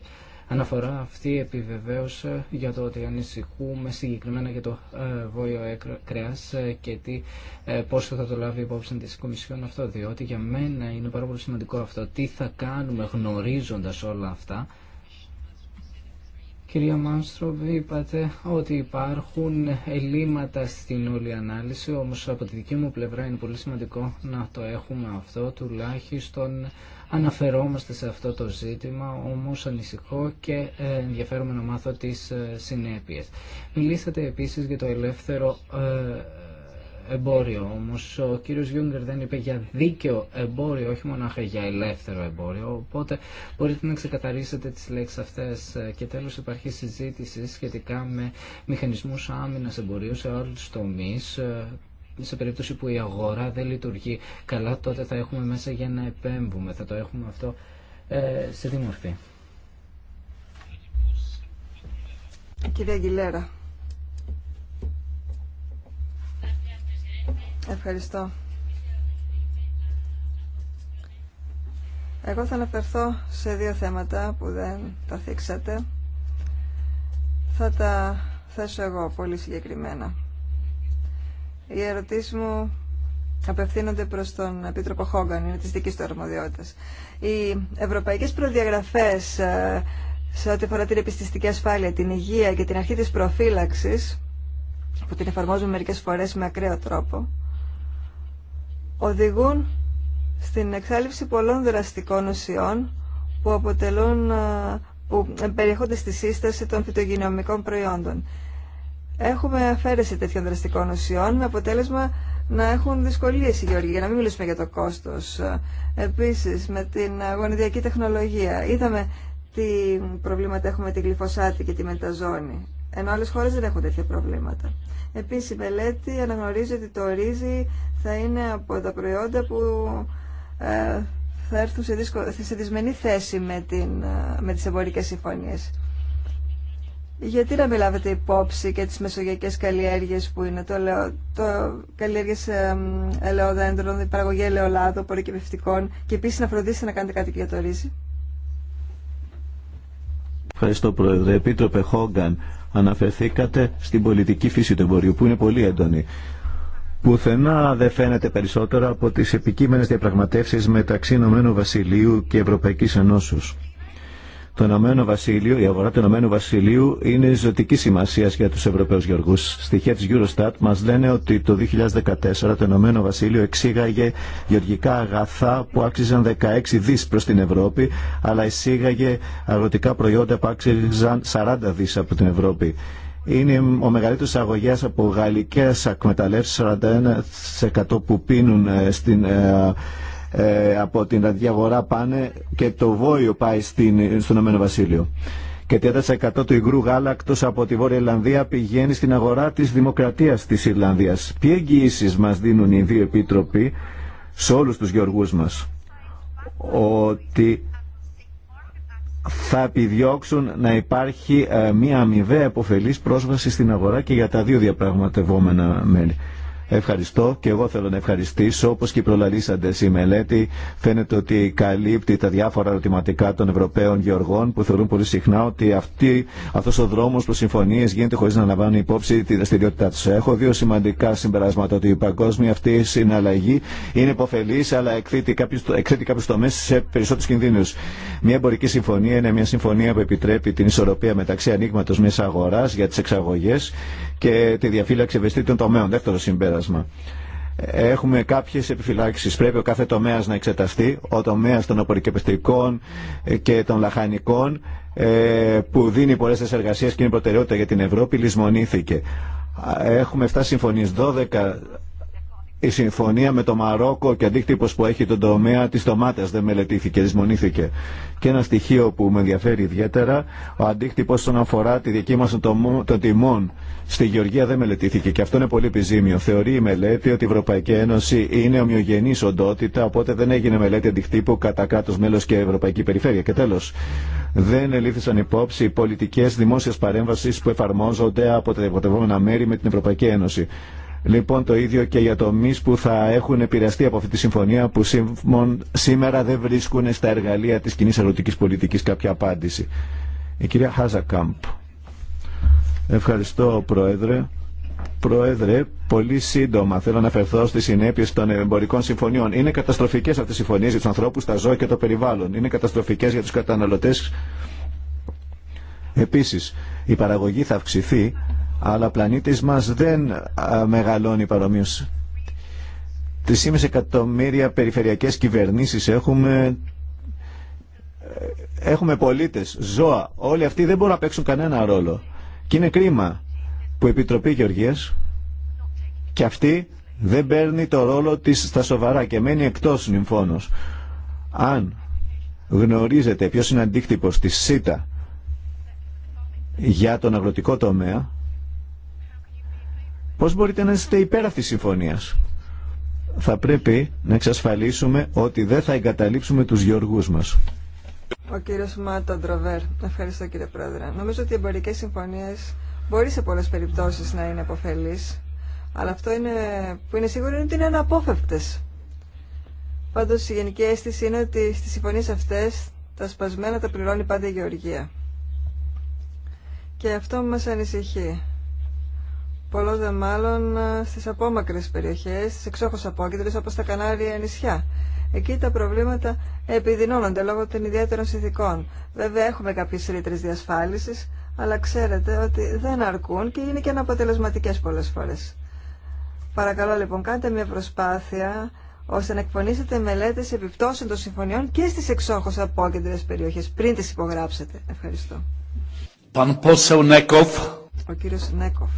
αναφορά αυτή επιβεβαίωσε για το ότι ανησυχούμε συγκεκριμένα για το ε, βόλιο κρέας και τι, πώς θα το λάβει υπόψη της Κομισιόν αυτό, διότι για μένα είναι πάρα πολύ σημαντικό αυτό. Τι θα κάνουμε γνωρίζοντας όλα αυτά, Κυρία Μάνστροβ, είπατε ότι υπάρχουν ελλείμματα στην όλη ανάλυση, όμως από τη δική μου πλευρά είναι πολύ σημαντικό να το έχουμε αυτό, τουλάχιστον αναφερόμαστε σε αυτό το ζήτημα, όμως ανησυχώ και ε, ενδιαφέρομαι να μάθω τις ε, συνέπειες. Μιλήσατε επίσης για το ελεύθερο ε, εμπόριο. Όμως ο κύριος Γιούγκερ δεν είπε για δίκαιο εμπόριο, όχι μονάχα για ελεύθερο εμπόριο. Οπότε μπορείτε να ξεκαθαρίσετε τις λέξεις αυτές. Και τέλο υπάρχει συζήτηση σχετικά με μηχανισμούς Άμυνα εμπορίου σε όλου του τομεί. σε περίπτωση που η αγορά δεν λειτουργεί καλά, τότε θα έχουμε μέσα για να επέμβουμε. Θα το έχουμε αυτό ε, σε τι μορφή. Κύριε Αγγιλέρα. Ευχαριστώ. Εγώ θα αναφερθώ σε δύο θέματα που δεν τα θίξατε. Θα τα θέσω εγώ πολύ συγκεκριμένα. Οι ερωτήσει μου απευθύνονται προς τον Επίτροπο Χόγκαν, είναι της δικής του αρμοδιότητας. Οι ευρωπαϊκές προδιαγραφές ε, σε ό,τι αφορά την επιστηστική ασφάλεια, την υγεία και την αρχή της προφύλαξης, που την εφαρμόζουμε μερικές φορές με ακραίο τρόπο, οδηγούν στην εξάλληψη πολλών δραστικών ουσιών που αποτελούν που περιέχονται στη σύσταση των φυτογενειομικών προϊόντων. Έχουμε αφαίρεση τέτοιων δραστικών ουσιών με αποτέλεσμα να έχουν δυσκολίες οι γεωργοί, για να μην μιλήσουμε για το κόστος. Επίσης, με την γονιδιακή τεχνολογία, είδαμε τι προβλήματα έχουμε με τη γλυφοσάτη και τη μεταζώνη ενώ άλλες χώρες δεν έχουν τέτοια προβλήματα. Επίσης η μελέτη αναγνωρίζει ότι το ρύζι θα είναι από τα προϊόντα που ε, θα έρθουν σε, δυσκο... σε δυσμενή θέση με, την... Ε, με τις εμπορικές συμφωνίες. Γιατί να μην λάβετε υπόψη και τις μεσογειακές καλλιέργειες που είναι το, το καλλιέργειες ε, ελαιοδέντρων, η παραγωγή ελαιολάδων, πορεκυπευτικών και επίσης να φροντίσετε να κάνετε κάτι για το ρύζι. Ευχαριστώ Πρόεδρε. Επίτροπε Χόγκαν, Αναφερθήκατε στην πολιτική φύση του εμπορίου που είναι πολύ έντονη. Πουθενά δεν φαίνεται περισσότερο από τις επικείμενες διαπραγματεύσεις μεταξύ Ηνωμένου Βασιλείου και Ευρωπαϊκής Ενώσεως. Το Ηνωμένο Βασίλειο, η αγορά του Ηνωμένου Βασιλείου είναι ζωτική σημασία για του Ευρωπαίου γεωργού. Στοιχεία τη Eurostat μα λένε ότι το 2014 το Ηνωμένο Βασίλειο εξήγαγε γεωργικά αγαθά που άξιζαν 16 δι προ την Ευρώπη, αλλά εισήγαγε αγροτικά προϊόντα που άξιζαν 40 δι από την Ευρώπη. Είναι ο μεγαλύτερο αγωγέα από γαλλικέ ακμεταλλεύσει, 41% που πίνουν ε, στην ε, ε, από την ραντική αγορά πάνε και το Βόιο πάει στην, στον Ηνωμένο Βασίλειο. Και 30% του υγρού γάλακτος από τη Βόρεια Ιρλανδία πηγαίνει στην αγορά της δημοκρατίας της Ιρλανδίας. Ποιοι εγγυήσει μας δίνουν οι δύο επίτροποι σε όλους τους γεωργούς μας ότι θα επιδιώξουν να υπάρχει ε, μια αμοιβαία επωφελής πρόσβαση στην αγορά και για τα δύο διαπραγματευόμενα μέλη. Ευχαριστώ και εγώ θέλω να ευχαριστήσω. Όπως και οι προλαλήσαντες η μελέτη φαίνεται ότι καλύπτει τα διάφορα ερωτηματικά των Ευρωπαίων γεωργών που θεωρούν πολύ συχνά ότι αυτή, αυτός ο δρόμος προς συμφωνίες γίνεται χωρίς να λαμβάνουν υπόψη τη δραστηριότητά του. Έχω δύο σημαντικά συμπεράσματα ότι η παγκόσμια αυτή συναλλαγή είναι υποφελής αλλά εκθέτει κάποιους, εκθέτει τομές σε περισσότερους κινδύνους. Μια εμπορική συμφωνία είναι μια συμφωνία που επιτρέπει την ισορροπία μεταξύ ανοίγματο μια αγοράς για τις εξαγωγές και τη διαφύλαξη ευαισθητήτων τομέων. Δεύτερο συμπέρασμα. Έχουμε κάποιε επιφυλάξει. Πρέπει ο κάθε τομέα να εξεταστεί. Ο τομέα των απορρικεπιστικών και των λαχανικών ε, που δίνει πολλέ θέσει εργασία και είναι προτεραιότητα για την Ευρώπη λησμονήθηκε. Έχουμε 7 συμφωνίε, 12 η συμφωνία με το Μαρόκο και αντίκτυπο που έχει τον τομέα τη ντομάτα δεν μελετήθηκε, δυσμονήθηκε. Και ένα στοιχείο που με ενδιαφέρει ιδιαίτερα, ο αντίκτυπο όσον αφορά τη δική μα των τιμών στη Γεωργία δεν μελετήθηκε. Και αυτό είναι πολύ επιζήμιο. Θεωρεί η μελέτη ότι η Ευρωπαϊκή Ένωση είναι ομοιογενή οντότητα, οπότε δεν έγινε μελέτη αντικτύπου κατά κράτο μέλο και Ευρωπαϊκή Περιφέρεια. Και τέλο, δεν ελήφθησαν υπόψη οι πολιτικέ δημόσια παρέμβαση που εφαρμόζονται από τα υποτευόμενα μέρη με την Ευρωπαϊκή Ένωση. Λοιπόν, το ίδιο και για τομεί που θα έχουν επηρεαστεί από αυτή τη συμφωνία που σήμερα δεν βρίσκουν στα εργαλεία τη κοινή ερωτική πολιτική κάποια απάντηση. Η κυρία Κάμπ. Ευχαριστώ, Πρόεδρε. Πρόεδρε, πολύ σύντομα θέλω να αφαιρθώ στι συνέπειε των εμπορικών συμφωνιών. Είναι καταστροφικέ αυτέ οι συμφωνίε για του ανθρώπου, τα ζώα και το περιβάλλον. Είναι καταστροφικέ για του καταναλωτέ. Επίση, η παραγωγή θα αυξηθεί αλλά ο πλανήτης μας δεν μεγαλώνει παρομοίως. 3,5 εκατομμύρια περιφερειακές κυβερνήσεις έχουμε, ε, έχουμε πολίτες, ζώα, όλοι αυτοί δεν μπορούν να παίξουν κανένα ρόλο. Και είναι κρίμα που η Επιτροπή Γεωργίας και αυτή δεν παίρνει το ρόλο της στα σοβαρά και μένει εκτός νυμφώνος. Αν γνωρίζετε ποιος είναι αντίκτυπος της ΣΥΤΑ για τον αγροτικό τομέα, Πώς μπορείτε να είστε υπέρ αυτής της συμφωνίας. Θα πρέπει να εξασφαλίσουμε ότι δεν θα εγκαταλείψουμε τους γεωργούς μας. Ο κύριος Μάτο Ντροβέρ. Ευχαριστώ κύριε Πρόεδρε. Νομίζω ότι οι εμπορικές συμφωνίες μπορεί σε πολλές περιπτώσεις να είναι αποφελείς, αλλά αυτό είναι, που είναι σίγουρο είναι ότι είναι αναπόφευκτες. Πάντως η γενική αίσθηση είναι ότι στις συμφωνίες αυτές τα σπασμένα τα πληρώνει πάντα η γεωργία. Και αυτό μας ανησυχεί. Πολλό δε μάλλον ε, στις απόμακρες περιοχές, στις εξόχως απόκεντρες όπως τα Κανάρια νησιά. Εκεί τα προβλήματα επιδεινώνονται λόγω των ιδιαίτερων συνθηκών. Βέβαια έχουμε κάποιες ρήτρες διασφάλισης, αλλά ξέρετε ότι δεν αρκούν και είναι και αναποτελεσματικές πολλές φορές. Παρακαλώ λοιπόν κάντε μια προσπάθεια ώστε να εκπονήσετε μελέτες επιπτώσεων των συμφωνιών και στις εξόχως απόκεντρες περιοχές πριν τι υπογράψετε. Ευχαριστώ. Ο κύριος Νέκοφ.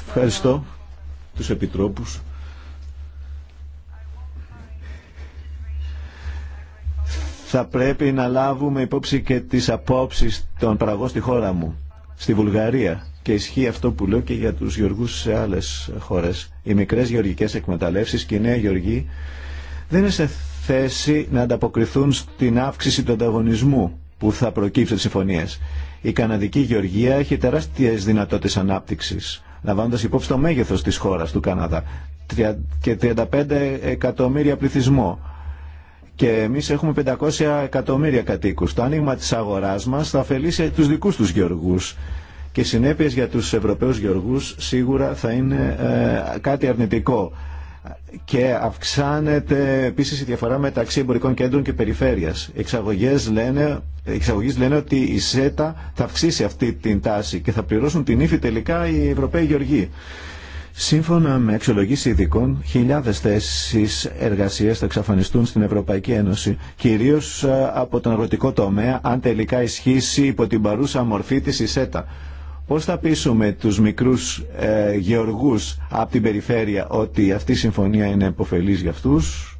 Ευχαριστώ τους επιτρόπους. Θα πρέπει να λάβουμε υπόψη και τις απόψεις των παραγών στη χώρα μου, στη Βουλγαρία. Και ισχύει αυτό που λέω και για τους γεωργούς σε άλλες χώρες. Οι μικρές γεωργικές εκμεταλλεύσεις και οι νέοι γεωργοί δεν είναι σε θέση να ανταποκριθούν στην αύξηση του ανταγωνισμού που θα προκύψει τι συμφωνίες. Η Καναδική Γεωργία έχει τεράστιες δυνατότητες ανάπτυξης, λαμβάνοντας υπόψη το μέγεθος της χώρας του Καναδά και 35 εκατομμύρια πληθυσμό. Και εμείς έχουμε 500 εκατομμύρια κατοίκους. Το άνοιγμα της αγοράς μας θα αφελήσει τους δικούς τους γεωργούς. Και οι συνέπειες για τους Ευρωπαίους γεωργούς σίγουρα θα είναι ε, κάτι αρνητικό και αυξάνεται επίση η διαφορά μεταξύ εμπορικών κέντρων και περιφέρεια. Εξαγωγέ λένε, λένε ότι η ΣΕΤΑ θα αυξήσει αυτή την τάση και θα πληρώσουν την ύφη τελικά οι Ευρωπαίοι Γεωργοί. Σύμφωνα με αξιολογήσει ειδικών, χιλιάδε θέσει εργασία θα εξαφανιστούν στην Ευρωπαϊκή Ένωση, κυρίω ε, από τον αγροτικό τομέα, αν τελικά ισχύσει υπό την παρούσα μορφή τη η ΣΕΤΑ. Πώς θα πείσουμε τους μικρούς ε, γεωργούς από την περιφέρεια ότι αυτή η συμφωνία είναι επωφελής για αυτούς.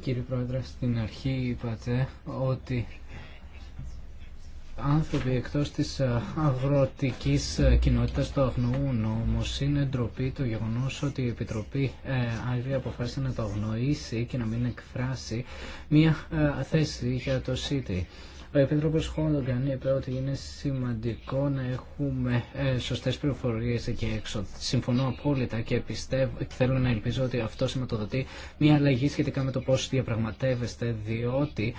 Κύριε Πρόεδρε, στην αρχή είπατε ότι άνθρωποι εκτός της ε, αγροτικής ε, κοινότητας το αγνοούν όμως είναι ντροπή το γεγονός ότι η Επιτροπή ε, Άγρια αποφάσισε να το αγνοήσει και να μην εκφράσει μια θέση για το ΣΥΤΙ. Ο Επίτροπος Χόντογκαν είπε ότι είναι σημαντικό να έχουμε ε, σωστέ πληροφορίε εκεί έξω. Συμφωνώ απόλυτα και πιστεύω, θέλω να ελπίζω ότι αυτό σηματοδοτεί μια αλλαγή σχετικά με το πώ διαπραγματεύεστε, διότι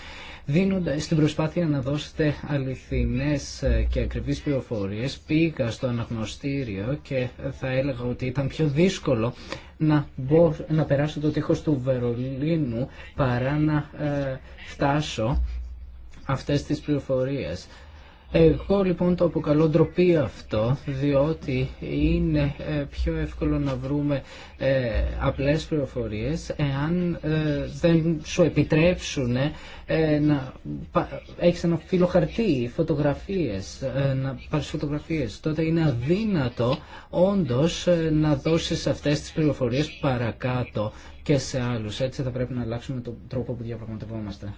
δίνοντας στην προσπάθεια να δώσετε αληθινές ε, και ακριβείς πληροφορίε πήγα στο αναγνωστήριο και θα έλεγα ότι ήταν πιο δύσκολο να, να περάσω το τείχος του Βερολίνου παρά να ε, φτάσω αυτές τις πληροφορίες. Εγώ λοιπόν το αποκαλώ ντροπή αυτό, διότι είναι ε, πιο εύκολο να βρούμε ε, απλές πληροφορίες εάν ε, δεν σου επιτρέψουν να έχεις ένα φύλλο χαρτί, φωτογραφίες, να πάρεις φωτογραφίες. Τότε είναι αδύνατο όντως να δώσεις αυτές τις πληροφορίες παρακάτω και σε άλλους. Έτσι θα πρέπει να αλλάξουμε τον τρόπο που διαπραγματευόμαστε.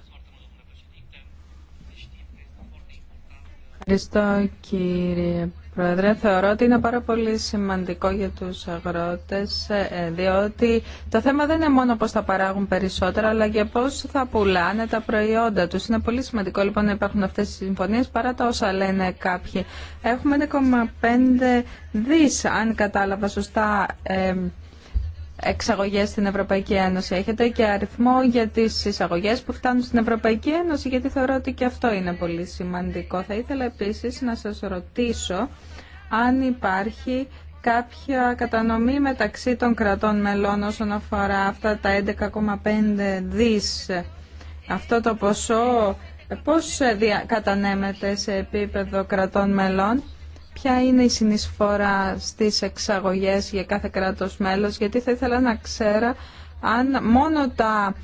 Ευχαριστώ κύριε Πρόεδρε. Θεωρώ ότι είναι πάρα πολύ σημαντικό για τους αγρότες ε, διότι το θέμα δεν είναι μόνο πώς θα παράγουν περισσότερα αλλά και πώς θα πουλάνε τα προϊόντα τους. Είναι πολύ σημαντικό λοιπόν να υπάρχουν αυτές οι συμφωνίες παρά τα όσα λένε κάποιοι. Έχουμε 1,5 δις αν κατάλαβα σωστά ε, εξαγωγές στην Ευρωπαϊκή Ένωση έχετε και αριθμό για τις εισαγωγές που φτάνουν στην Ευρωπαϊκή Ένωση γιατί θεωρώ ότι και αυτό είναι πολύ σημαντικό. Θα ήθελα επίσης να σας ρωτήσω αν υπάρχει κάποια κατανομή μεταξύ των κρατών μελών όσον αφορά αυτά τα 11,5 δις αυτό το ποσό πώς κατανέμεται σε επίπεδο κρατών μελών ποια είναι η συνεισφορά στις εξαγωγές για κάθε κράτος μέλος, γιατί θα ήθελα να ξέρω αν μόνο τα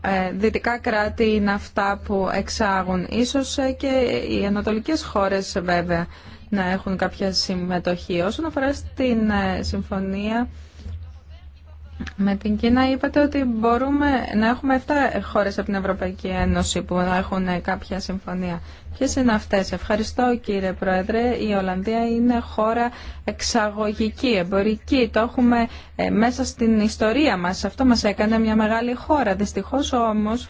ε, δυτικά κράτη είναι αυτά που εξάγουν. Ίσως ε, και οι ανατολικές χώρες βέβαια να έχουν κάποια συμμετοχή. Όσον αφορά στην ε, συμφωνία με την Κίνα είπατε ότι μπορούμε να έχουμε 7 χώρες από την Ευρωπαϊκή Ένωση που έχουν κάποια συμφωνία. Ποιες είναι αυτές. Ευχαριστώ κύριε Πρόεδρε. Η Ολλανδία είναι χώρα εξαγωγική, εμπορική. Το έχουμε ε, μέσα στην ιστορία μας. Αυτό μας έκανε μια μεγάλη χώρα. Δυστυχώς όμως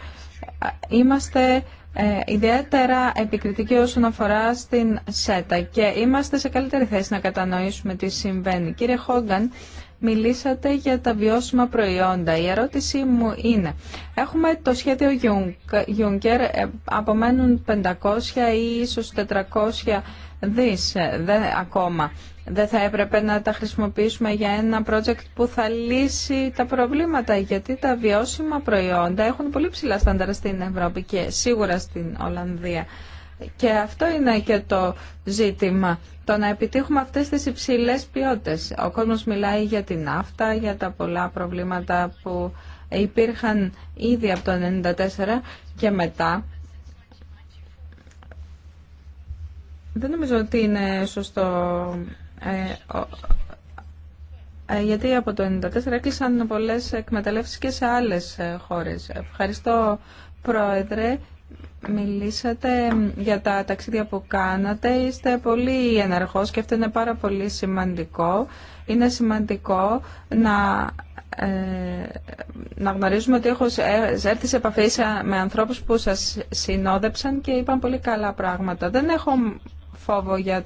ε, είμαστε ε, ιδιαίτερα επικριτικοί όσον αφορά στην ΣΕΤΑ και είμαστε σε καλύτερη θέση να κατανοήσουμε τι συμβαίνει. Κύριε Χόγκαν, μιλήσατε για τα βιώσιμα προϊόντα. Η ερώτησή μου είναι, έχουμε το σχέδιο Juncker, ε, απομένουν 500 ή ίσως 400 δις ε, δεν, ακόμα. Δεν θα έπρεπε να τα χρησιμοποιήσουμε για ένα project που θα λύσει τα προβλήματα, γιατί τα βιώσιμα προϊόντα έχουν πολύ ψηλά στάνταρα στην Ευρώπη και σίγουρα στην Ολλανδία. Και αυτό είναι και το ζήτημα, το να επιτύχουμε αυτές τις υψηλές ποιότητες. Ο κόσμος μιλάει για την ναύτα, για τα πολλά προβλήματα που υπήρχαν ήδη από το 1994 και μετά. Δεν νομίζω ότι είναι σωστό, ε, ε, γιατί από το 1994 έκλεισαν πολλές εκμεταλλεύσεις και σε άλλες ε, χώρες. Ευχαριστώ, Πρόεδρε. Μιλήσατε για τα ταξίδια που κάνατε. Είστε πολύ ενεργός και αυτό είναι πάρα πολύ σημαντικό. Είναι σημαντικό να, ε, να γνωρίζουμε ότι έχω έρθει σε επαφή με ανθρώπους που σας συνόδεψαν και είπαν πολύ καλά πράγματα. Δεν έχω φόβο για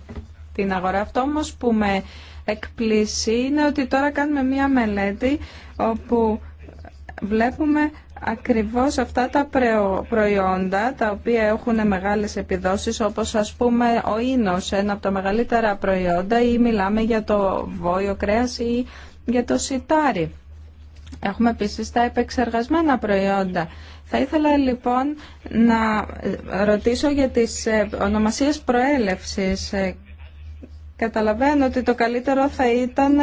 την αγορά. Αυτό όμως που με εκπλήσει είναι ότι τώρα κάνουμε μία μελέτη όπου βλέπουμε ακριβώς αυτά τα προϊόντα τα οποία έχουν μεγάλες επιδόσεις όπως ας πούμε ο ίνος, ένα από τα μεγαλύτερα προϊόντα ή μιλάμε για το βόιο κρέας ή για το σιτάρι. Έχουμε επίσης τα επεξεργασμένα προϊόντα. Θα ήθελα λοιπόν να ρωτήσω για τις ε, ονομασίες προέλευσης ε, Καταλαβαίνω ότι το καλύτερο θα ήταν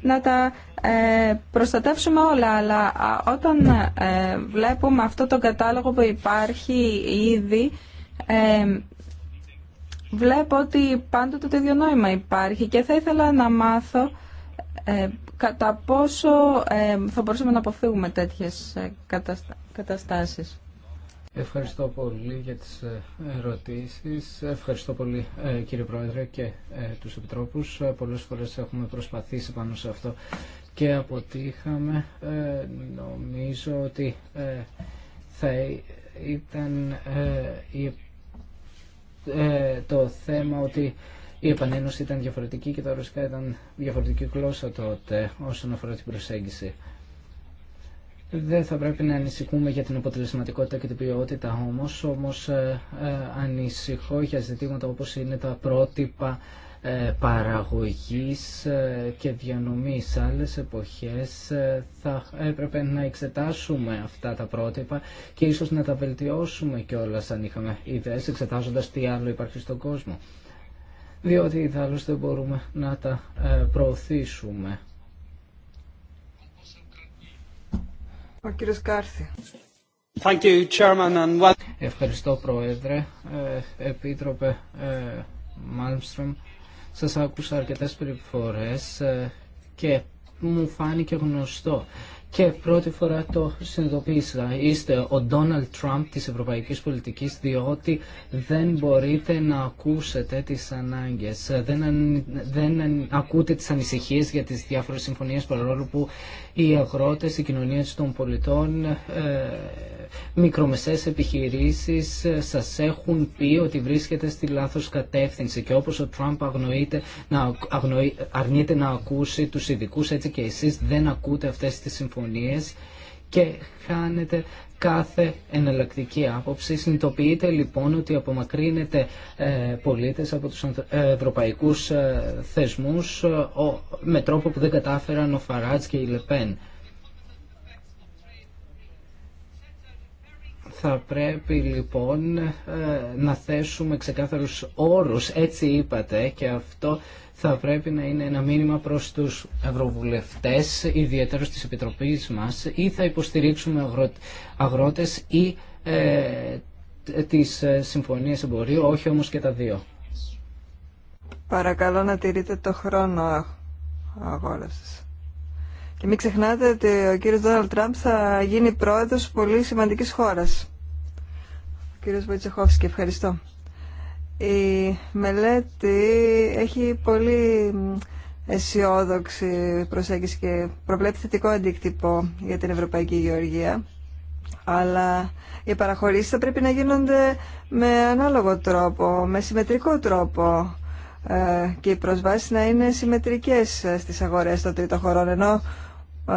να τα ε, προστατεύσουμε όλα, αλλά όταν ε, βλέπουμε αυτό το κατάλογο που υπάρχει ήδη, ε, βλέπω ότι πάντοτε το ίδιο νόημα υπάρχει και θα ήθελα να μάθω κατά πόσο θα μπορούσαμε να αποφύγουμε τέτοιες καταστάσεις. Ευχαριστώ πολύ για τις ε, ερωτήσεις. Ευχαριστώ πολύ ε, κύριε Πρόεδρε και ε, τους Επιτρόπους. Πολλές φορές έχουμε προσπαθήσει πάνω σε αυτό και αποτύχαμε. Νομίζω ότι θα ήταν το θέμα ότι η επανένωση ήταν διαφορετική και τα ρωσικά ήταν διαφορετική γλώσσα τότε όσον αφορά την προσέγγιση. Δεν θα πρέπει να ανησυχούμε για την αποτελεσματικότητα και την ποιότητα όμως, όμως ε, ε ανησυχώ για ζητήματα όπως είναι τα πρότυπα ε, παραγωγής ε, και διανομής. Σε άλλες εποχές ε, θα έπρεπε να εξετάσουμε αυτά τα πρότυπα και ίσως να τα βελτιώσουμε κιόλα αν είχαμε ιδέες εξετάζοντας τι άλλο υπάρχει στον κόσμο. Διότι θα μπορούμε να τα προωθήσουμε. Ευχαριστώ Πρόεδρε, ε, Επίτροπε Μάλμστρομ. Ε, σας άκουσα αρκετές περιφορές ε, και μου φάνηκε γνωστό και πρώτη φορά το συνειδητοποίησα. Είστε ο Ντόναλτ Τραμπ της ευρωπαϊκής πολιτικής διότι δεν μπορείτε να ακούσετε τις ανάγκες. Δεν, ακούτε τις ανησυχίες για τις διάφορες συμφωνίες παρόλο που οι αγρότες, οι κοινωνίες των πολιτών, ε, μικρομεσαίες επιχειρήσεις ε, σας έχουν πει ότι βρίσκεται στη λάθος κατεύθυνση και όπως ο Τραμπ αρνείται να ακούσει τους ειδικού έτσι και εσείς δεν ακούτε αυτές τις συμφωνίες και χάνεται κάθε εναλλακτική άποψη. Συνειδητοποιείται λοιπόν ότι απομακρύνεται ε, πολίτες από τους ε, ευρωπαϊκούς ε, θεσμούς με τρόπο που δεν κατάφεραν ο Φαράτς και η Λεπέν. Θα πρέπει λοιπόν να θέσουμε ξεκάθαρους όρους, έτσι είπατε, και αυτό θα πρέπει να είναι ένα μήνυμα προς τους ευρωβουλευτές, ιδιαίτερα της Επιτροπής μας, ή θα υποστηρίξουμε αγρότες ή ε, τις ε, συμφωνίες εμπορίου, όχι όμως και τα δύο. Παρακαλώ να τηρείτε το χρόνο αγόρευση. Και μην ξεχνάτε ότι ο κύριος Ντόναλτ Τραμπ θα γίνει πρόεδρος πολύ σημαντικής χώρας. Ο κύριος Βοητσεχόφσκι, ευχαριστώ. Η μελέτη έχει πολύ αισιόδοξη προσέγγιση και προβλέπει θετικό αντίκτυπο για την Ευρωπαϊκή Γεωργία. Αλλά οι παραχωρήσεις θα πρέπει να γίνονται με ανάλογο τρόπο, με συμμετρικό τρόπο ε, και οι προσβάσεις να είναι συμμετρικές ε, στις αγορές των τρίτων χωρών ενώ ε,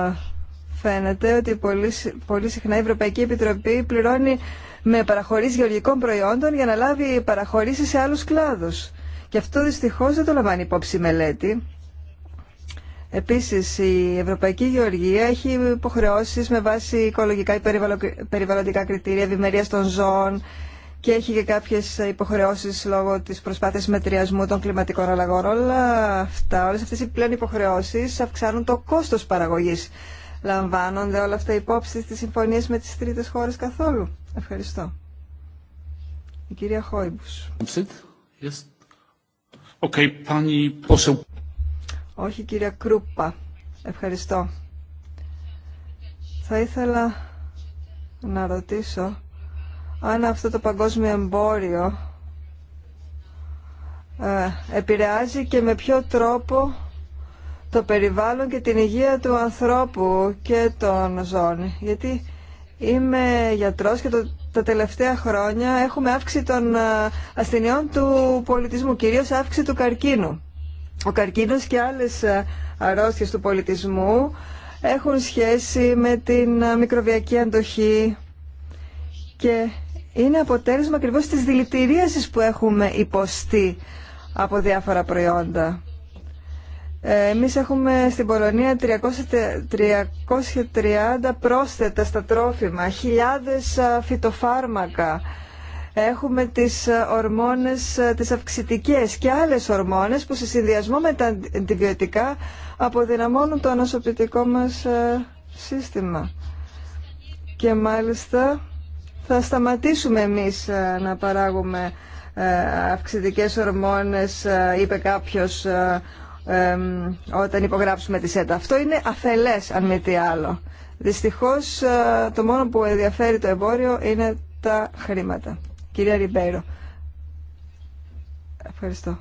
φαίνεται ότι πολύ συχνά η Ευρωπαϊκή Επιτροπή πληρώνει με παραχωρήσει γεωργικών προϊόντων για να λάβει παραχωρήσει σε άλλου κλάδου. Και αυτό δυστυχώ δεν το λαμβάνει υπόψη η μελέτη. Επίση, η Ευρωπαϊκή Γεωργία έχει υποχρεώσει με βάση οικολογικά ή περιβαλλοντικά κριτήρια ευημερία των ζώων και έχει και κάποιε υποχρεώσει λόγω τη προσπάθεια μετριασμού των κλιματικών αλλαγών. Όλα αυτά, όλε αυτές οι πλέον υποχρεώσει αυξάνουν το κόστο παραγωγή. Λαμβάνονται όλα αυτά υπόψη στις συμφωνίε με τις τρίτες χώρε καθόλου. Ευχαριστώ. Η κυρία Χόιμπους. Okay, pani... Όχι, κυρία Κρούπα. Ευχαριστώ. Θα ήθελα να ρωτήσω αν αυτό το παγκόσμιο εμπόριο ε, επηρεάζει και με ποιο τρόπο το περιβάλλον και την υγεία του ανθρώπου και των ζώων. Γιατί Είμαι γιατρός και το, τα τελευταία χρόνια έχουμε αύξηση των ε, ασθενειών του πολιτισμού, κυρίως αύξηση του καρκίνου. Ο καρκίνος και άλλες ε, αρρώστιες του πολιτισμού έχουν σχέση με την ε, μικροβιακή αντοχή και είναι αποτέλεσμα ακριβώς της δηλητηρίασης που έχουμε υποστεί από διάφορα προϊόντα. Εμείς έχουμε στην Πολωνία 300, 330 πρόσθετα στα τρόφιμα, χιλιάδες φυτοφάρμακα. Έχουμε τις ορμόνες, τις αυξητικές και άλλες ορμόνες που σε συνδυασμό με τα αντιβιωτικά αποδυναμώνουν το ανασωπητικό μας σύστημα. Και μάλιστα θα σταματήσουμε εμείς να παράγουμε αυξητικές ορμόνες, είπε κάποιος, όταν υπογράψουμε τη ΣΕΤΑ. Αυτό είναι αφελές αν μη τι άλλο. Δυστυχώς ε, το μόνο που ενδιαφέρει το εμπόριο είναι τα χρήματα. Κυρία Ριμπέιρο. Ευχαριστώ.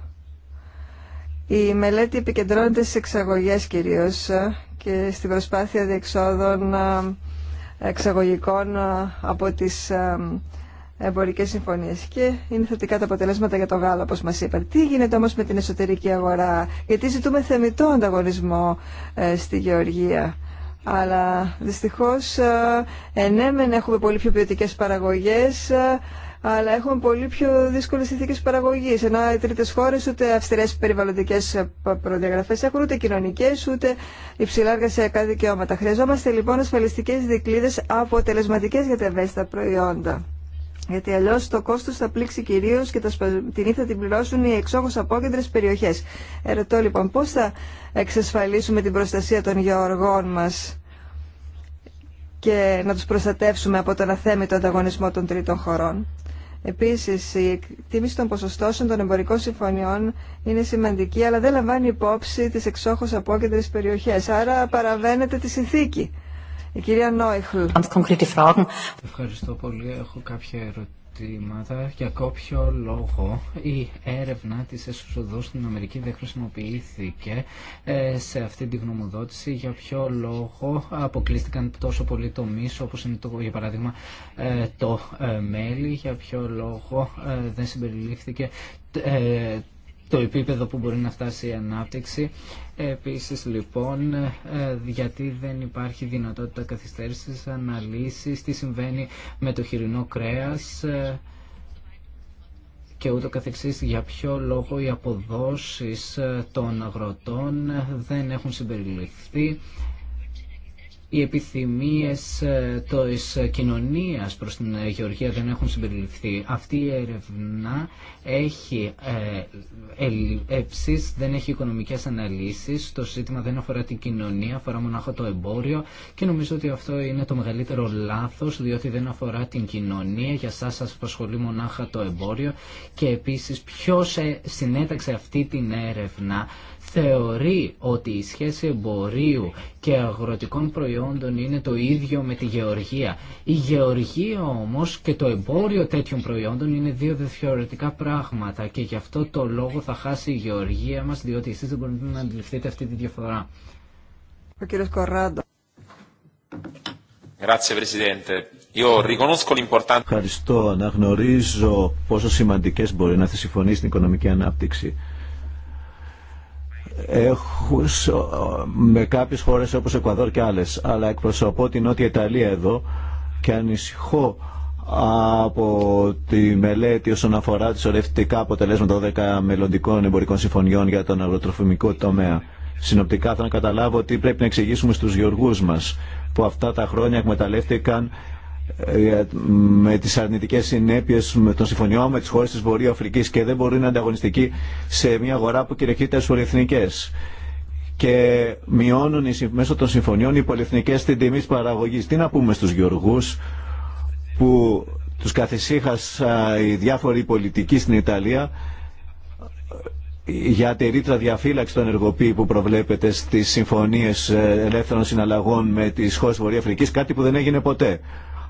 Η μελέτη επικεντρώνεται στις εξαγωγές κυρίως ε, και στην προσπάθεια διεξόδων ε, εξαγωγικών από τις εμπορικές συμφωνίες και είναι θετικά τα αποτελέσματα για το γάλα όπως μας είπατε. Τι γίνεται όμως με την εσωτερική αγορά, γιατί ζητούμε θεμητό ανταγωνισμό ε, στη Γεωργία. Αλλά δυστυχώς ενέμεν ε, ναι, έχουμε πολύ πιο ποιοτικές παραγωγές, ε, αλλά έχουμε πολύ πιο δύσκολες συνθήκες παραγωγής. Ενώ οι τρίτες χώρες ούτε αυστηρές περιβαλλοντικές προδιαγραφές έχουν, ούτε κοινωνικές, ούτε υψηλά εργασιακά δικαιώματα. Χρειαζόμαστε λοιπόν ασφαλιστικές δικλείδες αποτελεσματικές για τα ευαίσθητα προϊόντα. Γιατί αλλιώ το κόστο θα πλήξει κυρίω και την ήθα την πληρώσουν οι εξόχω απόκεντρε περιοχέ. Ερωτώ λοιπόν, πώ θα εξασφαλίσουμε την προστασία των γεωργών μα και να τους προστατεύσουμε από τον αθέμητο ανταγωνισμό των τρίτων χωρών. Επίσης, η εκτίμηση των ποσοστώσεων των εμπορικών συμφωνιών είναι σημαντική, αλλά δεν λαμβάνει υπόψη τι εξόχω απόκεντρε περιοχέ. άρα παραβαίνεται τη συνθήκη. Η κυρία Νόιχλ. Ευχαριστώ πολύ. Έχω κάποια ερωτήματα. Για κάποιο λόγο η έρευνα της έσοδο στην Αμερική δεν χρησιμοποιήθηκε ε, σε αυτή τη γνωμοδότηση. Για ποιο λόγο αποκλείστηκαν τόσο πολλοί τομεί, όπως είναι το, για παράδειγμα ε, το ε, μέλι. Για ποιο λόγο δεν συμπεριλήφθηκε το επίπεδο που μπορεί να φτάσει η ανάπτυξη. Επίσης λοιπόν, ε, γιατί δεν υπάρχει δυνατότητα καθυστέρησης, αναλύσεις, τι συμβαίνει με το χοιρινό κρέας ε, και ούτω καθεξής για ποιο λόγο οι αποδόσεις ε, των αγροτών δεν έχουν συμπεριληφθεί οι επιθυμίες ε, της κοινωνίας προς την ε, γεωργία δεν έχουν συμπεριληφθεί. Αυτή η έρευνα έχει ε, ελλείψεις, δεν έχει οικονομικές αναλύσεις, το ζήτημα δεν αφορά την κοινωνία, αφορά μονάχα το εμπόριο και νομίζω ότι αυτό είναι το μεγαλύτερο λάθος διότι δεν αφορά την κοινωνία, για σας σας απασχολεί μονάχα το εμπόριο και επίσης ποιος συνέταξε αυτή την έρευνα θεωρεί ότι η σχέση εμπορίου και αγροτικών προϊόντων είναι το ίδιο με τη γεωργία. Η γεωργία όμως και το εμπόριο τέτοιων προϊόντων είναι δύο διαφορετικά πράγματα και γι' αυτό το λόγο θα χάσει η γεωργία μας διότι εσείς δεν μπορείτε να αντιληφθείτε αυτή τη διαφορά. Ο κύριος Ευχαριστώ. Αναγνωρίζω πόσο σημαντικές μπορεί να θεσυφωνεί στην οικονομική ανάπτυξη έχουν με κάποιες χώρες όπως Εκουαδόρ και άλλες, αλλά εκπροσωπώ την Νότια Ιταλία εδώ και ανησυχώ από τη μελέτη όσον αφορά τις ορευτικά αποτελέσματα 12 μελλοντικών εμπορικών συμφωνιών για τον αγροτροφημικό τομέα. Συνοπτικά θα καταλάβω ότι πρέπει να εξηγήσουμε στους γεωργούς μας που αυτά τα χρόνια εκμεταλλεύτηκαν ε, με τις αρνητικές συνέπειες των συμφωνιών με τις χώρες της Βορείου και δεν μπορεί να ανταγωνιστική σε μια αγορά που κυριαρχείται στι πολυεθνικές. Και μειώνουν μέσω των συμφωνιών οι πολυεθνικές την τιμή της παραγωγής. Τι να πούμε στους γεωργούς που τους καθησύχασα οι διάφοροι πολιτικοί στην Ιταλία ε, για τη ρήτρα διαφύλαξη των ενεργοποίηση που προβλέπεται στις συμφωνίες ε, ελεύθερων συναλλαγών με τις χώρες Βορειοαφρικής κάτι που δεν έγινε ποτέ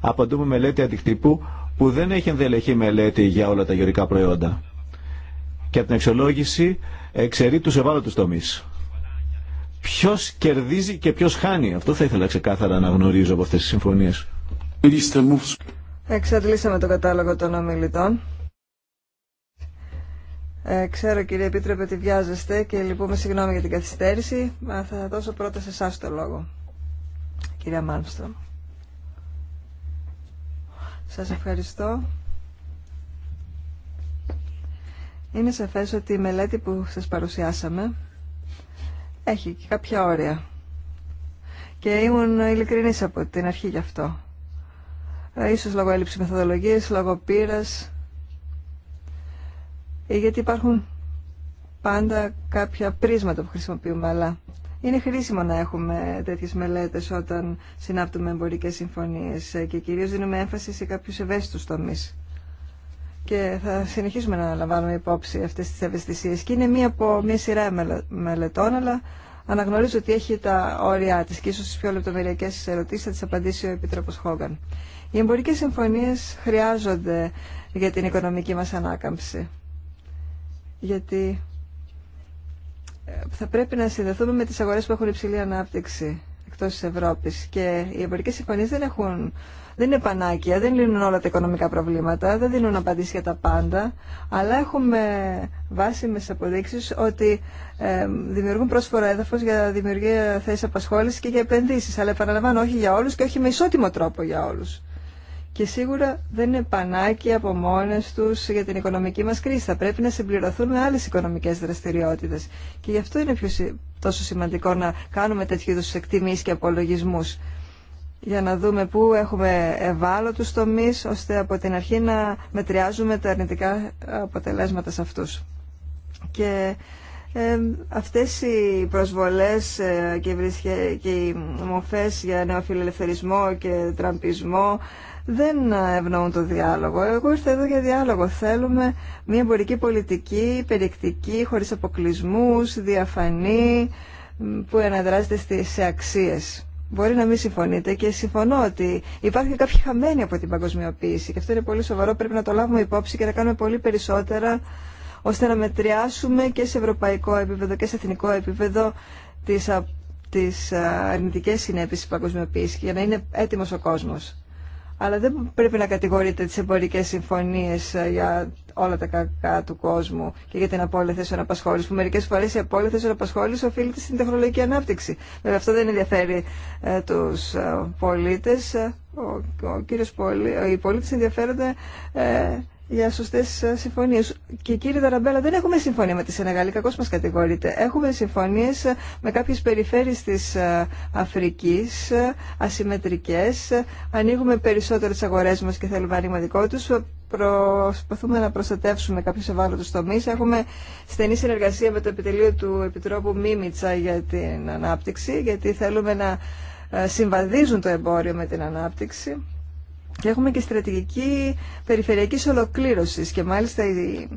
απαντούμε μελέτη αντικτύπου που δεν έχει ενδελεχή μελέτη για όλα τα γεωρικά προϊόντα. Και από την εξολόγηση εξαιρεί τους ευάλωτους τομείς. Ποιος κερδίζει και ποιος χάνει. Αυτό θα ήθελα ξεκάθαρα να γνωρίζω από αυτές τις συμφωνίες. Εξαντλήσαμε το κατάλογο των ομιλητών. Ε, ξέρω κύριε Επίτροπε ότι βιάζεστε και λυπούμε συγγνώμη για την καθυστέρηση. Θα δώσω πρώτα σε εσά το λόγο, κυρία Μάλμστρομ. Σας ευχαριστώ. Είναι σαφές ότι η μελέτη που σας παρουσιάσαμε έχει και κάποια όρια. Και ήμουν ειλικρινής από την αρχή γι' αυτό. Ε, ίσως λόγω έλλειψη μεθοδολογίας, λόγω πείρας, γιατί υπάρχουν πάντα κάποια πρίσματα που χρησιμοποιούμε, αλλά είναι χρήσιμο να έχουμε τέτοιε μελέτε όταν συνάπτουμε εμπορικέ συμφωνίε και κυρίω δίνουμε έμφαση σε κάποιου ευαίσθητου τομεί. Και θα συνεχίσουμε να λαμβάνουμε υπόψη αυτέ τι ευαισθησίε. Και είναι μία από μία σειρά μελετών, αλλά αναγνωρίζω ότι έχει τα όρια τη και ίσω τις πιο λεπτομεριακέ ερωτήσει, θα τι απαντήσει ο επίτροπο Χόγκαν. Οι εμπορικέ συμφωνίε χρειάζονται για την οικονομική μα ανάκαμψη. Γιατί θα πρέπει να συνδεθούμε με τις αγορές που έχουν υψηλή ανάπτυξη εκτός της Ευρώπης και οι εμπορικές συμφωνίες δεν έχουν δεν είναι πανάκια, δεν λύνουν όλα τα οικονομικά προβλήματα, δεν δίνουν απαντήσεις για τα πάντα, αλλά έχουμε βάσιμες αποδείξεις ότι ε, δημιουργούν πρόσφορα έδαφος για δημιουργία θέσης απασχόλησης και για επενδύσεις. Αλλά επαναλαμβάνω, όχι για όλους και όχι με ισότιμο τρόπο για όλους και σίγουρα δεν είναι πανάκι από μόνε του για την οικονομική μα κρίση. Θα πρέπει να συμπληρωθούν με άλλε οικονομικέ δραστηριότητε. Και γι' αυτό είναι τόσο σημαντικό να κάνουμε τέτοιου είδου εκτιμήσει και απολογισμού. Για να δούμε πού έχουμε ευάλωτου τομεί, ώστε από την αρχή να μετριάζουμε τα αρνητικά αποτελέσματα σε αυτού. Και ε, αυτές οι προσβολές ε, και, οι, και μοφές για νεοφιλελευθερισμό και τραμπισμό δεν ευνοούν το διάλογο. Εγώ ήρθα εδώ για διάλογο. Θέλουμε μια εμπορική πολιτική, περιεκτική, χωρίς αποκλεισμούς, διαφανή, που αναδράζεται σε αξίες. Μπορεί να μην συμφωνείτε και συμφωνώ ότι υπάρχουν κάποιοι χαμένοι από την παγκοσμιοποίηση και αυτό είναι πολύ σοβαρό. Πρέπει να το λάβουμε υπόψη και να κάνουμε πολύ περισσότερα ώστε να μετριάσουμε και σε ευρωπαϊκό επίπεδο και σε εθνικό επίπεδο τις, τις αρνητικές συνέπειες της παγκοσμιοποίησης για να είναι έτοιμος ο κόσμος αλλά δεν πρέπει να κατηγορείτε τις εμπορικές συμφωνίες ε, για όλα τα κακά του κόσμου και για την απόλυτη θέση απασχόληση. Που μερικέ φορέ η απόλυτη θέση απασχόληση οφείλεται στην τεχνολογική ανάπτυξη. Βέβαια, αυτό δεν ενδιαφέρει ε, του ε, πολίτε. Ε, ο, κύριος πολι... Οι πολίτε ενδιαφέρονται για σωστέ ε, συμφωνίε. Και κύριε Δαραμπέλα, δεν έχουμε συμφωνία με τη Σενεγάλη, κακώ μα κατηγορείτε. Έχουμε συμφωνίε ε, με κάποιε περιφέρειες τη ε, Αφρική, ασυμμετρικέ. Ανοίγουμε περισσότερε αγορέ μα και θέλουμε άνοιγμα του. Προσπαθούμε να προστατεύσουμε κάποιου ευάλωτου τομεί. Έχουμε στενή συνεργασία με το επιτελείο του Επιτρόπου Μίμητσα για την ανάπτυξη, γιατί θέλουμε να συμβαδίζουν το εμπόριο με την ανάπτυξη. Και έχουμε και στρατηγική περιφερειακή ολοκλήρωση. και μάλιστα οι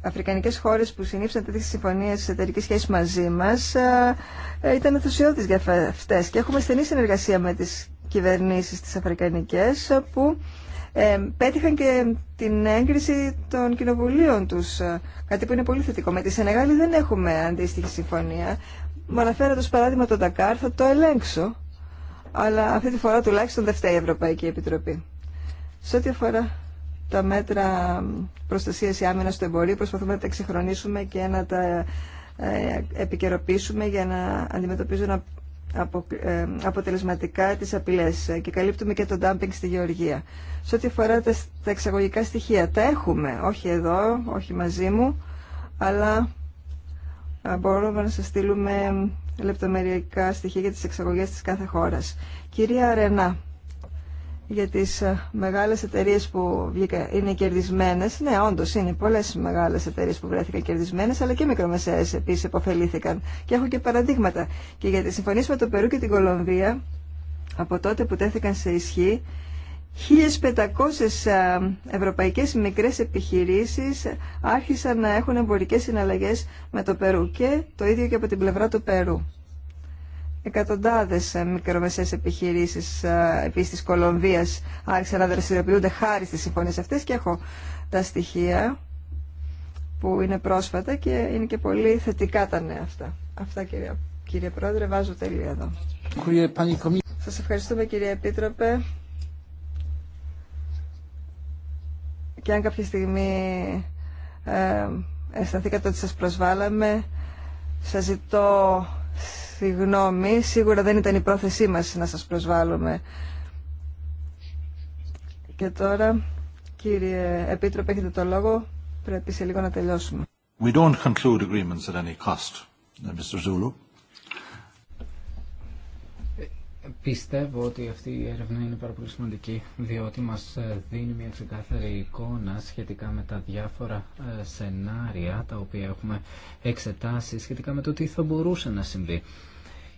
Αφρικανικέ χώρε που συνήψαν συμφωνίε σε εταιρική σχέση μαζί μα ε, ε, ήταν ενθουσιώδει για αυτές και έχουμε στενή συνεργασία με τι κυβερνήσει τι Αφρικανικέ, ε, που πέτυχαν και την έγκριση των κοινοβουλίων του, κάτι που είναι πολύ θετικό. Με τη Σενεγάλη δεν έχουμε αντίστοιχη συμφωνία. Μου αναφέρατε παράδειγμα τον Τακάρ, θα το ελέγξω. Αλλά αυτή τη φορά τουλάχιστον δεν φταίει η Ευρωπαϊκή Επιτροπή. Σε ό,τι αφορά τα μέτρα προστασία ή άμυνα στο εμπορίο, προσπαθούμε να τα εξυγχρονίσουμε και να τα ε, επικαιροποιήσουμε για να αντιμετωπίζουν ε, αποτελεσματικά τις απειλέ και καλύπτουμε και το dumping στη Γεωργία. Σε ό,τι αφορά τα, τα εξαγωγικά στοιχεία, τα έχουμε, όχι εδώ, όχι μαζί μου, αλλά ε, μπορούμε να σα στείλουμε λεπτομεριακά στοιχεία για τι εξαγωγέ τη κάθε χώρα. Κυρία Ρενά, για τις ε, μεγάλες εταιρείες που είναι κερδισμένες. Ναι, όντως είναι πολλές μεγάλες εταιρείες που βρέθηκαν κερδισμένες, αλλά και μικρομεσαίες επίσης επωφελήθηκαν. Και έχω και παραδείγματα. Και για τις συμφωνίες με το Περού και την Κολομβία, από τότε που τέθηκαν σε ισχύ, 1.500 ε, ευρωπαϊκές μικρές επιχειρήσεις άρχισαν να έχουν εμπορικές συναλλαγές με το Περού και το ίδιο και από την πλευρά του Περού. Εκατοντάδες ε, μικρομεσαίες επιχειρήσεις ε, επίσης της Κολομβίας άρχισαν να δραστηριοποιούνται χάρη στις συμφωνίες αυτές και έχω τα στοιχεία που είναι πρόσφατα και είναι και πολύ θετικά τα νέα αυτά. Αυτά κύριε, κύριε Πρόεδρε, βάζω τελεία εδώ. Σας ευχαριστούμε κύριε Επίτροπε. Και αν κάποια στιγμή ε, αισθανθήκατε ότι σας προσβάλαμε, σας ζητώ Συγγνώμη, Σίγουρα δεν ήταν η πρόθεσή μας να σας προσβάλλουμε. Και τώρα, κύριε Επίτροπε, έχετε το λόγο. Πρέπει σε λίγο να τελειώσουμε. We don't conclude agreements at any cost, Mr. Zulu. Πιστεύω ότι αυτή η έρευνα είναι πάρα πολύ σημαντική διότι μας ε, δίνει μια ξεκάθαρη εικόνα σχετικά με τα διάφορα ε, σενάρια τα οποία έχουμε εξετάσει σχετικά με το τι θα μπορούσε να συμβεί.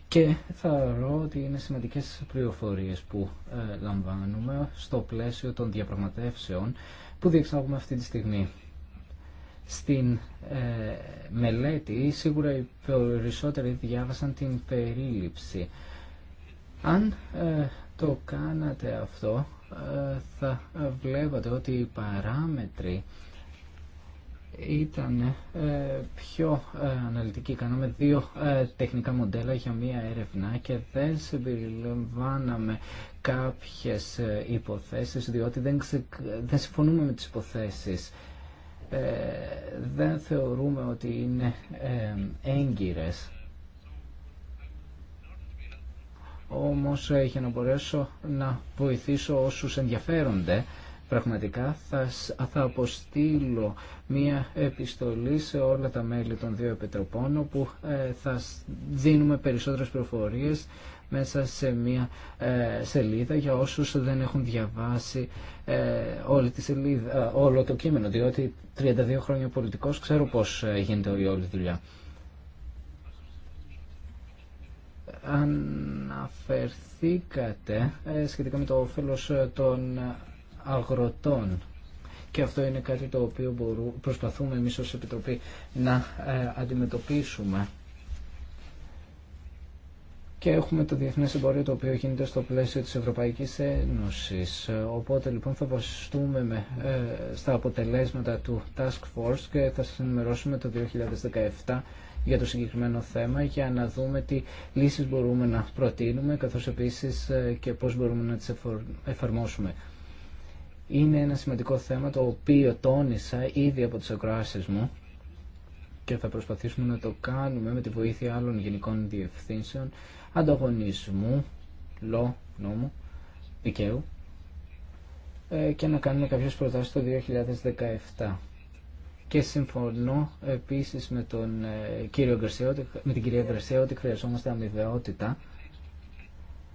Και θεωρώ ότι είναι σημαντικές πληροφορίες που ε, λαμβάνουμε στο πλαίσιο των διαπραγματεύσεων που διεξάγουμε αυτή τη στιγμή. Στην μελέτη σίγουρα οι περισσότεροι διάβασαν την περίληψη αν ε, το κάνατε αυτό ε, θα βλέπατε ότι οι παράμετροι ήταν ε, πιο αναλυτικοί. Κάναμε δύο τεχνικά μοντέλα για μία έρευνα και δεν συμπεριλαμβάναμε κάποιες υποθέσεις διότι δεν, δεν συμφωνούμε με τις υποθέσεις. Δεν θεωρούμε ότι είναι έγκυρες όμως ε, για να μπορέσω να βοηθήσω όσους ενδιαφέρονται πραγματικά θα, θα αποστείλω μία επιστολή σε όλα τα μέλη των δύο επιτροπών όπου ε, θα δίνουμε περισσότερες προφορίες μέσα σε μία ε, σελίδα για όσους δεν έχουν διαβάσει όλη τη σελίδα, όλο το κείμενο διότι 32 χρόνια πολιτικός ξέρω πώς γίνεται η όλη δουλειά. αναφερθήκατε ε, σχετικά με το όφελος ε, των αγροτών και αυτό είναι κάτι το οποίο προσπαθούμε εμείς ως Επιτροπή να ε, αντιμετωπίσουμε και έχουμε το διεθνές εμπόριο το οποίο γίνεται στο πλαίσιο της Ευρωπαϊκής Ένωσης. Οπότε λοιπόν θα βασιστούμε με, στα αποτελέσματα του Task Force και θα σας ενημερώσουμε το 2017 για το συγκεκριμένο θέμα για να δούμε τι λύσεις μπορούμε να προτείνουμε καθώς επίσης ε, και πώς μπορούμε να τις εφαρμόσουμε. Είναι ένα σημαντικό θέμα το οποίο τόνισα ήδη από τις ακροάσεις μου και θα προσπαθήσουμε να το κάνουμε με τη βοήθεια άλλων γενικών διευθύνσεων ανταγωνισμού, λό, νόμου, δικαίου ε, και να κάνουμε κάποιες προτάσεις το 2017. Και συμφωνώ επίσης με, τον, ε, κύριο με την κυρία Γκρεσέ ότι χρειαζόμαστε αμοιβαιότητα.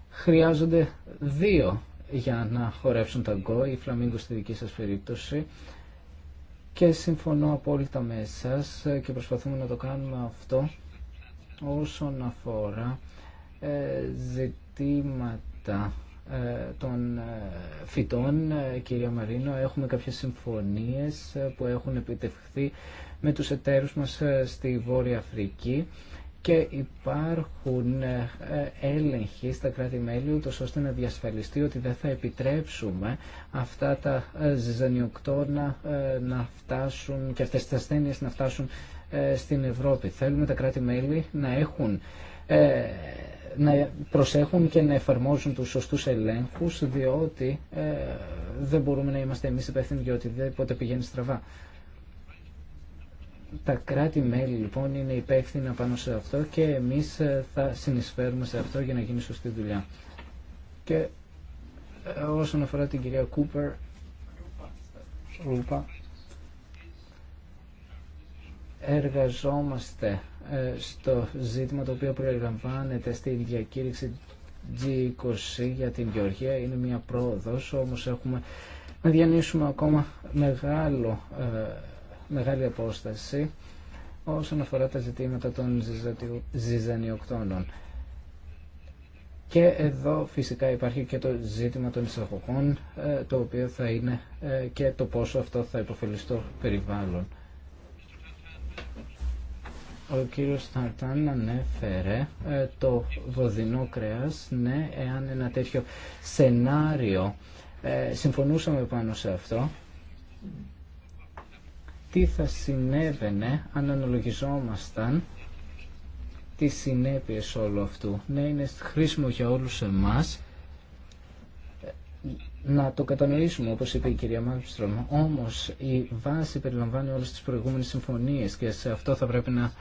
Χρειάζονται δύο για να χορεύσουν γκο η φλαμίγκο στη δική σας περίπτωση. Και συμφωνώ απόλυτα με εσάς και προσπαθούμε να το κάνουμε αυτό όσον αφορά ε, ζητήματα ε, των ε, φυτών, ε, κυρία Μαρίνο, έχουμε κάποιες συμφωνίες που έχουν επιτευχθεί με τους εταίρους μας στη Βόρεια Αφρική και υπάρχουν έλεγχοι στα κράτη-μέλη ώστε να διασφαλιστεί ότι δεν θα επιτρέψουμε αυτά τα ζυζανιοκτώνα να φτάσουν και αυτές τις ασθένειες να φτάσουν στην Ευρώπη. Θέλουμε τα κράτη-μέλη να έχουν να προσέχουν και να εφαρμόζουν τους σωστούς ελέγχους διότι ε, δεν μπορούμε να είμαστε εμείς υπεύθυνοι για οτιδήποτε πηγαίνει στραβά. Τα κράτη-μέλη λοιπόν είναι υπεύθυνα πάνω σε αυτό και εμείς ε, θα συνεισφέρουμε σε αυτό για να γίνει σωστή δουλειά. Και ε, όσον αφορά την κυρία Κούπερ, εργαζόμαστε ε, στο ζήτημα το οποίο προεργαμβάνεται στην διακήρυξη G20 για την Γεωργία. Είναι μια πρόοδος, όμως έχουμε να διανύσουμε ακόμα μεγάλο, ε, μεγάλη απόσταση όσον αφορά τα ζητήματα των ζυζανιοκτώνων. Και εδώ φυσικά υπάρχει και το ζήτημα των εισαγωγών, ε, το οποίο θα είναι και το πόσο αυτό θα υποφελεί στο περιβάλλον. Ο κύριος Σταρτάν ανέφερε ε, το βοδινό κρέας, ναι, εάν ένα τέτοιο σενάριο, ε, συμφωνούσαμε πάνω σε αυτό, τι θα συνέβαινε αν αναλογιζόμασταν τι συνέπειες όλου αυτού. Ναι, είναι χρήσιμο για όλους εμάς ε, να το κατανοήσουμε, όπως είπε η κυρία Μάλμστρομ. Όμως η βάση περιλαμβάνει όλες τις προηγούμενες συμφωνίες και σε αυτό θα πρέπει να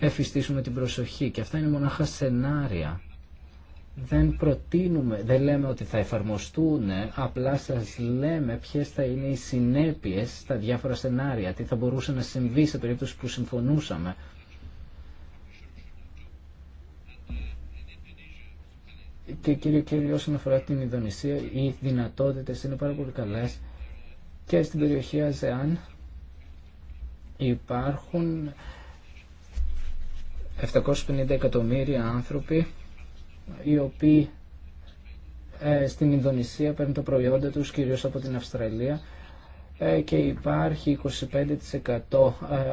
εφιστήσουμε την προσοχή και αυτά είναι μονάχα σενάρια. Δεν προτείνουμε, δεν λέμε ότι θα εφαρμοστούν, απλά σας λέμε ποιες θα είναι οι συνέπειες στα διάφορα σενάρια, τι θα μπορούσε να συμβεί σε περίπτωση που συμφωνούσαμε. Και κύριο κύριε, όσον αφορά την Ιδονησία οι δυνατότητες είναι πάρα πολύ καλές και στην περιοχή ΑΖΕΑΝ υπάρχουν 750 εκατομμύρια άνθρωποι οι οποίοι ε, στην Ινδονησία παίρνουν τα προϊόντα τους κυρίως από την Αυστραλία ε, και υπάρχει 25% ε,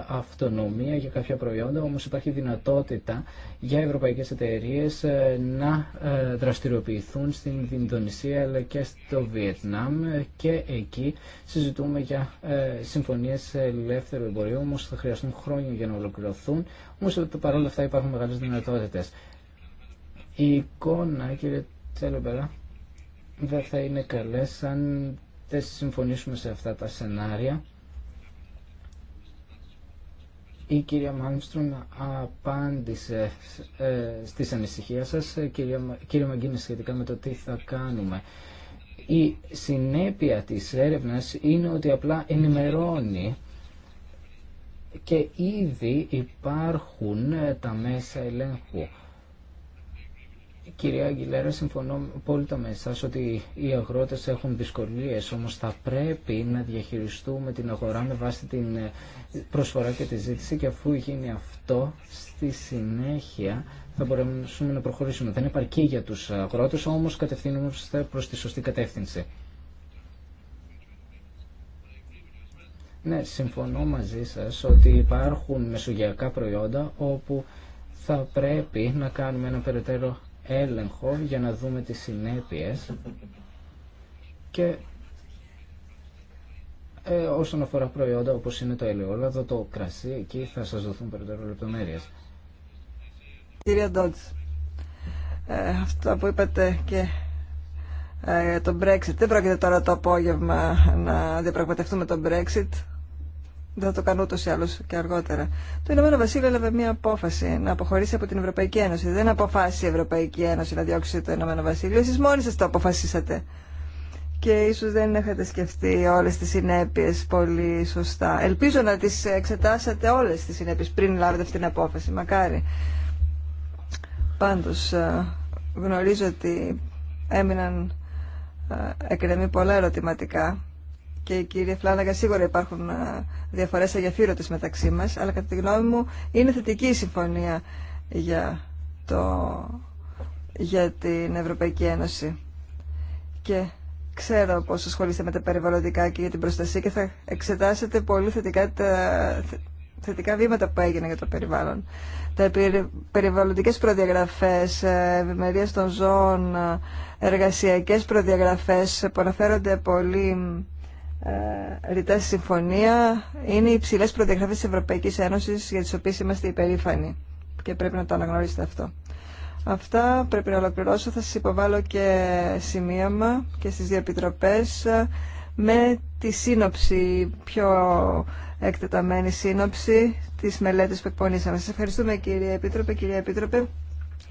αυτονομία για κάποια προϊόντα, όμως υπάρχει δυνατότητα για ευρωπαϊκές εταιρείες ε, να δραστηριοποιηθούν στην Ινδονησία αλλά και στο Βιετνάμ και εκεί συζητούμε για συμφωνίες ελεύθερου εμπορίου, όμως θα χρειαστούν χρόνια για να ολοκληρωθούν, όμως παρόλα αυτά υπάρχουν μεγάλες δυνατότητες. Η εικόνα, κύριε Τσέλεμπερα δεν θα είναι καλές αν δεν συμφωνήσουμε σε αυτά τα σενάρια. Η κυρία Μάνστρον απάντησε ε, στις ανησυχίες σας, ε, κύριε Μαγκίνη, σχετικά με το τι θα κάνουμε. Η συνέπεια της έρευνας είναι ότι απλά ενημερώνει και ήδη υπάρχουν ε, τα μέσα ελέγχου Κυρία Αγγιλέρα, συμφωνώ πολύ με εσά ότι οι αγρότες έχουν δυσκολίες, όμως θα πρέπει να διαχειριστούμε την αγορά με βάση την ε, προσφορά και τη ζήτηση και αφού γίνει αυτό, στη συνέχεια θα μπορέσουμε να προχωρήσουμε. Δεν επαρκεί για τους αγρότες, όμως κατευθύνουμε προς τη σωστή κατεύθυνση. Ναι, συμφωνώ μαζί σας ότι υπάρχουν μεσογειακά προϊόντα όπου θα πρέπει να κάνουμε ένα περαιτέρω έλεγχο για να δούμε τις συνέπειες και ε, όσον αφορά προϊόντα όπως είναι το ελαιόλαδο, το κρασί, εκεί θα σας δοθούν περαιτέρω λεπτομέρειες. Κύριε Ντότς, ε, αυτό που είπατε και ε, το Brexit, δεν πρόκειται τώρα το απόγευμα να διαπραγματευτούμε το Brexit. Δεν θα το κάνω ούτω ή άλλω και αργότερα. Το Ηνωμένο Βασίλειο έλαβε μία απόφαση να αποχωρήσει από την Ευρωπαϊκή Ένωση. Δεν αποφάσισε η Ευρωπαϊκή Ένωση να διώξει το Ηνωμένο Βασίλειο. Εσεί μόνοι σα το αποφασίσατε. Και ίσω δεν έχετε σκεφτεί όλε τι συνέπειε πολύ σωστά. Ελπίζω να τι εξετάσατε όλε τι συνέπειε πριν λάβετε αυτή την απόφαση. Μακάρι. Πάντω, ε, γνωρίζω ότι έμειναν ε, εκρεμεί πολλά ερωτηματικά και η κυρία Φλάναγκα, σίγουρα υπάρχουν ε, διαφορέ αγιαφύρωτε μεταξύ μα, αλλά κατά τη γνώμη μου είναι θετική η συμφωνία για, την Ευρωπαϊκή Ένωση. Και ξέρω πώ ασχολείστε με τα περιβαλλοντικά και για την προστασία και θα εξετάσετε πολύ θετικά τα θετικά βήματα που έγιναν για το περιβάλλον. Τα περιβαλλοντικές προδιαγραφές, ε, ευημερία των ζώων, ε, εργασιακές προδιαγραφές που αναφέρονται πολύ ε, ρητά στη συμφωνία είναι οι υψηλέ προδιαγραφέ τη Ευρωπαϊκή Ένωση για τι οποίε είμαστε υπερήφανοι και πρέπει να το αναγνωρίσετε αυτό. Αυτά πρέπει να ολοκληρώσω. Θα σα υποβάλω και σημείωμα και στι δύο ε, με τη σύνοψη, πιο εκτεταμένη σύνοψη τη μελέτη που εκπονήσαμε. Σα ευχαριστούμε κύριε Επίτροπε. Κυρία Επίτροπε,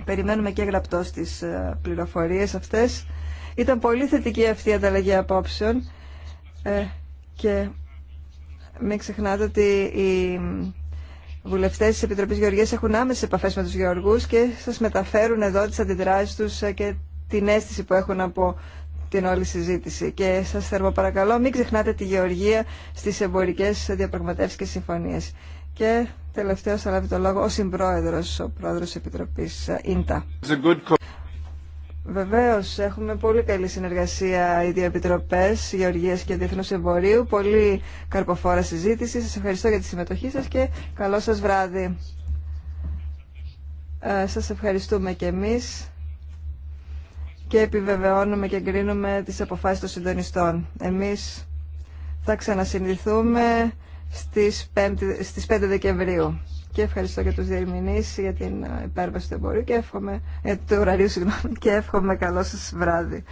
περιμένουμε και γραπτό τι ε, πληροφορίε αυτέ. Ήταν πολύ θετική αυτή η ανταλλαγή απόψεων ε, και μην ξεχνάτε ότι οι βουλευτές της Επιτροπής Γεωργίας έχουν άμεσες επαφές με τους γεωργούς και σας μεταφέρουν εδώ τις αντιδράσεις τους ε, και την αίσθηση που έχουν από την όλη συζήτηση. Και σας παρακαλώ μην ξεχνάτε τη γεωργία στις εμπορικές διαπραγματεύσεις και συμφωνίες. Και τελευταίο θα λάβει το λόγο ο συμπρόεδρος, ο πρόεδρος της Επιτροπής ΙΝΤΑ. Ε, Βεβαίω, έχουμε πολύ καλή συνεργασία οι δύο επιτροπέ Γεωργία και Διεθνού Εμπορίου. Πολύ καρποφόρα συζήτηση. Σας ευχαριστώ για τη συμμετοχή σας και καλό σας βράδυ. Ε, σας ευχαριστούμε και εμείς και επιβεβαιώνουμε και εγκρίνουμε τις αποφάσεις των συντονιστών. Εμείς θα ξανασυνδυθούμε στις στις 5 Δεκεμβρίου και ευχαριστώ για τους διερμηνείς για την ε, υπέρβαση του εμπορίου και εύχομαι, ε, και εύχομαι καλό σας βράδυ.